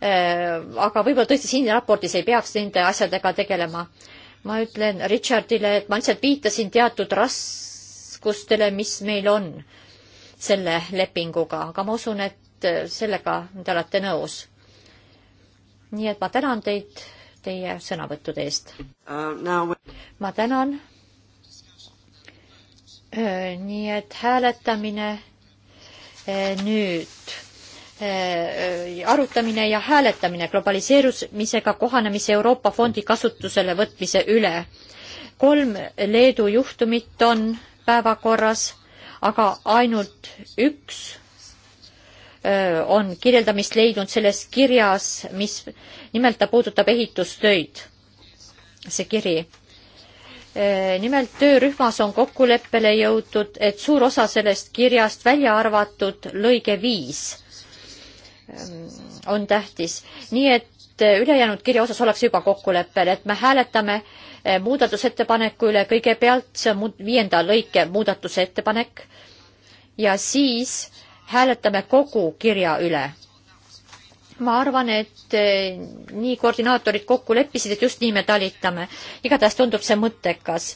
Äh, aga võib-olla tõesti siin raportis ei peaks nende asjadega tegelema. ma ütlen Richardile, et ma lihtsalt viitasin teatud raskustele, mis meil on selle lepinguga, aga ma usun, et sellega te olete nõus. nii et ma tänan teid teie sõnavõttude eest uh,. ma tänan. nii et hääletamine nüüd arutamine ja hääletamine globaliseerumisega kohanemise Euroopa Fondi kasutusele võtmise üle. kolm Leedu juhtumit on päevakorras, aga ainult üks on kirjeldamist leidnud selles kirjas, mis nimelt ta puudutab ehitustöid, see kiri. nimelt töörühmas on kokkuleppele jõutud, et suur osa sellest kirjast, välja arvatud lõige viis, on tähtis. nii et ülejäänud kirja osas ollakse juba kokkuleppel, et me hääletame muudatusettepaneku üle kõigepealt, see on viienda lõike muudatusettepanek ja siis äh, hääletame kogu kirja üle. ma arvan, et eh, nii koordinaatorid kokku leppisid, et just nii me talitame. igatahes tundub see mõttekas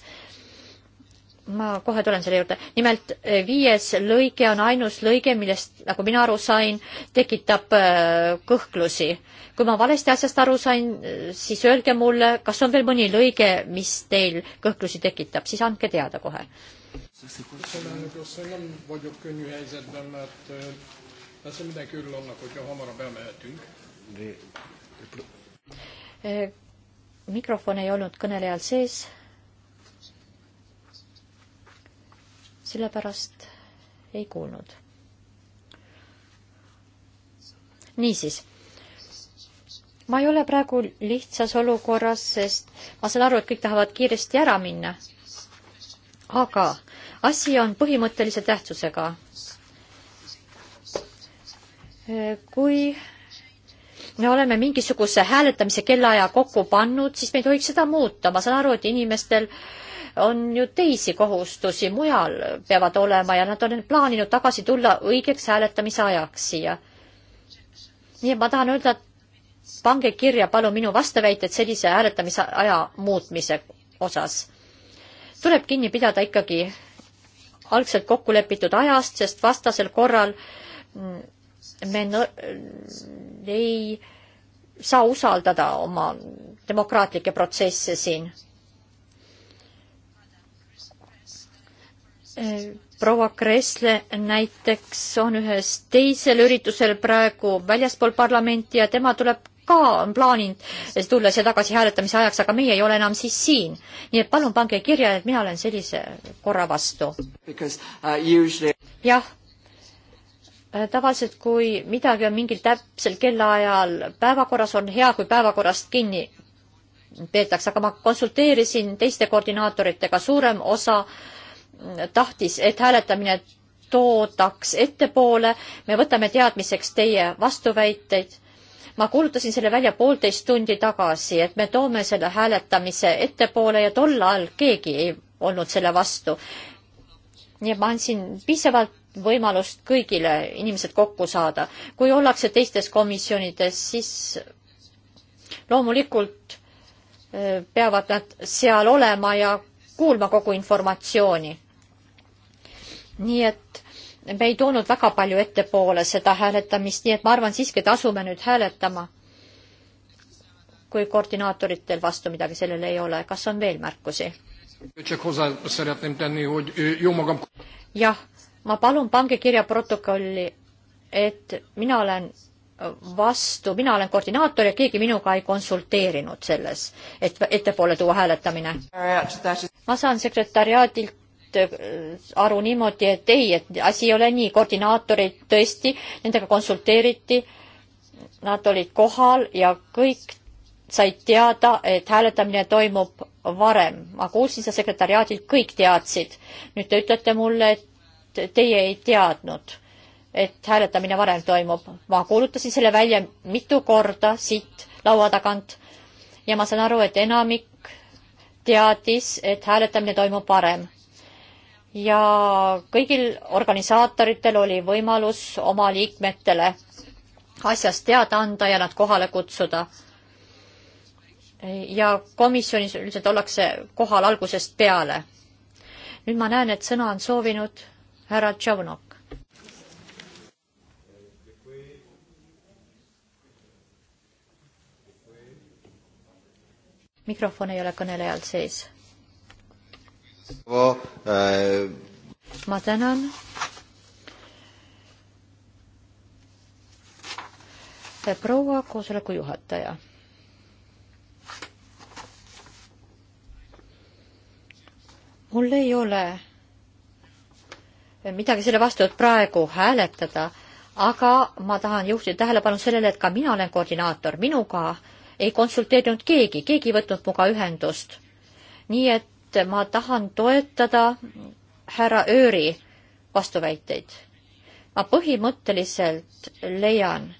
ma kohe tulen selle juurde. nimelt eh, viies lõige on ainus lõige, millest, nagu mina aru sain, tekitab eh, kõhklusi. kui ma valesti asjast aru sain, siis öelge mulle, kas on veel mõni lõige, mis teil kõhklusi tekitab, siis andke teada kohe Köszönöm, elnök asszony. Nem vagyok könnyű helyzetben, mert persze mindenki örül annak, hogyha hamarabb elmehetünk. Mikrofon ei olnud kõnelejal sees. Sellepärast ei kuulnud. Niisiis ma ei ole praegu lihtsas olukorras, sest ma saan aru, et kõik tahavad kiiresti ära minna. aga asi on põhimõttelise tähtsusega. kui me oleme mingisuguse hääletamise kellaaja kokku pannud, siis me ei tohiks seda muuta, ma saan aru, et inimestel on ju teisi kohustusi mujal peavad olema ja nad on plaaninud tagasi tulla õigeks hääletamise ajaks siia. nii et ma tahan öelda, et pange kirja palun minu vastuväited sellise hääletamise aja muutmise osas. tuleb kinni pidada ikkagi algselt kokku lepitud ajast, sest vastasel korral me ei saa usaldada oma demokraatlikke protsesse siin. proua Kressle näiteks on ühes teisel üritusel praegu väljaspool parlamenti ja tema tuleb ka on plaaninud tulla siia tagasi hääletamise ajaks, aga meie ei ole enam siis siin. nii et palun pange kirja, et mina olen sellise korra vastu. Uh, jah, äh, tavaliselt kui midagi on mingil täpsel kellaajal päevakorras, on hea, kui päevakorrast kinni peetakse, aga ma konsulteerisin teiste koordinaatoritega, suurem osa mm, tahtis, et hääletamine toodaks ettepoole, me võtame teadmiseks teie vastuväiteid ma kuulutasin selle välja poolteist tundi tagasi, et me toome selle hääletamise ettepoole ja tol ajal keegi ei olnud selle vastu. nii et ma andsin piisavalt võimalust kõigile inimesed kokku saada. kui ollakse teistes komisjonides, siis loomulikult eh, peavad nad seal olema ja kuulma kogu informatsiooni. nii et me ei toonud väga palju ettepoole seda hääletamist, nii et ma arvan siiski, et asume nüüd hääletama. kui koordinaatoritel vastu midagi sellele ei ole, kas on veel märkusi? jah, ma palun, pange kirja protokolli, et mina olen vastu, mina olen koordinaator ja keegi minuga ei konsulteerinud selles, et ettepoole tuua hääletamine. ma saan sekretariaadilt Äh, aru niimoodi, et ei, et asi ei ole nii, koordinaatorid tõesti, nendega konsulteeriti, nad olid kohal ja kõik said teada, et hääletamine toimub varem. ma kuulsin seda sekretäriaadilt, kõik teadsid. nüüd te ütlete mulle, et teie ei teadnud, et hääletamine varem toimub. ma kuulutasin selle välja mitu korda siit laua tagant ja ma saan aru, et enamik teadis, et hääletamine toimub varem ja kõigil organisaatoritel oli võimalus oma liikmetele asjast teada anda ja nad kohale kutsuda. ja komisjonis üldiselt ollakse kohal algusest peale. nüüd ma näen, et sõna on soovinud härra Tšavnok. mikrofon ei ole kõnelejal sees ma tänan. proua koosoleku juhataja. mul ei ole midagi selle vastu, et praegu hääletada, aga ma tahan juhtida tähelepanu sellele, et ka mina olen koordinaator, minuga ei konsulteerinud keegi, keegi ei võtnud minuga ühendust. nii et et ma tahan toetada härra Ööri vastuväiteid. ma põhimõtteliselt leian,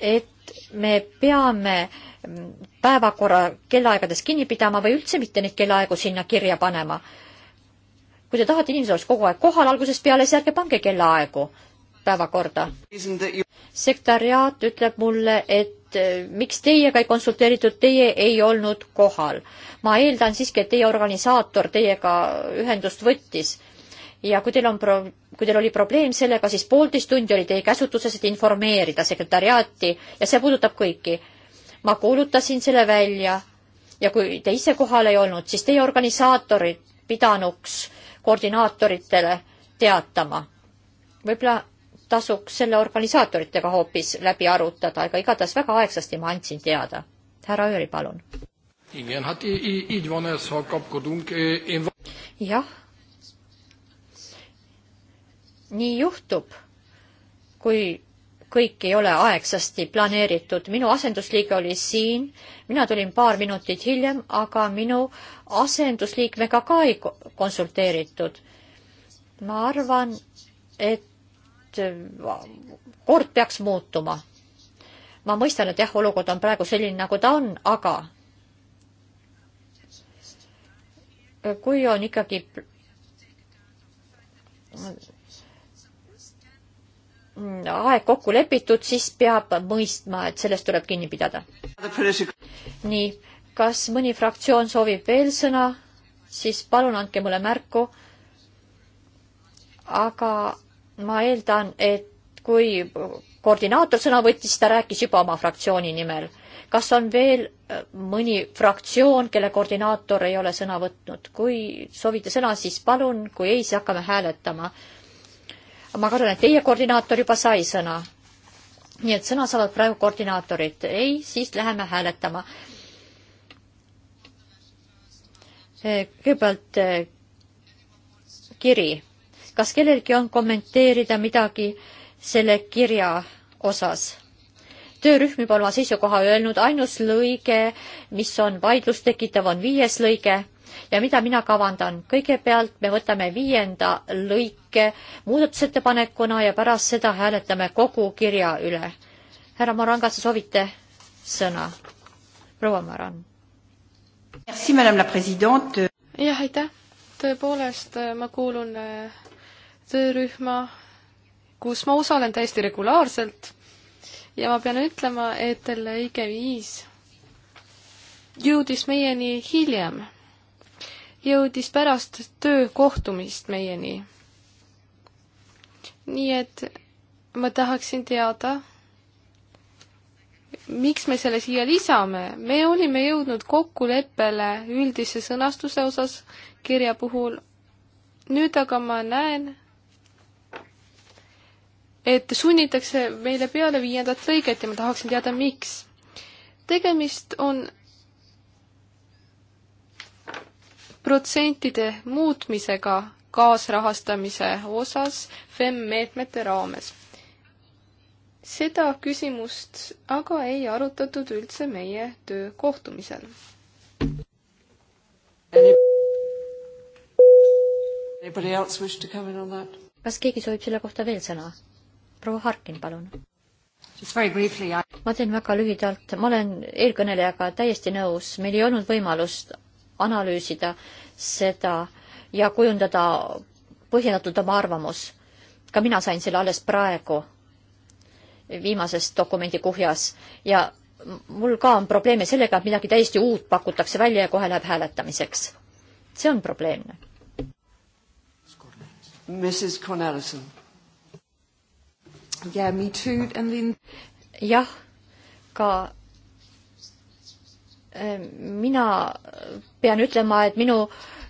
et me peame päevakorra kellaaegades kinni pidama või üldse mitte neid kellaaegu sinna kirja panema. kui te tahate, inimesed oleks kogu aeg kohal algusest peale, siis ärge pange kellaaegu päevakorda. sekretariaat ütleb mulle, et et eh, miks teiega ei konsulteeritud, teie ei olnud kohal. ma eeldan siiski, et teie organisaator teiega ühendust võttis ja kui teil on pro-, kui teil oli probleem sellega, siis poolteist tundi oli teie käsutuses, et informeerida sekretäriaati ja see puudutab kõiki. ma kuulutasin selle välja ja kui te ise kohal ei olnud, siis teie organisaatorid pidanuks koordinaatoritele teatama. võib-olla tasuks selle organisaatoritega hoopis läbi arutada, aga igatahes väga aegsasti ma andsin teada. härra Ööri, palun. jah. nii juhtub, kui kõik ei ole aegsasti planeeritud. minu asendusliige oli siin, mina tulin paar minutit hiljem, aga minu asendusliikmega ka ei konsulteeritud. ma arvan, et Äh, kord peaks muutuma. ma mõistan, et jah, olukord on praegu selline, nagu ta on, aga kui on ikkagi aeg kokku lepitud, siis peab mõistma, et sellest tuleb kinni pidada. nii, kas mõni fraktsioon soovib veel sõna, siis palun andke mulle märku. aga ma eeldan, et kui koordinaator sõna võttis, ta rääkis juba oma fraktsiooni nimel. kas on veel äh, mõni fraktsioon, kelle koordinaator ei ole sõna võtnud? kui soovite sõna, siis palun, kui ei, siis hakkame hääletama. ma kardan, et teie koordinaator juba sai sõna. nii et sõna saavad praegu koordinaatorid. ei, siis läheme hääletama. Äh, kõigepealt äh, kiri kas kellelgi on kommenteerida midagi selle kirja osas? töörühm juba oma seisukoha öelnud, ainus lõige, mis on vaidlust tekitav, on viies lõige ja mida mina kavandan. kõigepealt me võtame viienda lõike muudatusettepanekuna ja pärast seda hääletame kogu kirja üle. härra Moran, kas te soovite sõna? proua Moran. jah, aitäh. tõepoolest, ma kuulun äh, töörühma, kus ma osalen täiesti regulaarselt ja ma pean ütlema, et lõige viis jõudis meieni hiljem, jõudis pärast töökohtumist meieni. nii et ma tahaksin teada, miks me selle siia lisame, me olime jõudnud kokkuleppele üldise sõnastuse osas kirja puhul, nüüd aga ma näen, et sunnitakse meile peale viiendat lõiget ja ma tahaksin teada, miks. tegemist on protsentide muutmisega kaasrahastamise osas FEM meetmete raames. seda küsimust aga ei arutatud üldse meie töökohtumisel. kas keegi soovib selle kohta veel sõna? proua Harkin, palun. ma teen väga lühidalt, ma olen eelkõnelejaga täiesti nõus, meil ei olnud võimalust analüüsida seda ja kujundada põhjendatult oma arvamus. ka mina sain selle alles praegu viimasest dokumendi kuhjas ja mul ka on probleeme sellega, et midagi täiesti uut pakutakse välja ja kohe läheb hääletamiseks. see on probleemne. Mrs Cornelison yeah, me too, and then... jah, ka äh, mina pean ütlema, et minu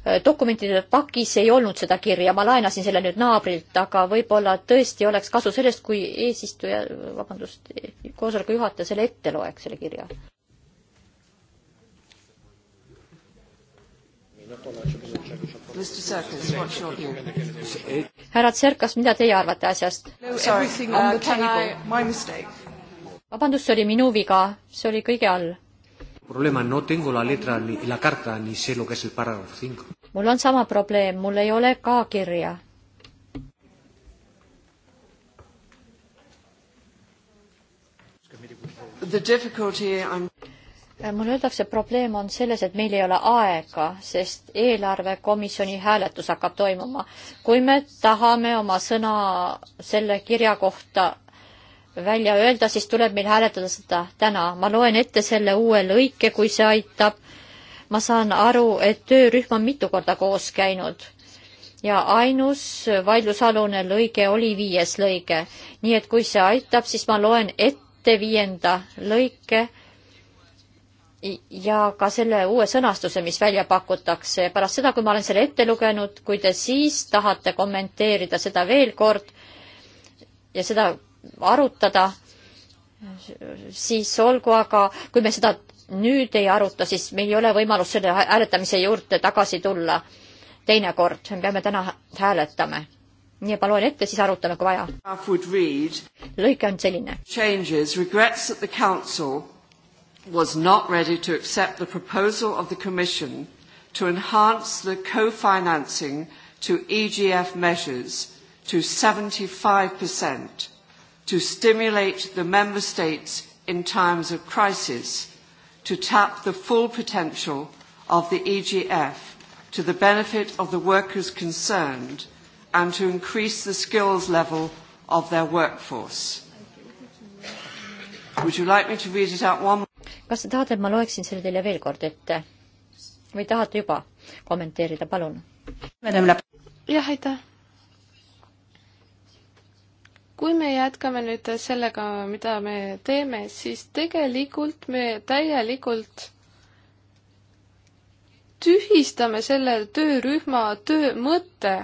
äh, dokumentide pakis ei olnud seda kirja, ma laenasin selle nüüd naabrilt, aga võib-olla tõesti oleks kasu sellest, kui eesistuja, vabandust, koosoleku juhataja selle ette loeks, selle kirja. mina pole asja küsinud härra Tserkas, mida teie arvate asjast? Uh, vabandust, see oli minu viga, see oli kõige all. mul on sama probleem, mul ei ole ka kirja Äh, mulle öeldakse, probleem on selles, et meil ei ole aega, sest eelarvekomisjoni hääletus hakkab toimuma. kui me tahame oma sõna selle kirja kohta välja öelda, siis tuleb meil hääletada seda täna. ma loen ette selle uue lõike, kui see aitab. ma saan aru, et töörühm on mitu korda koos käinud ja ainus vaidlusalune lõige oli viies lõige. nii et kui see aitab, siis ma loen ette viienda lõike ja ka selle uue sõnastuse, mis välja pakutakse. pärast seda, kui ma olen selle ette lugenud, kui te siis tahate kommenteerida seda veel kord ja seda arutada, siis olgu, aga kui me seda nüüd ei aruta, siis meil ei ole võimalust selle hääletamise juurde tagasi tulla teinekord. me peame täna hääletama nii, ma loen ette, siis arutame, kui vaja. lõige on selline. Changes regrets that the council was not ready to accept the proposal of the Commission to enhance the co-financing to EGF measures to 75% to stimulate the Member States in times of crisis to tap the full potential of the EGF to the benefit of the workers concerned and to increase the skills level of their workforce. Would you like me to read it out one kas te tahate, et ma loeksin selle teile veel kord ette või tahate juba kommenteerida, palun? jah, aitäh. kui me jätkame nüüd sellega, mida me teeme, siis tegelikult me täielikult tühistame selle töörühma töö mõtte,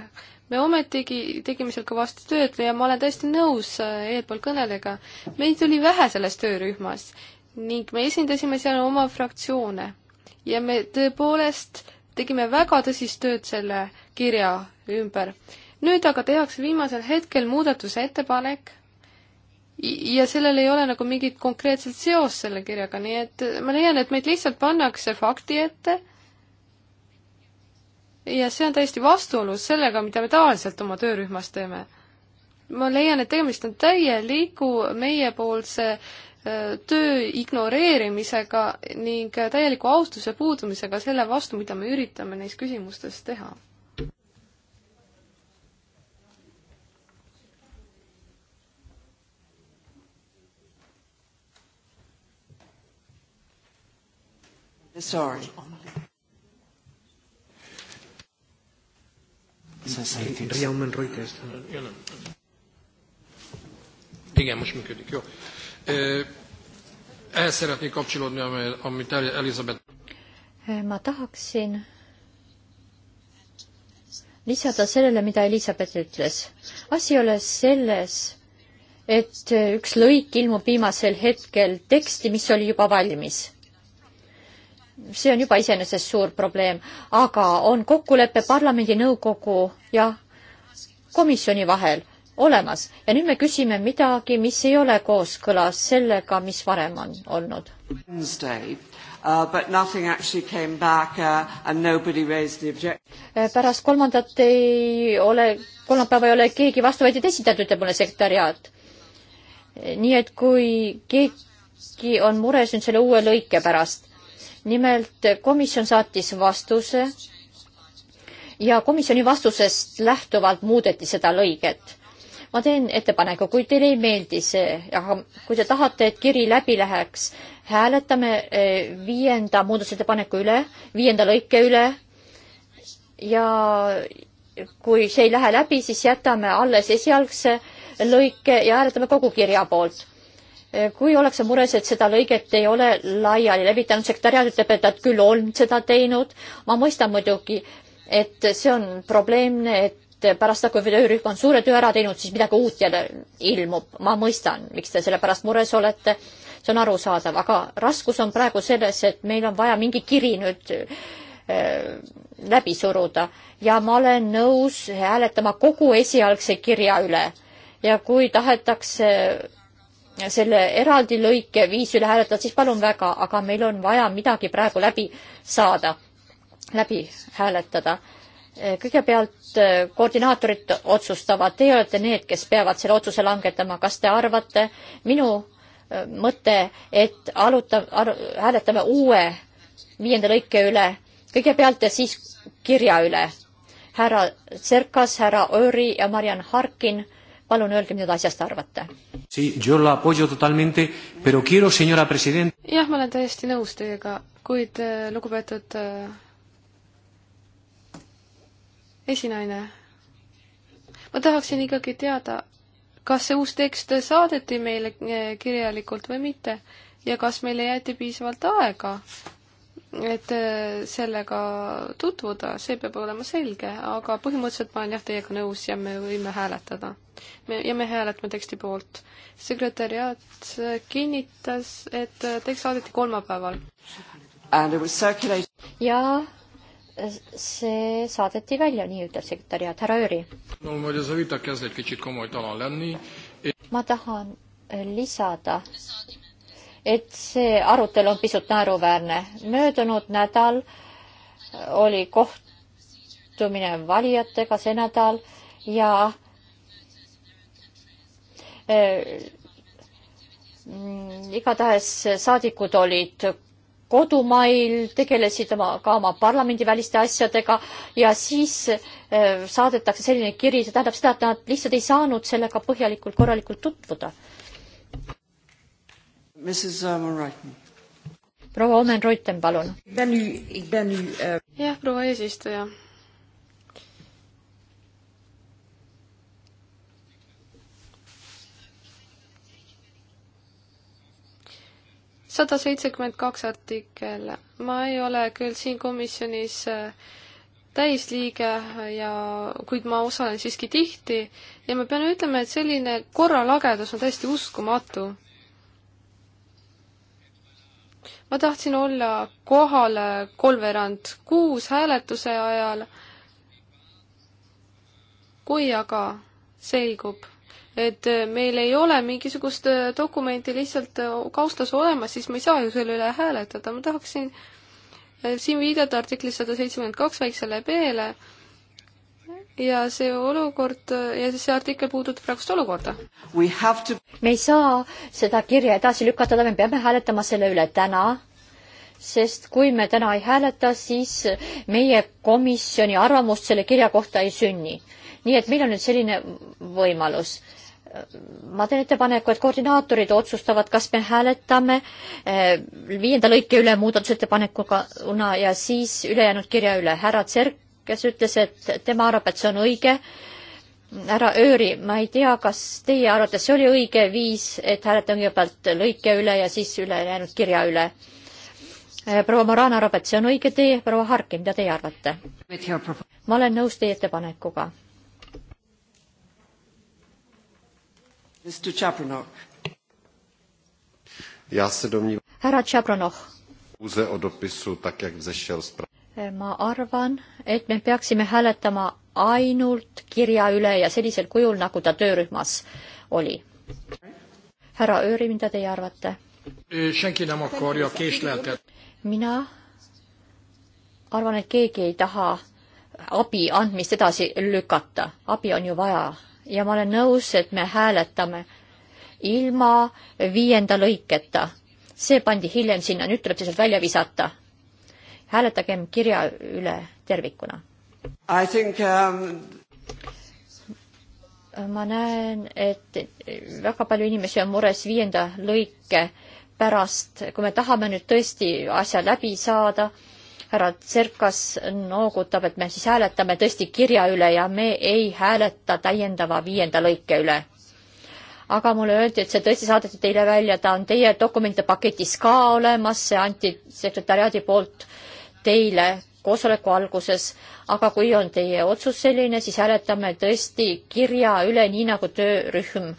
me ometigi tegime seal kõvasti tööd ja ma olen täiesti nõus äh, eelpool kõnelega. meid oli vähe selles töörühmas ning me esindasime seal oma fraktsioone ja me tõepoolest tegime väga tõsist tööd selle kirja ümber. nüüd aga tehakse viimasel hetkel muudatuse ettepanek ja sellel ei ole nagu mingit konkreetset seost selle kirjaga, nii et ma leian, et meid lihtsalt pannakse fakti ette ja see on täiesti vastuolus sellega, mida me tavaliselt oma töörühmas teeme. ma leian, et tegemist on täieliku meiepoolse töö ignoreerimisega ning täieliku austuse puudumisega selle vastu, mida me üritame neis küsimustes teha. Sorry. Riaumen Reuters. Igen, most működik, jó ehhez szeretnék kapcsolódni, amit Elizabeth. ma tahaksin lisada sellele, mida Elizabeth ütles. asi ei ole selles, et üks lõik ilmub viimasel hetkel teksti, mis oli juba valmis see on juba iseenesest suur probleem, aga on kokkulepe parlamendi, nõukogu ja komisjoni vahel olemas ja nüüd me küsime midagi, mis ei ole kooskõlas sellega, mis varem on olnud. Uh, uh, äh, pärast kolmandat ei ole, kolmapäeva ei ole keegi vastuväidet esitatud, ütleb mulle sekretäriaat. Äh, nii et kui keegi on mures nüüd selle uue lõike pärast, nimelt komisjon saatis vastuse ja komisjoni vastusest lähtuvalt muudeti seda lõiget ma teen ettepaneku, kui teile ei meeldi see, aga kui te tahate, et kiri läbi läheks, hääletame eh, viienda muudatusettepaneku üle, viienda lõike üle ja kui see ei lähe läbi, siis jätame alles esialgse lõike ja hääletame kogu kirja poolt eh, kui ollakse mures, et seda lõiget ei ole laiali levitanud, sekretäriaat ütleb, et nad küll on seda teinud. ma mõistan muidugi, et see on probleemne, et et pärast seda, kui töörühm on suure töö ära teinud, siis midagi uut jälle ilmub. ma mõistan, miks te selle pärast mures olete. see on arusaadav, aga raskus on praegu selles, et meil on vaja mingi kiri nüüd äh, läbi suruda ja ma olen nõus hääletama kogu esialgse kirja üle. ja kui tahetakse selle eraldi lõike viis üle hääletada, siis palun väga, aga meil on vaja midagi praegu läbi saada, läbi hääletada kõigepealt eh, koordinaatorid otsustavad, teie olete need, kes peavad selle otsuse langetama, kas te arvate, minu eh, mõte, et aluta- aru,, hääletame uue viienda lõike üle kõigepealt ja siis kirja üle. härra Tserkas, härra Ööri ja Mariann Harkin, palun öelge, mida te asjast arvate. jah, ma olen täiesti nõus teiega, kuid eh, lugupeetud esinaine. ma tahaksin ikkagi teada, kas see uus tekst saadeti meile eh, kirjalikult või mitte ja kas meile jäeti piisavalt aega, et eh, sellega tutvuda, see peab olema selge, aga põhimõtteliselt ma olen jah teiega nõus ja me võime hääletada. me, ja me hääletame teksti poolt. sekretäriaat kinnitas, et eh, tekst saadeti kolmapäeval. ja see saadeti välja, nii ütleb sekretäriaat, härra Ööri. ma tahan lisada, et see arutelu on pisut naeruväärne. möödunud nädal oli kohtumine valijatega, see nädal ja äh, mm, igatahes saadikud olid kodumail, tegelesid oma, ka oma parlamendiväliste asjadega ja siis äh, saadetakse selline kiri, see tähendab seda, et nad lihtsalt ei saanud sellega põhjalikult, korralikult tutvuda. Äh, proua Omen Reuten, palun. Äh, jah, proua eesistuja sada seitsekümmend kaks artikkel. ma ei ole küll siin komisjonis äh, täisliige ja, kuid ma osalen siiski tihti ja ma pean ütlema, et selline korralagedus on täiesti uskumatu ma tahtsin olla kohal kolmveerand kuus hääletuse ajal. kui aga selgub, et äh, meil ei ole mingisugust äh, dokumenti lihtsalt äh, kaustas olemas, siis me ei saa ju selle üle hääletada, ma tahaksin siin viidata artiklis sada seitsekümmend kaks väiksele B-le ja see olukord ja siis see artikkel puudutab praegust olukorda. To... me ei saa seda kirja edasi lükata, me peame hääletama selle üle täna, sest kui me täna ei hääleta, siis meie komisjoni arvamust selle kirja kohta ei sünni. nii et meil on nüüd selline võimalus ma teen ettepaneku, et koordinaatorid otsustavad, kas me hääletame eh, viienda lõike üle muudatusettepanekuga ja siis ülejäänud kirja üle. härra Tserk, kes ütles, et tema arvab, et see on õige. härra Ööri, ma ei tea, kas teie arvates see oli õige viis, et hääletame kõigepealt lõike üle ja siis ülejäänud kirja üle? Eh, proua Moran arvab, et see on õige tee, proua Harkin, mida teie arvate? ma olen nõus teie ettepanekuga Mr. Čapronov. Já se domnívám. Härra Čapronov. Pouze o dopisu, tak jak vzešel zpráv. Eh, ma arvan, et me peaksime hääletama ainult kirja üle ja sellisel kujul, nagu ta töörühmas oli. härra Ööri, mida teie arvate? Eh, mina arvan, et keegi ei taha abi andmist edasi lükata, abi on ju vaja ja ma olen nõus, et me hääletame ilma viienda lõiketa. see pandi hiljem sinna, nüüd tuleb see sealt välja visata. hääletagem kirja üle tervikuna. Um... ma näen, et väga palju inimesi on mures viienda lõike pärast, kui me tahame nüüd tõesti asja läbi saada härra Tserkas noogutab, et me siis hääletame tõesti kirja üle ja me ei hääleta täiendava viienda lõike üle. aga mulle öeldi, et see tõesti saadeti teile välja, ta on teie dokumentide paketis ka olemas, see anti sekretäriaadi poolt teile koosoleku alguses, aga kui on teie otsus selline, siis hääletame tõesti kirja üle, nii nagu töörühm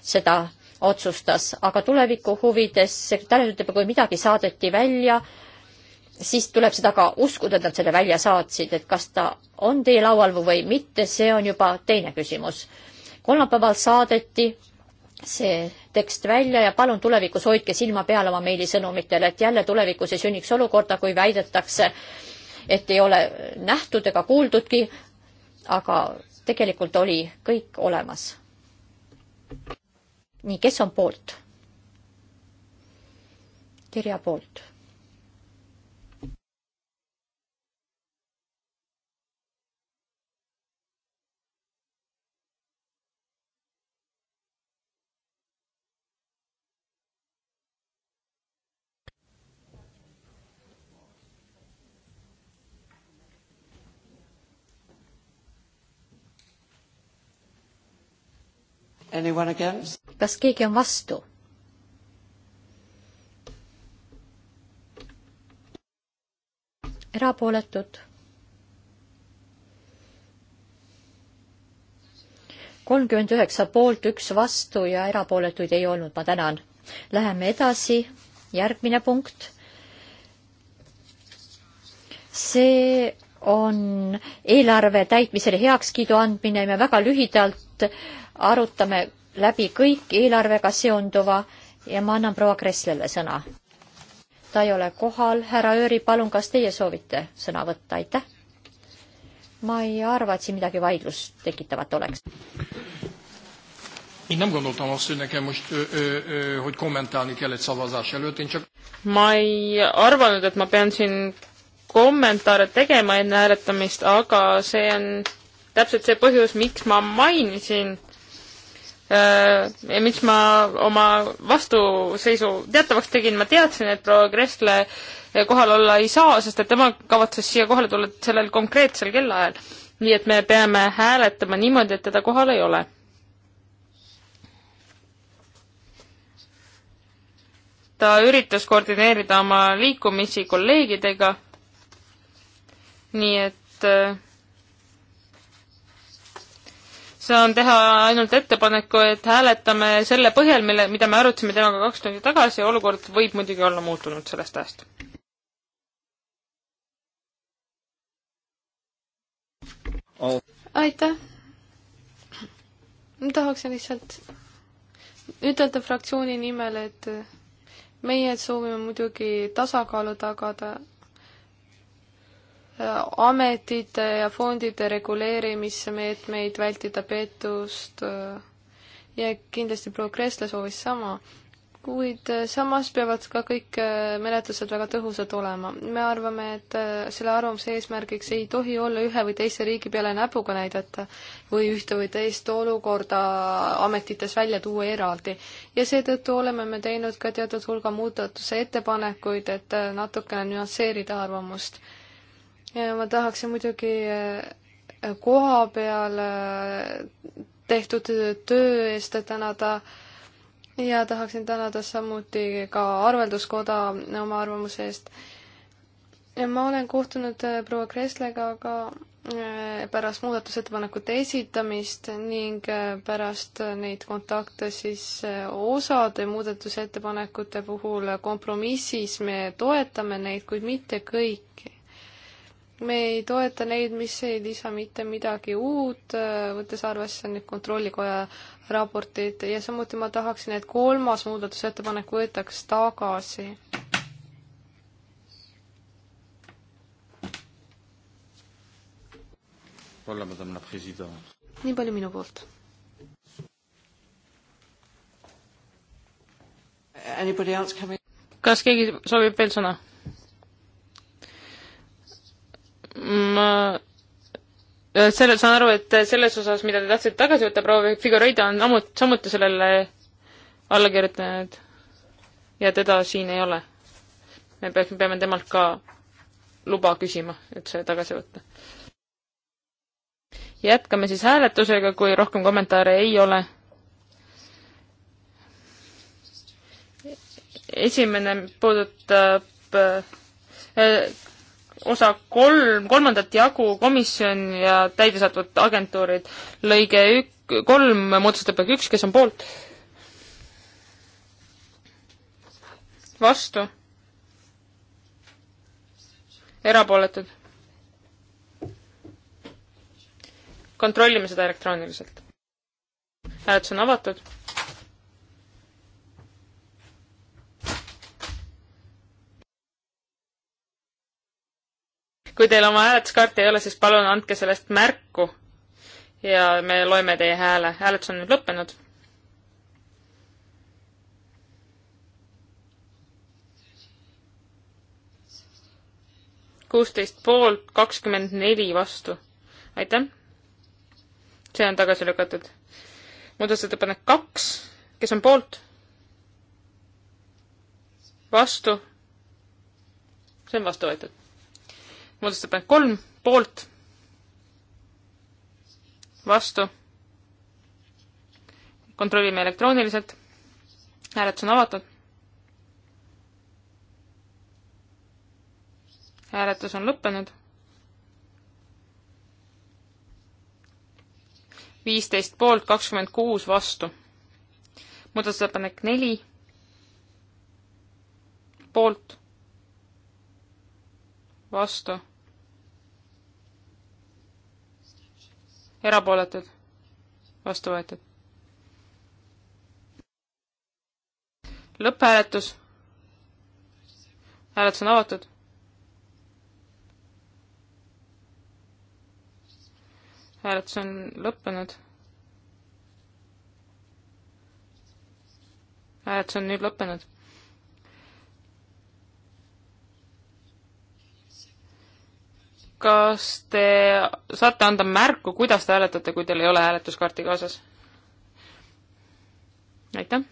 seda otsustas, aga tuleviku huvides sekretär ütleb, kui midagi saadeti välja, siis tuleb seda ka uskuda, et nad selle välja saatsid, et kas ta on teie laual või mitte, see on juba teine küsimus. kolmapäeval saadeti see tekst välja ja palun tulevikus hoidke silma peal oma meilisõnumitele, et jälle tulevikus ei sünniks olukorda, kui väidetakse, et ei ole nähtud ega kuuldudki, aga tegelikult oli kõik olemas. nii, kes on poolt? kirja poolt kas keegi on vastu? erapooletud? kolmkümmend üheksa poolt, üks vastu ja erapooletuid ei olnud, ma tänan. Läheme edasi, järgmine punkt. see on eelarve täitmisele heakskiidu andmine, me väga lühidalt arutame läbi kõik eelarvega seonduva ja ma annan proua Kresslele sõna. ta ei ole kohal, härra Ööri, palun, kas teie soovite sõna võtta, aitäh. ma ei arva, et siin midagi vaidlust tekitavat oleks. Én nem gondoltam azt, hogy nekem most, ö, ö, ö, hogy kommentálni kell egy szavazás előtt, én csak... Ma ei arvanud, et ma pean siin kommentaare tegema enne hääletamist, aga see on täpselt see põhjus, miks ma mainisin Äh, ja miks ma oma vastuseisu teatavaks tegin, ma teadsin, et proua Kressle kohal olla ei saa, sest et tema kavatses siia kohale tulla sellel konkreetsel kellaajal. nii et me peame hääletama niimoodi, et teda kohal ei ole. ta üritas koordineerida oma liikumisi kolleegidega, nii et äh, saan teha ainult ettepaneku, et hääletame selle põhjal, mille, mida me arutasime temaga kaks tundi tagasi, olukord võib muidugi olla muutunud sellest ajast. aitäh! ma tahaksin lihtsalt ütelda fraktsiooni nimel, et meie soovime muidugi tasakaalu tagada Äh, ametite ja fondide reguleerimismeetmeid, vältida pettust äh, ja kindlasti proua Kressle soovis sama, kuid äh, samas peavad ka kõik menetlused väga tõhusad olema. me arvame, et selle arvamuse eesmärgiks ei tohi olla ühe või teise riigi peale näpuga näidata või ühte või teist olukorda ametites välja tuua eraldi. ja seetõttu oleme me teinud ka teatud hulga muudatuse ettepanekuid, et natukene nüansseerida arvamust ma tahaksin muidugi äh, koha peal äh, tehtud töö eest tänada ja tahaksin tänada samuti ka arvelduskoda oma arvamuse eest. ma olen kohtunud äh, proua Kreslega ka pärast muudatusettepanekute esitamist ning pärast neid kontakte siis osade muudatusettepanekute puhul kompromissis me toetame neid, kuid mitte kõiki me ei toeta neid, mis ei lisa mitte midagi uut, võttes arvesse nüüd Kontrollikoja raportit ja samuti ma tahaksin, et kolmas muudatusettepanek võetaks tagasi. nii palju minu poolt. kas keegi soovib veel sõna? ma äh, selle, saan aru, et äh, selles osas, mida te tahtsite tagasi võtta, proua Figueiredo on ammut-, samuti sellele alla kirjutanud ja teda siin ei ole. me peaks, peame temalt ka luba küsima, et see tagasi võtta. jätkame siis hääletusega, kui rohkem kommentaare ei ole. esimene puudutab äh, osa kolm, kolmandat jagu komisjon ja täidesaatvad agentuurid, lõige ük-, kolm muudatusettepanek üks, kes on poolt? vastu? erapooletud? kontrollime seda elektrooniliselt. hääletus on avatud kui teil oma hääletuskaarti ei ole, siis palun andke sellest märku ja me loeme teie hääle. hääletus on nüüd lõppenud. kuusteist poolt, kakskümmend neli vastu. aitäh. see on tagasi lükatud. muudatusettepanek kaks, kes on poolt? vastu. see on vastu võetud muudatusettepanek kolm, poolt, vastu. kontrollime elektrooniliselt. hääletus on avatud. hääletus on lõppenud. viisteist poolt, kakskümmend kuus vastu. muudatusettepanek neli, poolt, vastu erapooletud, vastu võetud. lõpphääletus. hääletus on avatud. hääletus on lõppenud. hääletus on nüüd lõppenud. kas te saate anda märku, kuidas te hääletate, kui teil ei ole hääletuskaarti kaasas? aitäh.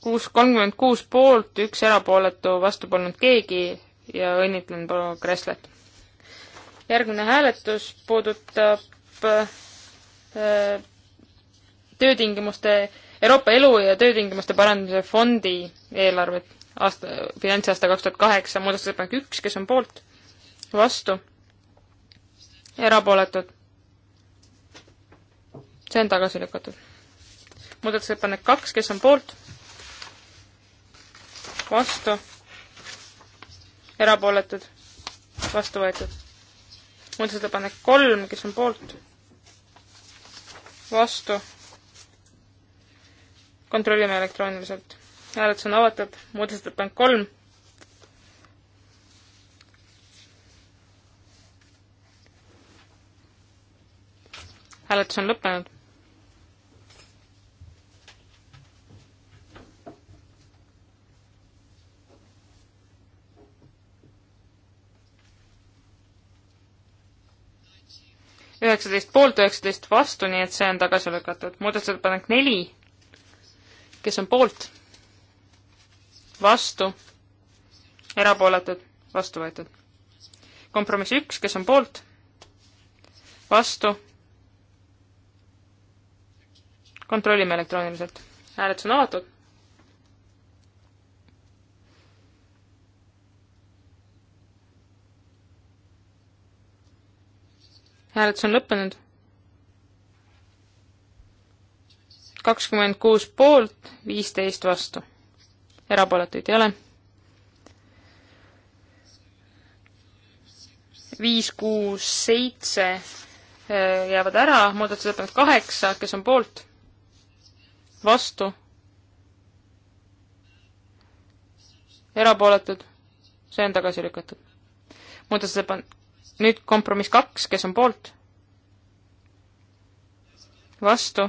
kuus, kolmkümmend kuus poolt, üks erapooletu, vastu polnud keegi ja õnnitlen proua Kreslet. järgmine hääletus puudutab äh, töötingimuste, Euroopa Elu- ja Töötingimuste Parandamise Fondi eelarvet aasta, finantsaasta kaks tuhat kaheksa muudatusettepanek üks, kes on poolt, vastu, erapooletud. see on tagasi lükatud. muudatusettepanek kaks, kes on poolt, vastu, erapooletud, vastu võetud. muudatusettepanek kolm, kes on poolt, vastu, kontrollime elektrooniliselt hääletus on avatud, muudatusettepanek kolm. hääletus on lõppenud. üheksateist poolt, üheksateist vastu, nii et see on tagasi lükatud. muudatusettepanek neli, kes on poolt? vastu, erapooletud, vastu võetud. kompromiss üks, kes on poolt, vastu, kontrollime elektrooniliselt. hääletus on avatud. hääletus on lõppenud. kakskümmend kuus poolt, viisteist vastu erapooletuid ei ole. viis, kuus, seitse äh, jäävad ära, muudatusettepanek kaheksa, kes on poolt? vastu? erapooletud? see on tagasi lükatud. muudatusettepanek, nüüd kompromiss kaks, kes on poolt? vastu?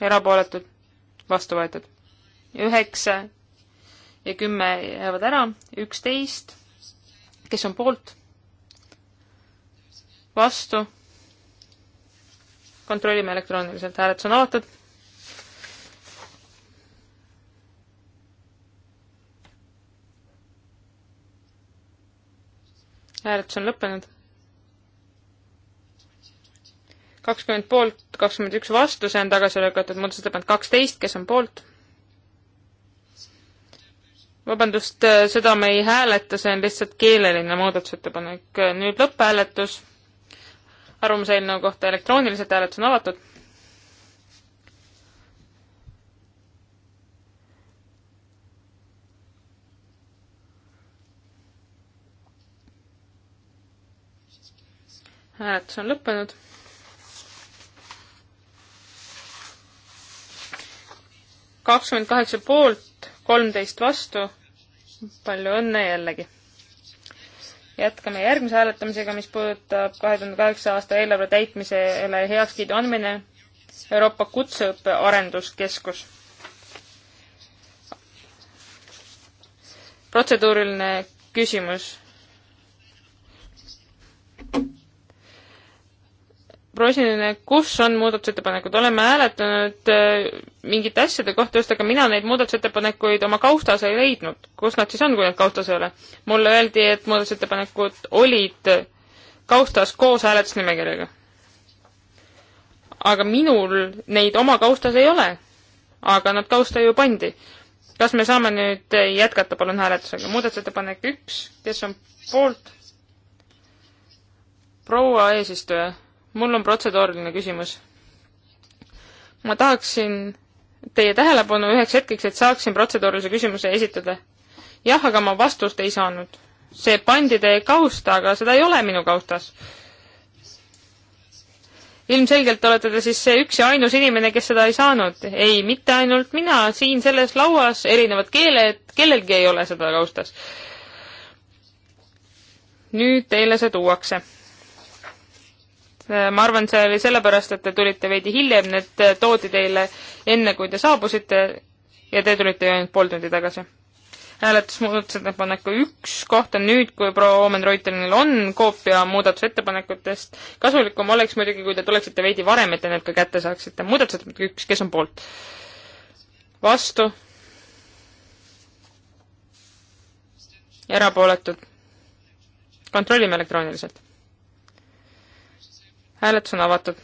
erapooletud? vastu võetud üheksa ja kümme jäävad ära, üksteist, kes on poolt, vastu, kontrollime elektrooniliselt, hääletus on avatud. hääletus on lõppenud kakskümmend poolt, kakskümmend üks vastu, see on tagasi lükatud muudatusettepanek kaksteist, kes on poolt? vabandust, äh, seda me ei hääleta, see on lihtsalt keeleline muudatusettepanek. Äh, nüüd lõpphääletus arvamuse eelnõu kohta elektrooniliselt, hääletus on avatud. hääletus on lõppenud. kakskümmend kaheksa poolt, kolmteist vastu palju õnne jällegi. jätkame järgmise hääletamisega, mis puudutab kahe tuhande kaheksa aasta eelarve täitmisele heakskiidu andmine Euroopa Kutseõppe Arenduskeskus. protseduuriline küsimus Prosinine, kus on muudatusettepanekud, oleme hääletanud äh, mingite asjade kohta just, aga mina neid muudatusettepanekuid oma kaustas ei leidnud. kus nad siis on, kui nad kaustas ei ole? mulle öeldi, et muudatusettepanekud olid kaustas koos hääletusnimekirjaga. aga minul neid oma kaustas ei ole. aga nad kausta ju pandi. kas me saame nüüd jätkata, palun, hääletusega? muudatusettepanek üks, kes on poolt? proua eesistuja mul on protseduuriline küsimus. ma tahaksin teie tähelepanu üheks hetkeks, et saaksin protseduurilise küsimuse esitada. jah, aga ma vastust ei saanud. see pandi teie kausta, aga seda ei ole minu kaustas. ilmselgelt olete te siis see üks ja ainus inimene, kes seda ei saanud. ei, mitte ainult mina, siin selles lauas erinevad keeled, kellelgi ei ole seda kaustas. nüüd teile see tuuakse ma arvan, see oli sellepärast, et te tulite veidi hiljem, need äh, toodi teile enne, kui te saabusite ja te tulite ju ainult pool tundi tagasi. hääletusmuudatusettepaneku üks koht on nüüd, kui proua Omen Reutelinil on koopia muudatusettepanekutest. kasulikum oleks muidugi, kui te tuleksite veidi varem, et te need ka kätte saaksite. muudatusettepanek üks, kes on poolt? vastu? erapooletud? kontrollime elektrooniliselt hääletus on avatud.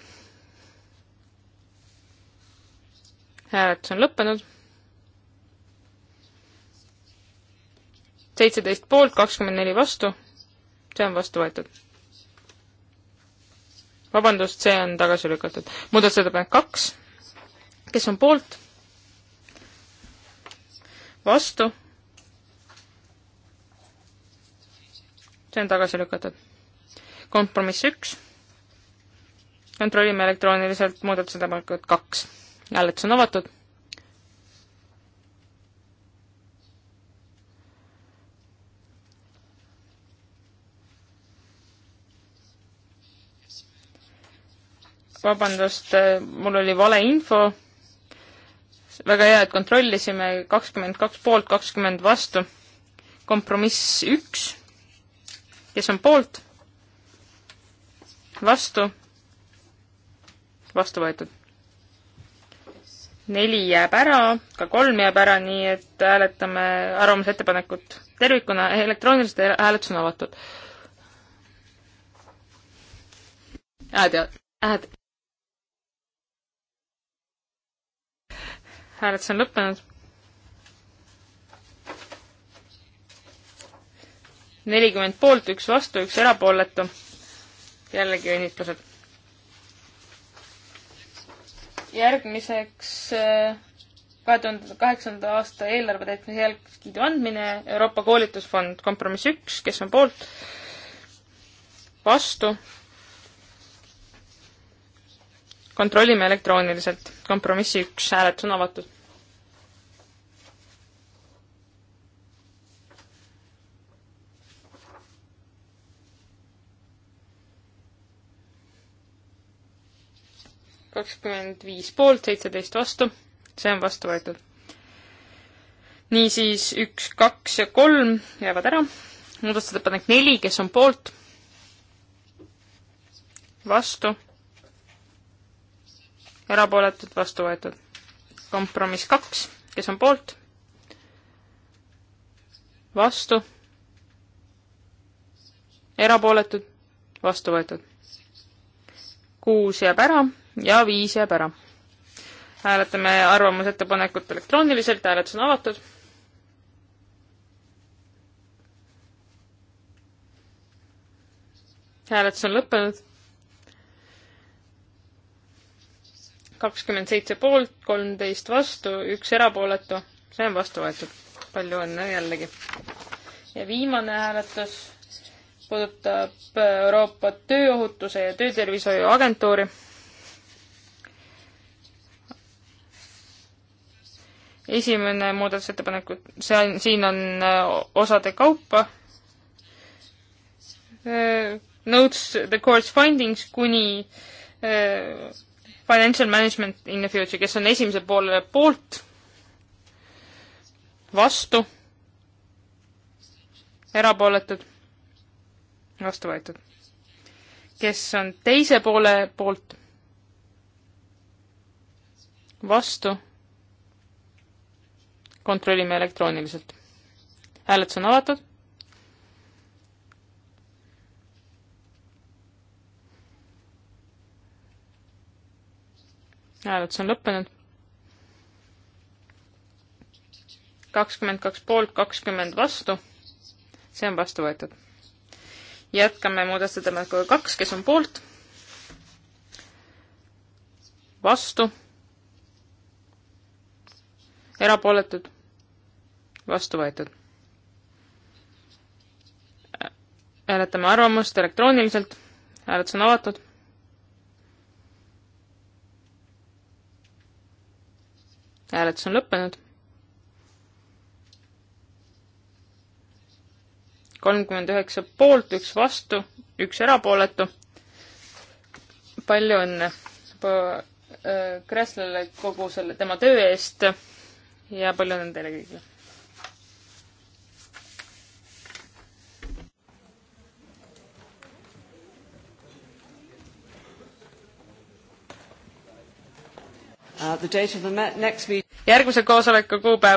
hääletus on lõppenud. seitseteist poolt, kakskümmend neli vastu. see on vastu võetud. vabandust, see on tagasi lükatud. muudatusettepanek kaks. kes on poolt? vastu. see on tagasi lükatud. kompromiss üks kontrollime elektrooniliselt muudatusettepanekut kaks. hääletus on avatud. vabandust, mul oli valeinfo. väga hea, et kontrollisime, kakskümmend kaks poolt, kakskümmend vastu. kompromiss üks, kes on poolt, vastu vastu võetud. neli jääb ära, ka kolm jääb ära, nii et hääletame arvamusettepanekut tervikuna, elektrooniliselt hääletus on avatud. hääled ja, hääled. hääletus on lõppenud. nelikümmend poolt, üks vastu, üks erapooletu. jällegi õnnitlused järgmiseks äh, kahe tuhande kaheksanda aasta eelarve täitmise heakskiidu andmine, Euroopa koolitusfond, kompromiss üks, kes on poolt, vastu, kontrollime elektrooniliselt, kompromissi üks, hääletus on avatud. kakskümmend viis poolt, seitseteist vastu, see on vastu võetud. niisiis üks, kaks ja kolm jäävad ära, muudatusettepanek neli, kes on poolt, vastu, erapooletud, vastu võetud. kompromiss kaks, kes on poolt, vastu, erapooletud, vastu võetud. kuus jääb ära ja viis jääb ära. hääletame arvamusettepanekut elektrooniliselt, hääletus on avatud. hääletus on lõppenud. kakskümmend seitse poolt, kolmteist vastu, üks erapooletu, see on vastu võetud. palju õnne jällegi. ja viimane hääletus puudutab Euroopa Tööohutuse ja Töötervishoiu Agentuuri esimene muudatusettepanek, see on, siin on äh, osade kaupa. Äh, notes the court's findings kuni äh, financial management in the future, kes on esimese poole poolt, vastu, erapooletud, vastu võetud. kes on teise poole poolt, vastu kontrollime elektrooniliselt. hääletus on avatud. hääletus on lõppenud. kakskümmend kaks poolt, kakskümmend vastu. see on vastu võetud. jätkame muudatusettepanekuga kaks, kes on poolt? vastu erapooletud, vastu võetud. hääletame arvamust elektrooniliselt, hääletus on avatud. hääletus on lõppenud. kolmkümmend üheksa poolt, üks vastu, üks erapooletu. palju õnne äh, Kresslale kogu selle, tema töö eest ja palju õnne teile kõigile! Uh, järgmise koosoleku kuupäev